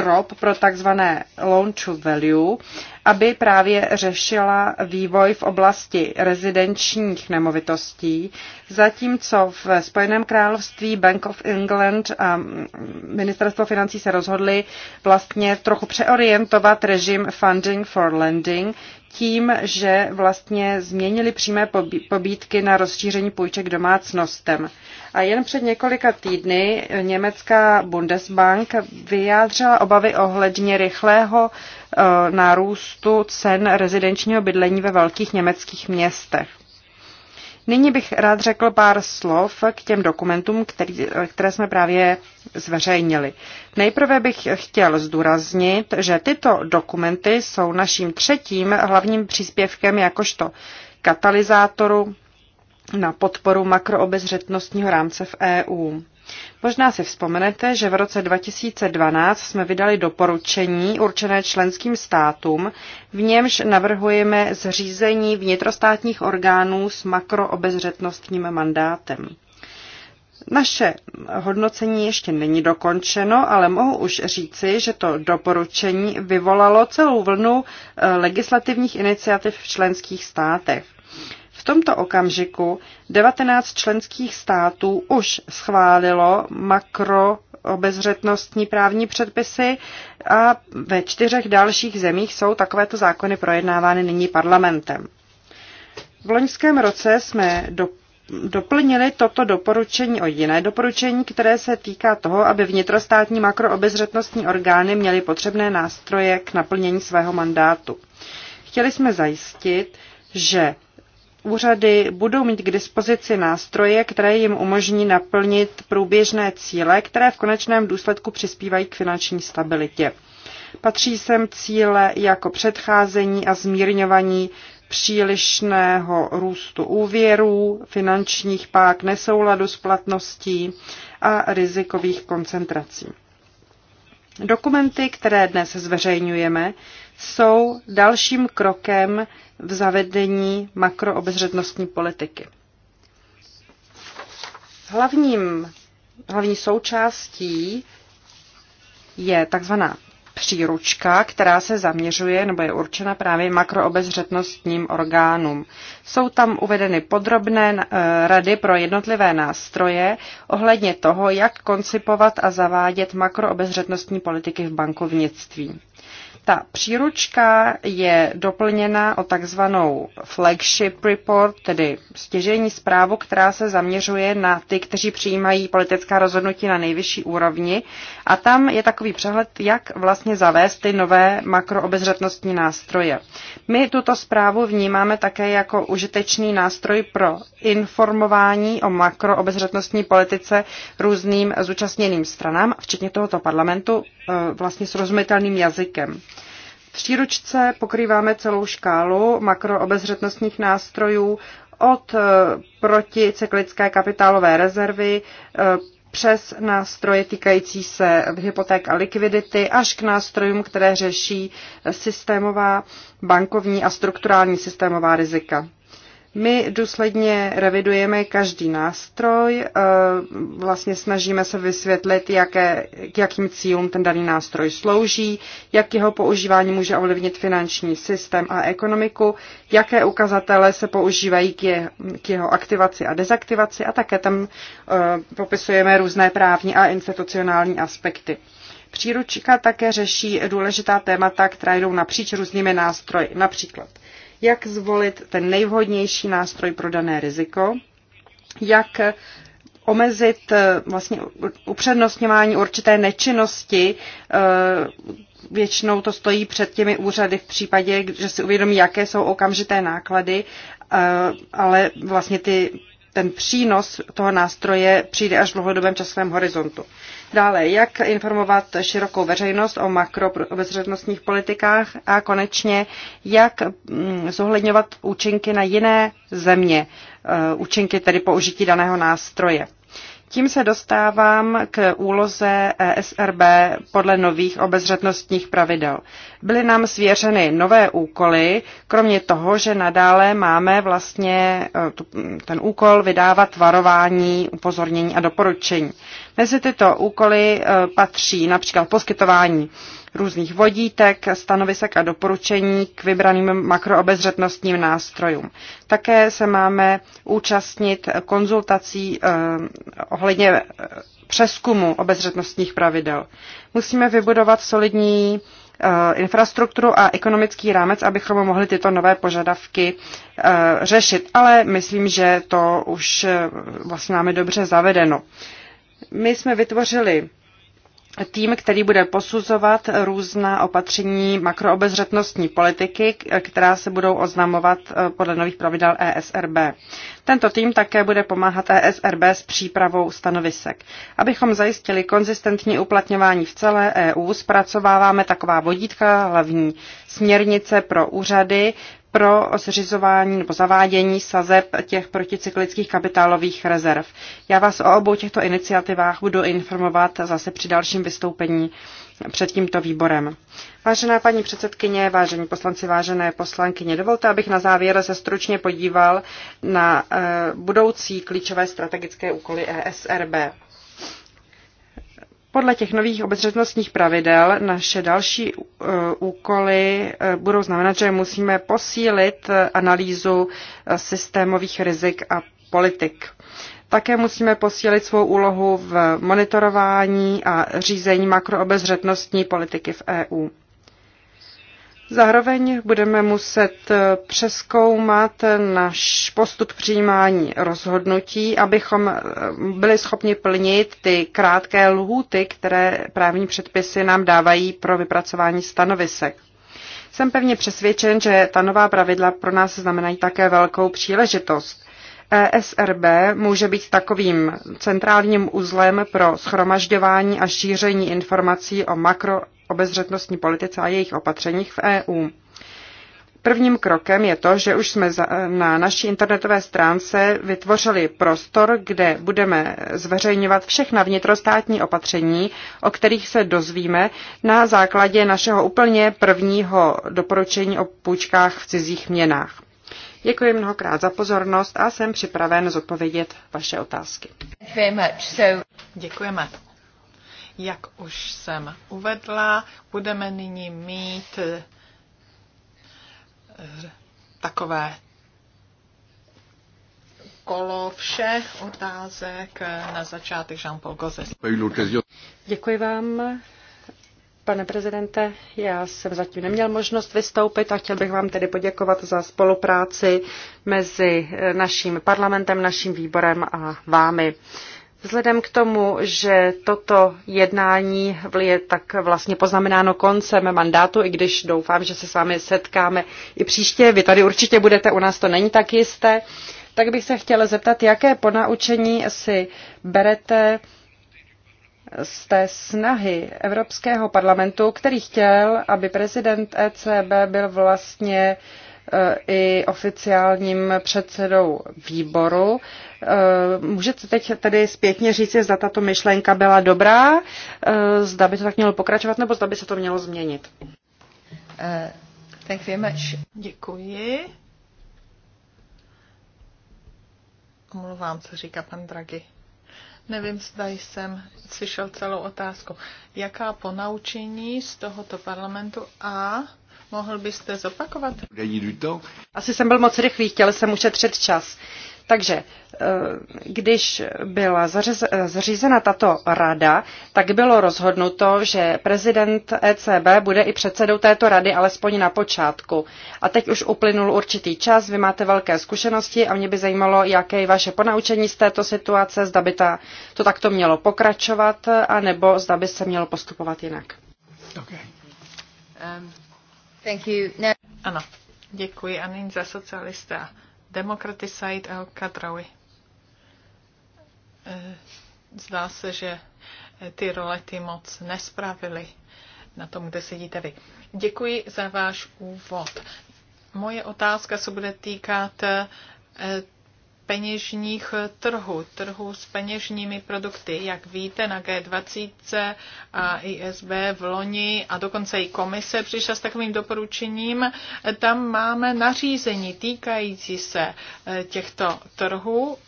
strop pro takzvané loan to value, aby právě řešila vývoj v oblasti rezidenčních nemovitostí, zatímco v Spojeném království Bank of England a ministerstvo financí se rozhodli vlastně trochu přeorientovat režim Funding for Lending tím, že vlastně změnili přímé pobídky na rozšíření půjček domácnostem. A jen před několika týdny německá Bundesbank vyjádřila obavy ohledně rychlého eh, nárůstu cen rezidenčního bydlení ve velkých německých městech. Nyní bych rád řekl pár slov k těm dokumentům, který, eh, které jsme právě zveřejnili. Nejprve bych chtěl zdůraznit, že tyto dokumenty jsou naším třetím hlavním příspěvkem jakožto katalyzátoru na podporu makroobezřetnostního rámce v EU. Možná si vzpomenete, že v roce 2012 jsme vydali doporučení určené členským státům, v němž navrhujeme zřízení vnitrostátních orgánů s makroobezřetnostním mandátem. Naše hodnocení ještě není dokončeno, ale mohu už říci, že to doporučení vyvolalo celou vlnu eh, legislativních iniciativ v členských státech tomto okamžiku 19 členských států už schválilo makro obezřetnostní právní předpisy a ve čtyřech dalších zemích jsou takovéto zákony projednávány nyní parlamentem. V loňském roce jsme do doplnili toto doporučení o jiné doporučení, které se týká toho, aby vnitrostátní makroobezřetnostní orgány měly potřebné nástroje k naplnění svého mandátu. Chtěli jsme zajistit, že úřady budou mít k dispozici nástroje, které jim umožní naplnit průběžné cíle, které v konečném důsledku přispívají k finanční stabilitě. Patří sem cíle jako předcházení a zmírňování přílišného růstu úvěrů, finančních pák nesouladu s platností a rizikových koncentrací. Dokumenty, které dnes zveřejňujeme, jsou dalším krokem v zavedení makroobezřetnostní politiky. Hlavním, hlavní součástí je takzvaná příručka, která se zaměřuje nebo je určena právě makroobezřetnostním orgánům. Jsou tam uvedeny podrobné eh, rady pro jednotlivé nástroje ohledně toho, jak koncipovat a zavádět makroobezřetnostní politiky v bankovnictví. Ta příručka je doplněna o takzvanou flagship report, tedy stěžení zprávu, která se zaměřuje na ty, kteří přijímají politická rozhodnutí na nejvyšší úrovni. A tam je takový přehled, jak vlastně zavést ty nové makroobezřetnostní nástroje. My tuto zprávu vnímáme také jako užitečný nástroj pro informování o makroobezřetnostní politice různým zúčastněným stranám, včetně tohoto parlamentu, E, vlastně srozumitelným jazykem. V příručce pokrýváme celou škálu makroobezřetnostních nástrojů od e, proticyklické kapitálové rezervy e, přes nástroje týkající se hypoték a likvidity až k nástrojům, které řeší systémová bankovní a strukturální systémová rizika. My důsledně revidujeme každý nástroj, eh, vlastně snažíme se vysvětlit, jaké, k jakým cílům ten daný nástroj slouží, jak jeho používání může ovlivnit finanční systém a ekonomiku, jaké ukazatele se používají k, je, k jeho aktivaci a dezaktivaci a také tam eh, popisujeme různé právní a institucionální aspekty. Příručka také řeší důležitá témata, která jdou napříč různými nástroji, například jak zvolit ten nejvhodnější nástroj pro dané riziko, jak omezit eh, vlastně upřednostňování určité nečinnosti. Eh, většinou to stojí před těmi úřady v případě, že si uvědomí, jaké jsou okamžité náklady, eh, ale vlastně ty ten přínos toho nástroje přijde až v dlouhodobém časovém horizontu. Dále, jak informovat širokou veřejnost o makrobezřednostních politikách a konečně, jak mm, zohledňovat účinky na jiné země, uh, účinky tedy použití daného nástroje. Tím se dostávám k úloze ESRB podle nových obezřetnostních pravidel. Byly nám svěřeny nové úkoly, kromě toho, že nadále máme vlastně eh, ten úkol vydávat varování, upozornění a doporučení. Mezi tyto úkoly eh, patří například poskytování různých vodítek, stanovisek a doporučení k vybraným makroobezřetnostním nástrojům. Také se máme účastnit konzultací eh, ohledně eh, přeskumu obezřetnostních pravidel. Musíme vybudovat solidní eh, infrastrukturu a ekonomický rámec, abychom mohli tyto nové požadavky řešit. Ale myslím, že to už vlastně máme dobře zavedeno. My jsme vytvořili tým, který bude posuzovat různá opatření makroobezřetnostní politiky, která se budou oznamovat eh, podle nových pravidel ESRB. Tento tým také bude pomáhat ESRB s přípravou stanovisek. Abychom zajistili konzistentní uplatňování v celé EU, zpracováváme taková vodítka, hlavní směrnice pro úřady, pro zřizování nebo zavádění sazeb těch proticyklických kapitálových rezerv. Já vás o obou těchto iniciativách budu informovat zase při dalším vystoupení před tímto výborem. Vážená paní předsedkyně, vážení poslanci, vážené poslankyně, dovolte, abych na závěr se stručně podíval na eh, budoucí klíčové strategické úkoly ESRB. Podle těch nových obezřetnostních pravidel naše další uh, úkoly uh, budou znamenat, že musíme posílit uh, analýzu systémových rizik a politik. Také musíme posílit svou úlohu v monitorování a řízení makroobezřetnostní politiky v EU. Zároveň budeme muset eh, přeskoumat náš postup přijímání rozhodnutí, abychom eh, byli schopni plnit ty krátké lhůty, které právní předpisy nám dávají pro vypracování stanovisek. Jsem pevně přesvědčen, že ta nová pravidla pro nás znamenají také velkou příležitost. ESRB může být takovým centrálním uzlem pro schromažďování a šíření informací o makroobezřetnostní politice a jejich opatřeních v EU. Prvním krokem je to, že už jsme na naší internetové stránce vytvořili prostor, kde budeme zveřejňovat všechna vnitrostátní opatření, o kterých se dozvíme na základě našeho úplně prvního doporučení o půjčkách v cizích měnách. Děkuji mnohokrát za pozornost a jsem připraven zodpovědět vaše otázky. Děkujeme. Jak už jsem uvedla, budeme nyní mít eh, takové kolo všech otázek eh, na začátek Jean-Paul Gozes. Děkuji vám. Pane prezidente, já jsem zatím neměl možnost vystoupit a chtěl bych vám tedy poděkovat za spolupráci mezi eh, naším parlamentem, naším výborem a vámi. Vzhledem k tomu, že toto jednání je tak vlastně poznamenáno koncem mandátu, i když doufám, že se s vámi setkáme i příště, vy tady určitě budete, u nás to není tak jisté, tak bych se chtěla zeptat, jaké ponaučení si berete z té snahy Evropského parlamentu, který chtěl, aby prezident ECB byl vlastně e, i oficiálním předsedou výboru. E, můžete teď tedy zpětně říct, zda tato myšlenka byla dobrá, e, zda by to tak mělo pokračovat, nebo zda by se to mělo změnit? Uh, thank you very much. Děkuji. Omluvám, se, říká pan Draghi. Nevím, zda jsem slyšel celou otázku. Jaká ponaučení z tohoto parlamentu a mohl byste zopakovat? Asi jsem byl moc rychlý, chtěl jsem ušetřit čas. Takže eh, když byla zřízena tato rada, tak bylo rozhodnuto, že prezident ECB bude i předsedou této rady alespoň na počátku. A teď už uplynul určitý čas, vy máte velké zkušenosti a mě by zajímalo, jaké je vaše ponaučení z této situace, zda by ta, to takto mělo pokračovat, anebo zda by se mělo postupovat jinak. Okay. Um, thank you. No. Ano, děkuji Anin za socialista demokraty Said el-Kadrawi. Eh, zdá se, že eh, ty rolety moc nespravily na tom, kde sedíte vy. Děkuji za váš úvod. Moje otázka se bude týkat eh, peněžních trhů, trhů s peněžními produkty. Jak víte, na G20 a ISB v loni a dokonce i komise přišla s takovým doporučením. Tam máme nařízení týkající se e, těchto trhů.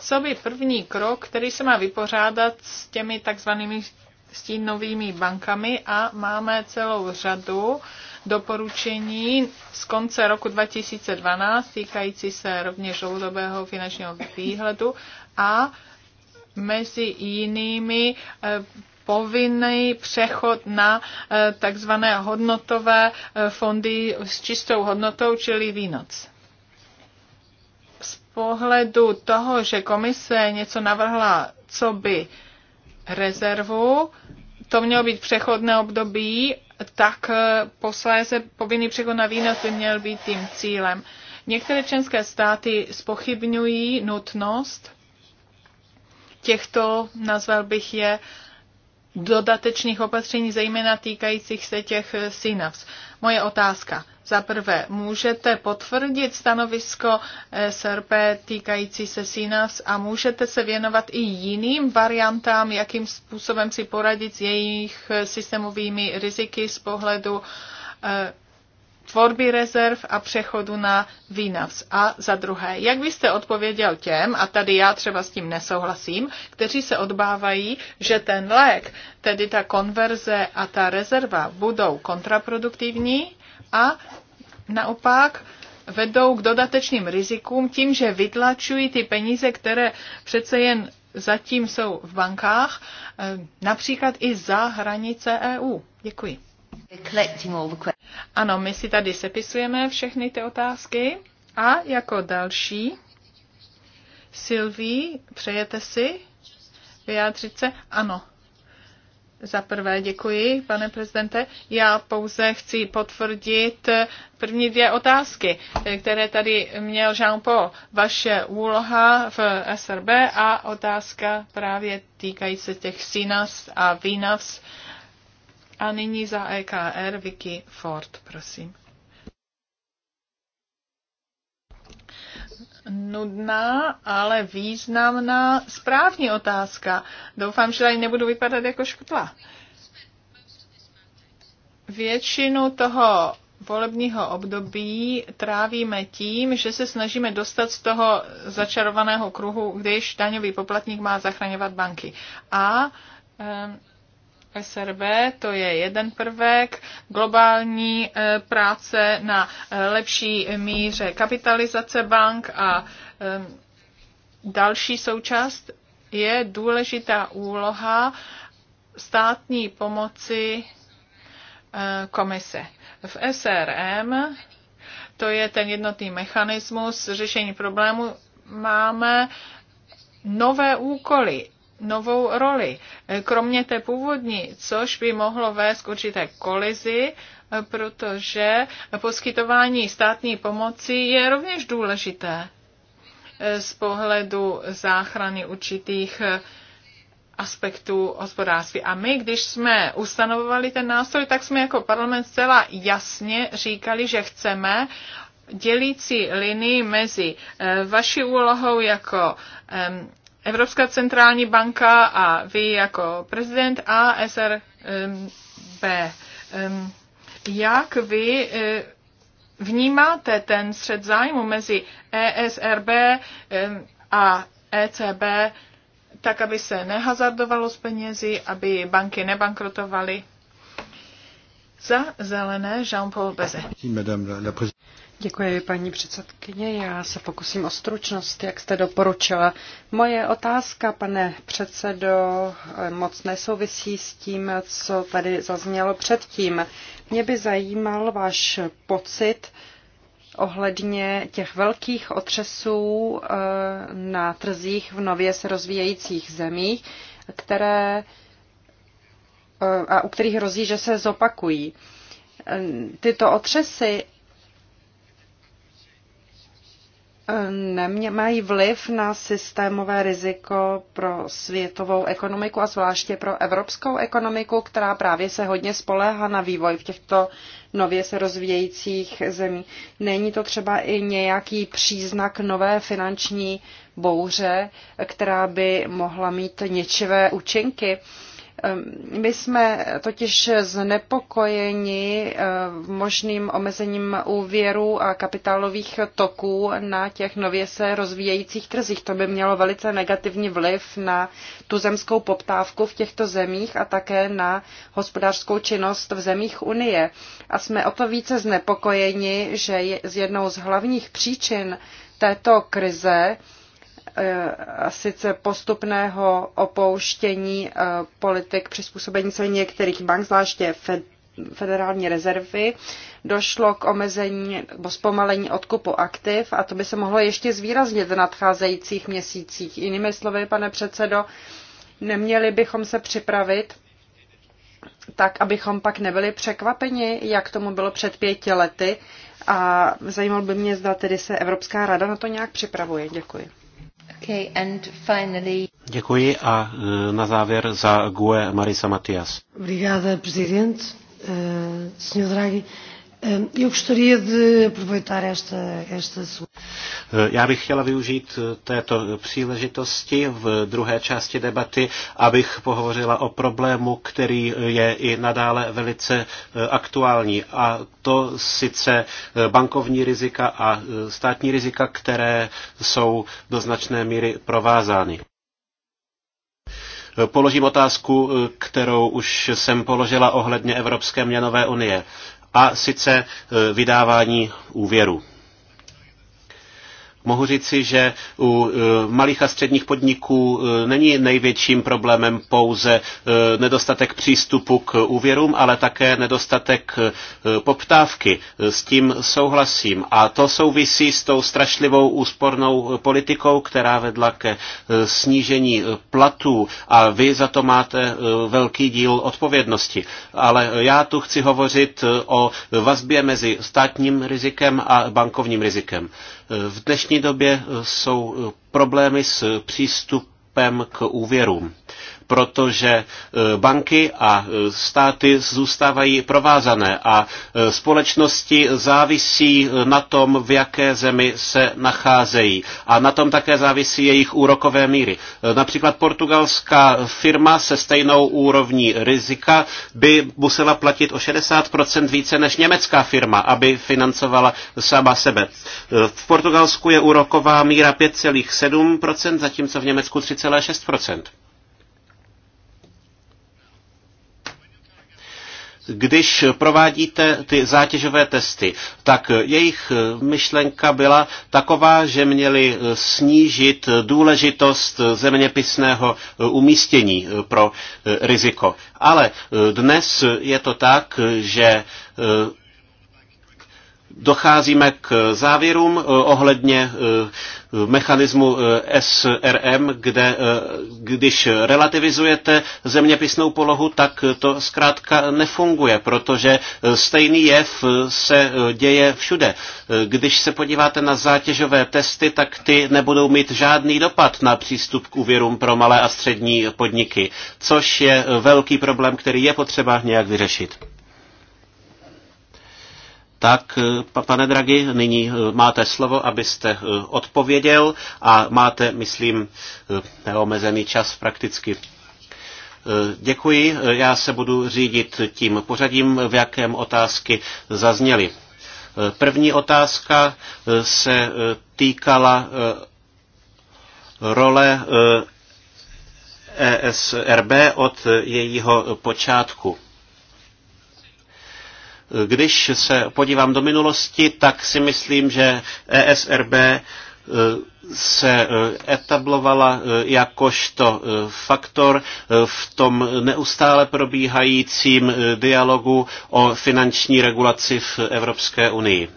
Co by první krok, který se má vypořádat s těmi takzvanými stínovými bankami a máme celou řadu uh, doporučení z konce roku 2012 týkající se rovněž dlouhodobého finančního výhledu a mezi jinými eh, povinný přechod na eh, takzvané hodnotové eh, fondy s čistou hodnotou, čili výnoc. Z pohledu toho, že komise něco navrhla, co by rezervu, to mělo být přechodné období tak eh, posléze povinný přechod na výnos by měl být tím cílem. Některé členské státy spochybňují nutnost těchto, nazval bych je, dodatečných opatření, zejména týkajících se těch eh, synaps. Moje otázka. Za prvé, můžete potvrdit stanovisko SRP týkající se SINAS a můžete se věnovat i jiným variantám, jakým způsobem si poradit s jejich systémovými riziky z pohledu eh, tvorby rezerv a přechodu na výnavs. A za druhé, jak byste odpověděl těm, a tady já třeba s tím nesouhlasím, kteří se odbávají, že ten lék, tedy ta konverze a ta rezerva budou kontraproduktivní a naopak vedou k dodatečným rizikům tím, že vytlačují ty peníze, které přece jen zatím jsou v bankách, eh, například i za hranice EU. Děkuji. Ano, my si tady sepisujeme všechny ty otázky. A jako další, Sylvie, přejete si vyjádřit se? Ano. Za prvé děkuji, pane prezidente. Já pouze chci potvrdit první dvě otázky, které tady měl Jean-Paul. Vaše úloha v SRB a otázka právě týkající těch SINAS a VINAS. A nyní za EKR Vicky Ford, prosím. nudná, ale významná správní otázka. Doufám, že tady nebudu vypadat jako škutla. Většinu toho volebního období trávíme tím, že se snažíme dostat z toho začarovaného kruhu, když daňový poplatník má zachraňovat banky. A ehm, SRB, to je jeden prvek, globální eh, práce na eh, lepší míře kapitalizace bank a eh, další součást je důležitá úloha státní pomoci komise. V SRM, to je ten jednotný mechanismus řešení problému, máme nové úkoly novou roli. E, kromě té původní, což by mohlo vést k určité kolizi, e, protože poskytování státní pomoci je rovněž důležité e, z pohledu záchrany určitých aspektů hospodářství. A my, když jsme ustanovovali ten nástroj, tak jsme jako parlament zcela jasně říkali, že chceme dělící linii mezi vaší úlohou jako Evropská centrální banka a vy jako prezident a SRB. Jak vy eh, vnímáte ten střed zájmu mezi ESRB a ECB, tak aby se nehazardovalo s penězi, aby banky nebankrotovaly? Za zelené Jean-Paul Beze. Děkuji, paní předsedkyně. Já se pokusím o stručnost, jak jste doporučila. Moje otázka, pane předsedo, moc nesouvisí s tím, co tady zaznělo předtím. Mě by zajímal váš pocit ohledně těch velkých otřesů eh, na trzích v nově se rozvíjejících zemích, které eh, a u kterých hrozí, že se zopakují. Tyto otřesy Nemají vliv na systémové riziko pro světovou ekonomiku a zvláště pro evropskou ekonomiku, která právě se hodně spoléhá na vývoj v těchto nově se rozvíjejících zemí. Není to třeba i nějaký příznak nové finanční bouře, která by mohla mít něčivé účinky? My jsme totiž znepokojeni eh, možným omezením úvěru a kapitálových toků na těch nově se rozvíjejících trzích. To by mělo velice negativní vliv na tuzemskou poptávku v těchto zemích a také na hospodářskou činnost v zemích Unie. A jsme o to více znepokojeni, že je z jednou z hlavních příčin této krize Eh, a sice postupného opouštění eh, politik přizpůsobení se některých bank, zvláště federální rezervy, došlo k omezení nebo zpomalení odkupu aktiv a to by se mohlo ještě zvýraznit v nadcházejících měsících. Jinými slovy, pane předsedo, neměli bychom se připravit tak, abychom pak nebyli překvapeni, jak tomu bylo před pěti lety. A zajímalo by mě, zda tedy se Evropská rada na to nějak připravuje. Děkuji. Okay, and finally... Děkuji a e, na závěr za GUE Marisa Matias. Obrigada, prezident. Uh, e, senhor Draghi, Eh, eu gostaria de aproveitar esta, esta sua... Eh, já bych chtěla využít eh, této příležitosti v druhé části debaty, abych pohovořila o problému, který je i nadále velice aktuální. A to sice bankovní rizika a státní rizika, které jsou do značné míry provázány. Položím otázku, kterou už jsem položila ohledně Evropské měnové unie a sice e, vydávání úvěru. Mohu říci, že u e, malých a středních podniků e, není největším problémem pouze e, nedostatek přístupu k úvěrům, ale také nedostatek poptávky. S tím souhlasím. A to souvisí s tou strašlivou úspornou politikou, která vedla ke snížení platů. A vy za to máte velký díl odpovědnosti. Ale já tu chci hovořit o vazbě mezi státním rizikem a bankovním rizikem. V dnešní době jsou problémy s přístupem k úvěrům protože e, banky a e, státy zůstávají provázané a e, společnosti závisí na tom, v jaké zemi se nacházejí. A na tom také závisí jejich úrokové míry. Například portugalská firma se stejnou úrovní rizika by musela platit o 60% více než německá firma, aby financovala sama sebe. V Portugalsku je úroková míra 5,7%, zatímco v Německu 3,6%. když provádíte ty zátěžové testy, tak jejich eh, myšlenka byla taková, že měli eh, snížit důležitost eh, zeměpisného umístění pro riziko. Ale dnes je to tak, že docházíme k závěrům ohledně mechanismu eh, SRM, kde eh, když relativizujete zeměpisnou polohu, tak to zkrátka nefunguje, protože eh, stejný jev se děje všude. Když se podíváte na zátěžové testy, tak ty nebudou mít žádný dopad na přístup k úvěrům pro malé a střední podniky, což je velký problém, který je potřeba nějak vyřešit. Tak, eh, pane Dragi, nyní eh, máte slovo, abyste eh, odpověděl a máte, myslím, neomezený čas prakticky. Děkuji, já se budu řídit tím pořadím, v jakém otázky zazněly. První otázka se týkala role ESRB e od jejího počátku. Když se podívám do minulosti, tak si myslím, že ESRB e, se e, etablovala e, jakožto faktor v tom neustále probíhajícím dialogu o finanční regulaci v Evropské unii.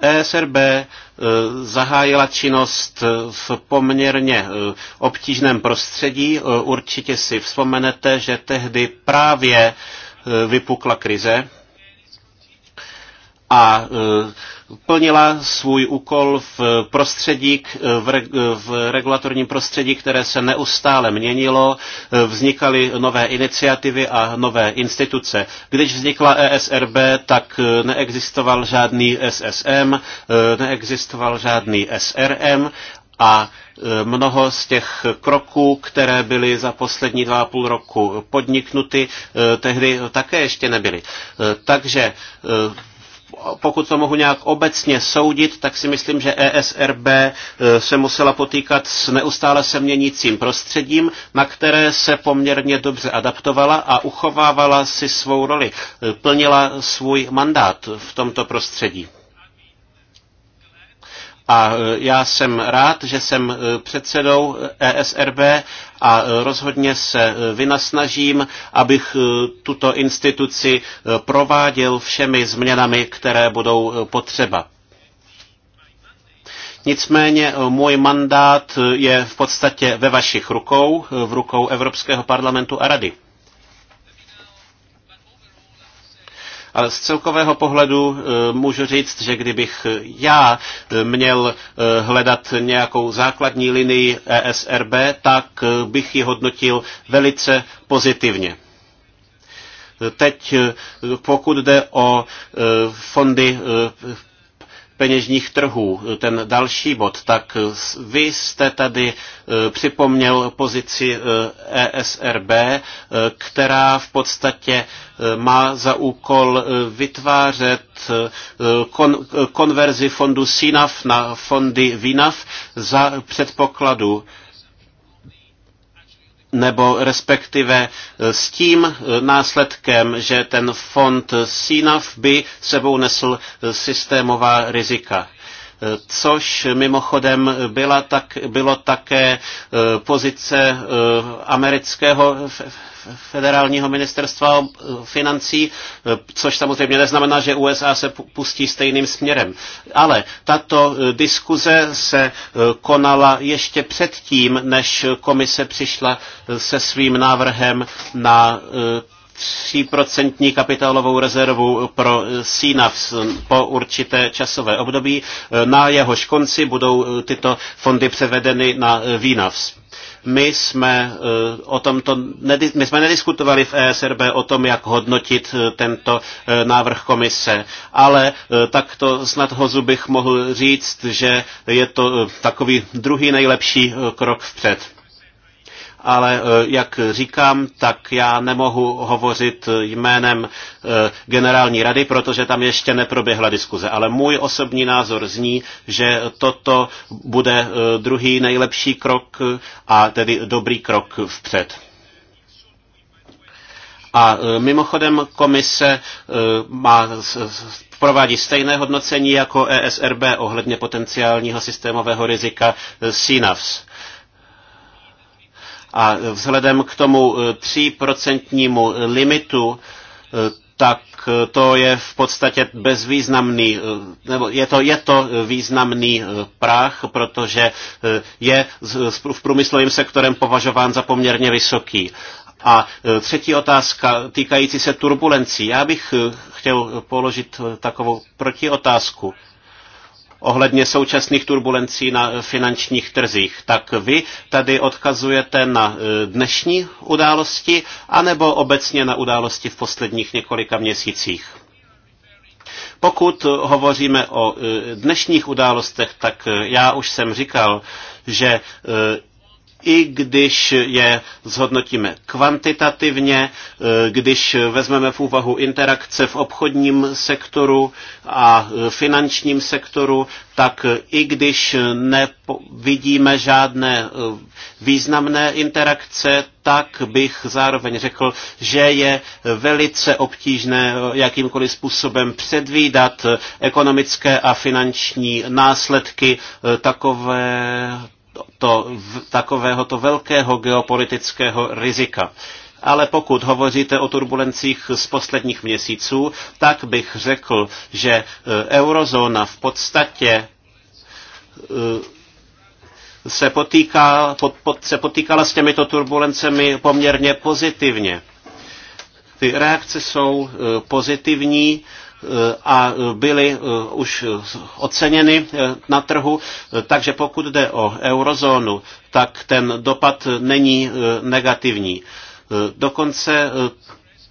ESRB zahájila činnost v poměrně obtížném prostředí. Určitě si vzpomenete, že tehdy právě Eh, vypukla krize a eh, plnila svůj úkol v prostředí, eh, v, regulatorním prostředí, které se neustále měnilo, vznikaly nové iniciativy a nové instituce. Když vznikla ESRB, tak neexistoval žádný SSM, neexistoval žádný SRM a e, mnoho z těch kroků, které byly za poslední dva a půl roku podniknuty, e, tehdy také ještě nebyly. E, takže pokud to mohu nějak obecně soudit, tak si myslím, že ESRB se musela potýkat s neustále se měnícím prostředím, na které se poměrně dobře adaptovala a uchovávala si svou roli, plnila svůj mandát v tomto prostředí. A e, já jsem rád, že jsem e, předsedou ESRB a e, rozhodně se vynasnažím, abych tuto instituci prováděl všemi změnami, které budou potřeba. Nicméně můj mandát je v podstatě ve vašich rukou, v rukou Evropského parlamentu a rady. Ale z celkového pohledu eh, můžu říct, že kdybych eh, já eh, měl hledat nějakou základní linii ESRB, tak bych ji hodnotil velice pozitivně. Teď pokud jde o fondy peněžních trhů, ten další bod, tak vy jste tady e, připomněl pozici ESRB, e e, která v podstatě má za úkol vytvářet kon- konverzi fondu SINAF na fondy VINAF za předpokladu, nebo respektive eh, s tím eh, následkem, že ten fond SINAF by sebou nesl eh, systémová rizika což mimochodem byla tak, bylo také e, pozice e, amerického federálního ministerstva e, financí, což samozřejmě neznamená, že USA se pustí stejným směrem. Ale tato diskuze se konala ještě předtím, než komise přišla se svým návrhem na tříprocentní kapitálovou rezervu pro CNAFs po určité časové období. Na jehož konci budou eh, tyto fondy převedeny na eh, VNAFs my jsme eh, o tomto, my jsme nediskutovali v ESRB o tom, jak hodnotit tento návrh komise, ale takto snad hozu bych mohl říct, že je to takový druhý nejlepší krok vpřed ale eh, jak říkám, tak já nemohu hovořit jménem eh, generální rady, protože tam ještě neproběhla diskuze. Ale můj osobní názor zní, že toto bude eh, druhý nejlepší krok a tedy dobrý krok vpřed. A mimochodem komise má, provádí stejné hodnocení jako ESRB ohledně potenciálního systémového rizika CNAVS. A vzhledem k tomu 3% eh, eh, limitu, eh, tak to je v podstatě bezvýznamný, nebo je to, je to významný prach, protože je v průmyslovém sektorem považován za poměrně vysoký. A třetí otázka týkající se turbulencí. Já bych chtěl položit takovou protiotázku ohledně současných turbulencí na finančních trzích. Tak vy tady odkazujete na e, dnešní události anebo obecně na události v posledních několika měsících? Pokud hovoříme o e, dnešních událostech, tak e, já už jsem říkal, že i když je zhodnotíme kvantitativně, e, když vezmeme v úvahu interakce v obchodním sektoru a e, finančním sektoru, tak i když nevidíme žádné e, významné interakce, tak bych zároveň řekl, že je velice obtížné jakýmkoliv způsobem předvídat ekonomické a finanční následky takové to, takovéhoto velkého geopolitického rizika. Ale pokud hovoříte o turbulencích z posledních měsíců, tak bych řekl, že e, eurozóna v podstatě e, se, potýká, pod, pod, se potýkala s těmito turbulencemi poměrně pozitivně. Ty reakce jsou e, pozitivní Eh, a byly eh, už oceněny eh, na trhu. Takže pokud jde o eurozónu, tak ten dopad není negativní. Dokonce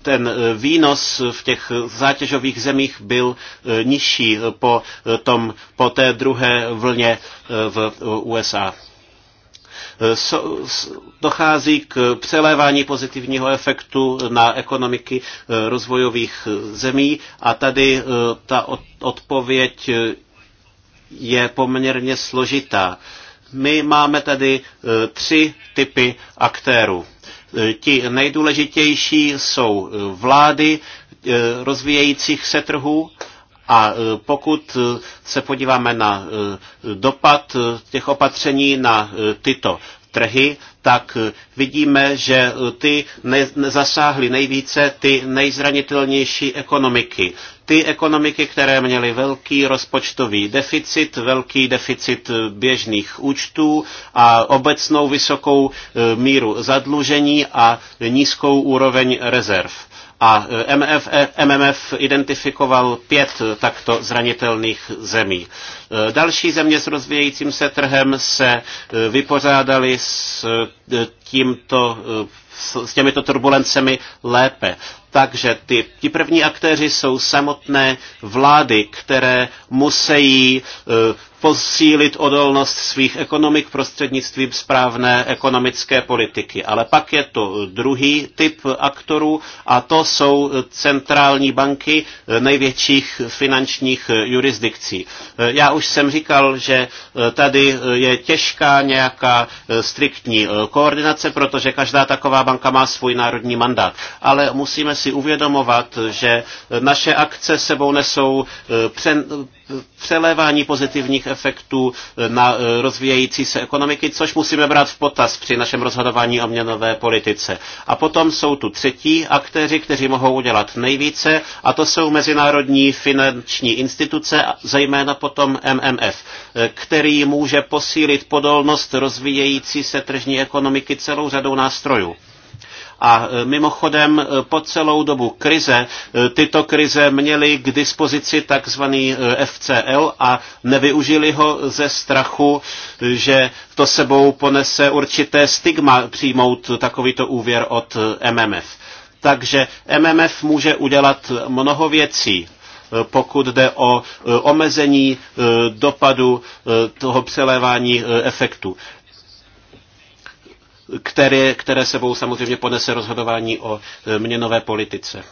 ten výnos v těch zátěžových zemích byl nižší po, tom, po té druhé vlně v USA. Eh, dochází k přelévání pozitivního efektu na ekonomiky eh, rozvojových eh, zemí a tady ta odpověď je poměrně složitá. My máme tady tři typy aktérů. Ti nejdůležitější jsou vlády rozvíjejících se trhů, a e, pokud e, se podíváme na e, dopad těch opatření na tyto trhy, tak vidíme, že ty zasáhly nejvíce ty nejzranitelnější ekonomiky. Ty ekonomiky, které měly velký rozpočtový deficit, velký deficit běžných účtů a obecnou vysokou míru zadlužení a nízkou úroveň rezerv. A eh, MF, eh, MMF identifikoval pět takto zranitelných zemí. Eh, další země s rozvíjejícím se trhem se vypořádali s tímto s těmito turbulencemi lépe. Takže ty, ti první aktéři jsou samotné vlády, které musí posílit odolnost svých ekonomik prostřednictvím správné ekonomické politiky. Ale pak je to druhý typ aktorů a to jsou centrální banky největších finančních jurisdikcí. Já už jsem říkal, že tady je těžká nějaká striktní koordinace, protože každá taková banka má svůj národní mandát. Ale musíme si uvědomovat, že naše akce sebou nesou přen přelévání pozitivních efektů na eh, rozvíjející se ekonomiky, což musíme brát v potaz při našem rozhodování o měnové politice. A potom jsou tu třetí aktéři, kteří mohou udělat nejvíce, a to jsou mezinárodní finanční instituce, zejména potom MMF, eh, který může posílit podolnost rozvíjející se tržní ekonomiky celou řadou nástrojů. A e, mimochodem e, po celou dobu krize e, tyto krize měly k dispozici takzvaný FCL a nevyužili ho ze strachu, že to sebou ponese určité stigma přijmout takovýto úvěr od MMF. Takže MMF může udělat mnoho věcí pokud jde o omezení dopadu toho přelévání efektu které, které sebou samozřejmě ponese rozhodování o e, měnové politice.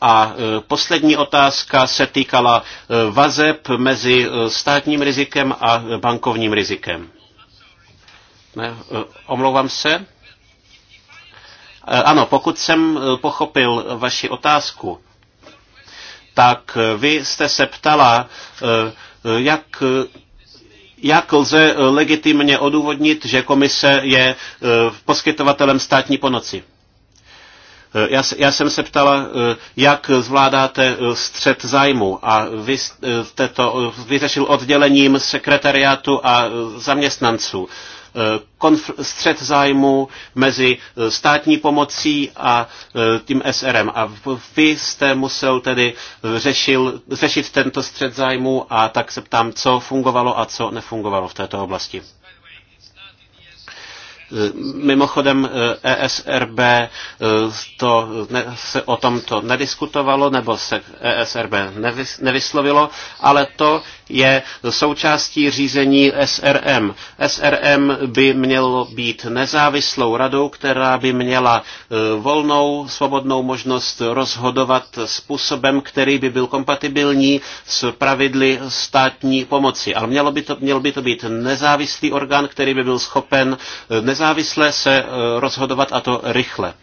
A e, poslední otázka se týkala e, vazeb mezi státním rizikem a bankovním rizikem. Ne, omlouvám se. Ano, pokud jsem pochopil vaši otázku, tak vy jste se ptala, jak jak lze eh, legitimně odůvodnit, že komise je eh, poskytovatelem státní pomoci? Eh, já, já jsem se ptala, jak zvládáte střed zájmu a vy jste to vyřešil oddělením sekretariátu a zaměstnanců konf- střed zájmu mezi eh, státní pomocí a eh, tím SRM. A vy jste musel tedy eh, řešil, řešit tento střed zájmu a tak se ptám, co fungovalo a co nefungovalo v této oblasti. Eh, mimochodem ESRB eh, e eh, to ne, se o tomto nediskutovalo, nebo se ESRB nevyslovilo, ale to je součástí řízení SRM. SRM by mělo být nezávislou radou, která by měla volnou, svobodnou možnost rozhodovat způsobem, který by byl kompatibilní s pravidly státní pomoci. Ale mělo by to, měl by to být nezávislý orgán, který by byl schopen nezávislý nezávisle se eh, rozhodovat a to rychle.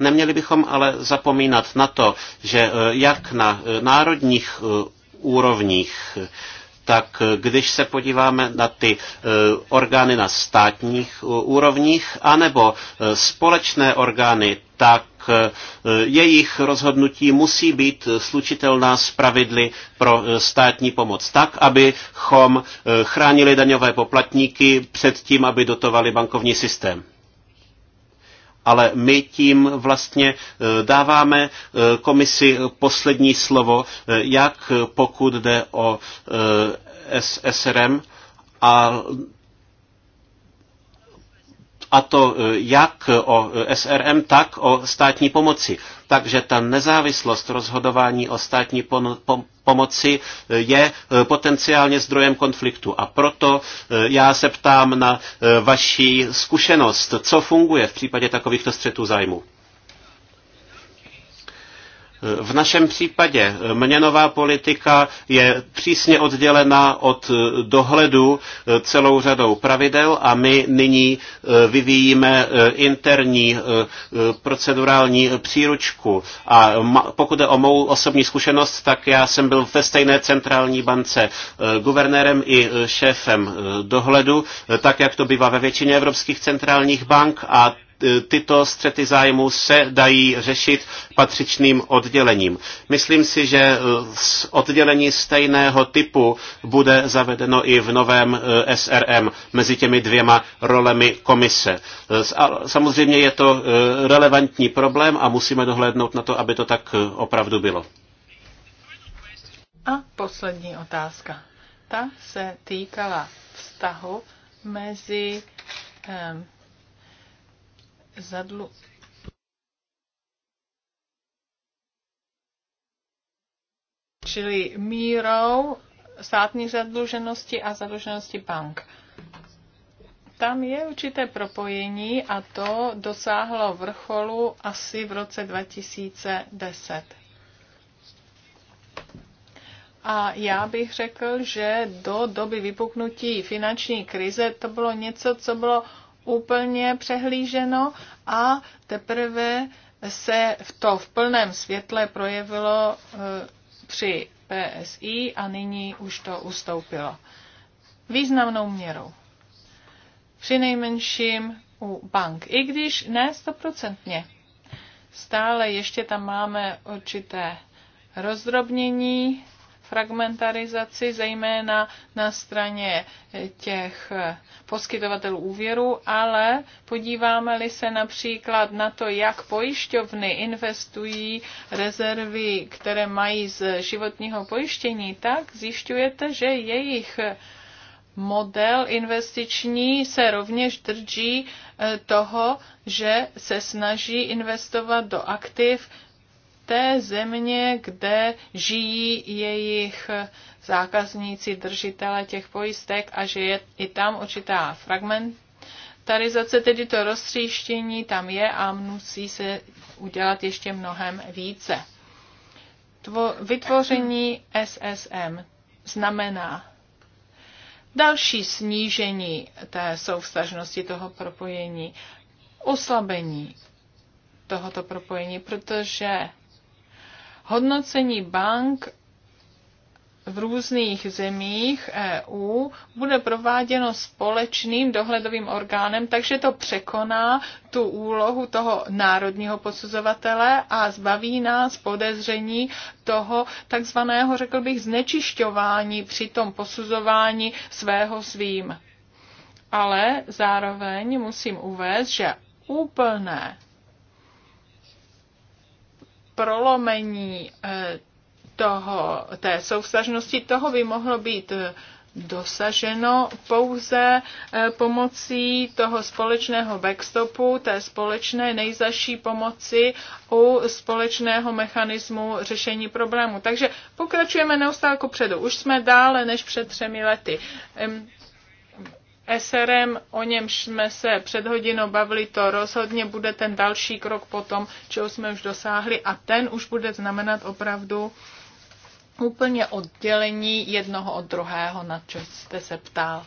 Neměli bychom ale zapomínat na to, že eh, jak na eh, národních úrovních, tak když se podíváme na ty orgány na státních úrovních, anebo společné orgány, tak tak eh, jejich rozhodnutí musí být slučitelná s pravidly pro eh, státní pomoc, tak, abychom eh, chránili daňové poplatníky před tím, aby dotovali bankovní systém ale my tím vlastně dáváme komisi poslední slovo, jak pokud jde o SSRM a a to e, jak o e, SRM, tak o státní pomoci. Takže ta nezávislost rozhodování o státní pom- pom- pomoci e, je potenciálně zdrojem konfliktu. A proto já se ptám na vaši zkušenost, co funguje v případě takovýchto střetů zájmu. V našem případě eh, měnová politika je přísně oddělená od eh, dohledu eh, celou řadou pravidel a my nyní vyvíjíme interní procedurální příručku. A pokud je o mou osobní zkušenost, tak já jsem byl ve stejné centrální bance guvernérem i šéfem dohledu, tak jak to bývá ve většině evropských centrálních bank a E, tyto střety zájmů se dají řešit patřičným oddělením. Myslím si, že e, oddělení stejného typu bude zavedeno i v novém e, SRM mezi těmi dvěma rolemi komise. Samozřejmě je to relevantní problém a musíme dohlédnout na to, aby to tak opravdu bylo. A poslední otázka. Ta se týkala vztahu mezi zadlu, čili mírou státní zadluženosti a zadluženosti bank. Tam je určité propojení a to dosáhlo vrcholu asi v roce 2010. A já bych řekl, že do doby vypuknutí finanční krize to bylo něco, co bylo úplně přehlíženo a teprve se v to v plném světle projevilo eh, při PSI a nyní už to ustoupilo. Významnou měrou. Při nejmenším u bank, i když ne stoprocentně. Stále ještě tam máme určité rozdrobnění fragmentarizaci, zejména na straně eh, těch eh, poskytovatelů úvěru, ale podíváme-li se například na to, jak pojišťovny investují rezervy, které mají z životního pojištění, tak zjišťujete, že jejich eh, model investiční se rovněž drží toho, že se snaží investovat do aktiv, té země, kde žijí jejich zákazníci, držitele těch pojistek a že je i tam určitá fragmentarizace, tedy to roztříštění tam je a musí se udělat ještě mnohem více. Tvo, vytvoření SSM znamená další snížení té souvstažnosti toho propojení, oslabení tohoto propojení, protože Hodnocení bank v různých zemích EU bude prováděno společným dohledovým orgánem, takže to překoná tu úlohu toho národního posuzovatele a zbaví nás podezření toho takzvaného, řekl bych, znečišťování při tom posuzování svého svým. Ale zároveň musím uvést, že úplné prolomení eh, toho, té soustažnosti, toho by mohlo být eh, dosaženo pouze eh, pomocí toho společného backstopu, té společné nejzaší pomoci u společného mechanismu řešení problému. Takže pokračujeme neustále jako předu. Už jsme dále než před třemi lety. SRM, o němž jsme se před hodinou bavili, to rozhodně bude ten další krok potom, čeho jsme už dosáhli a ten už bude znamenat opravdu úplně oddělení jednoho od druhého, na co jste se ptal.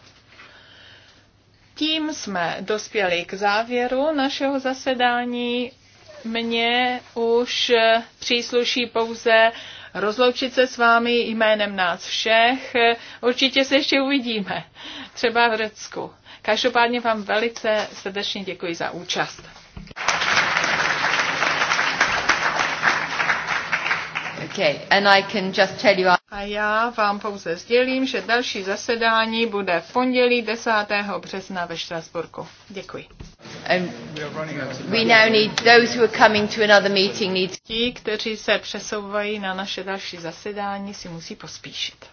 Tím jsme dospěli k závěru našeho zasedání. Mně už přísluší pouze rozloučit se s vámi jménem nás všech. Určitě se ještě uvidíme, třeba v Řecku. Každopádně vám velice srdečně děkuji za účast. Okay. And I can just tell you... A já vám pouze sdělím, že další zasedání bude v pondělí 10. března ve Štrasburku. Děkuji. And um, we now need those who are coming to another meeting need. Ti, kteří se přesouvají na naše další zasedání, si musí pospíšit.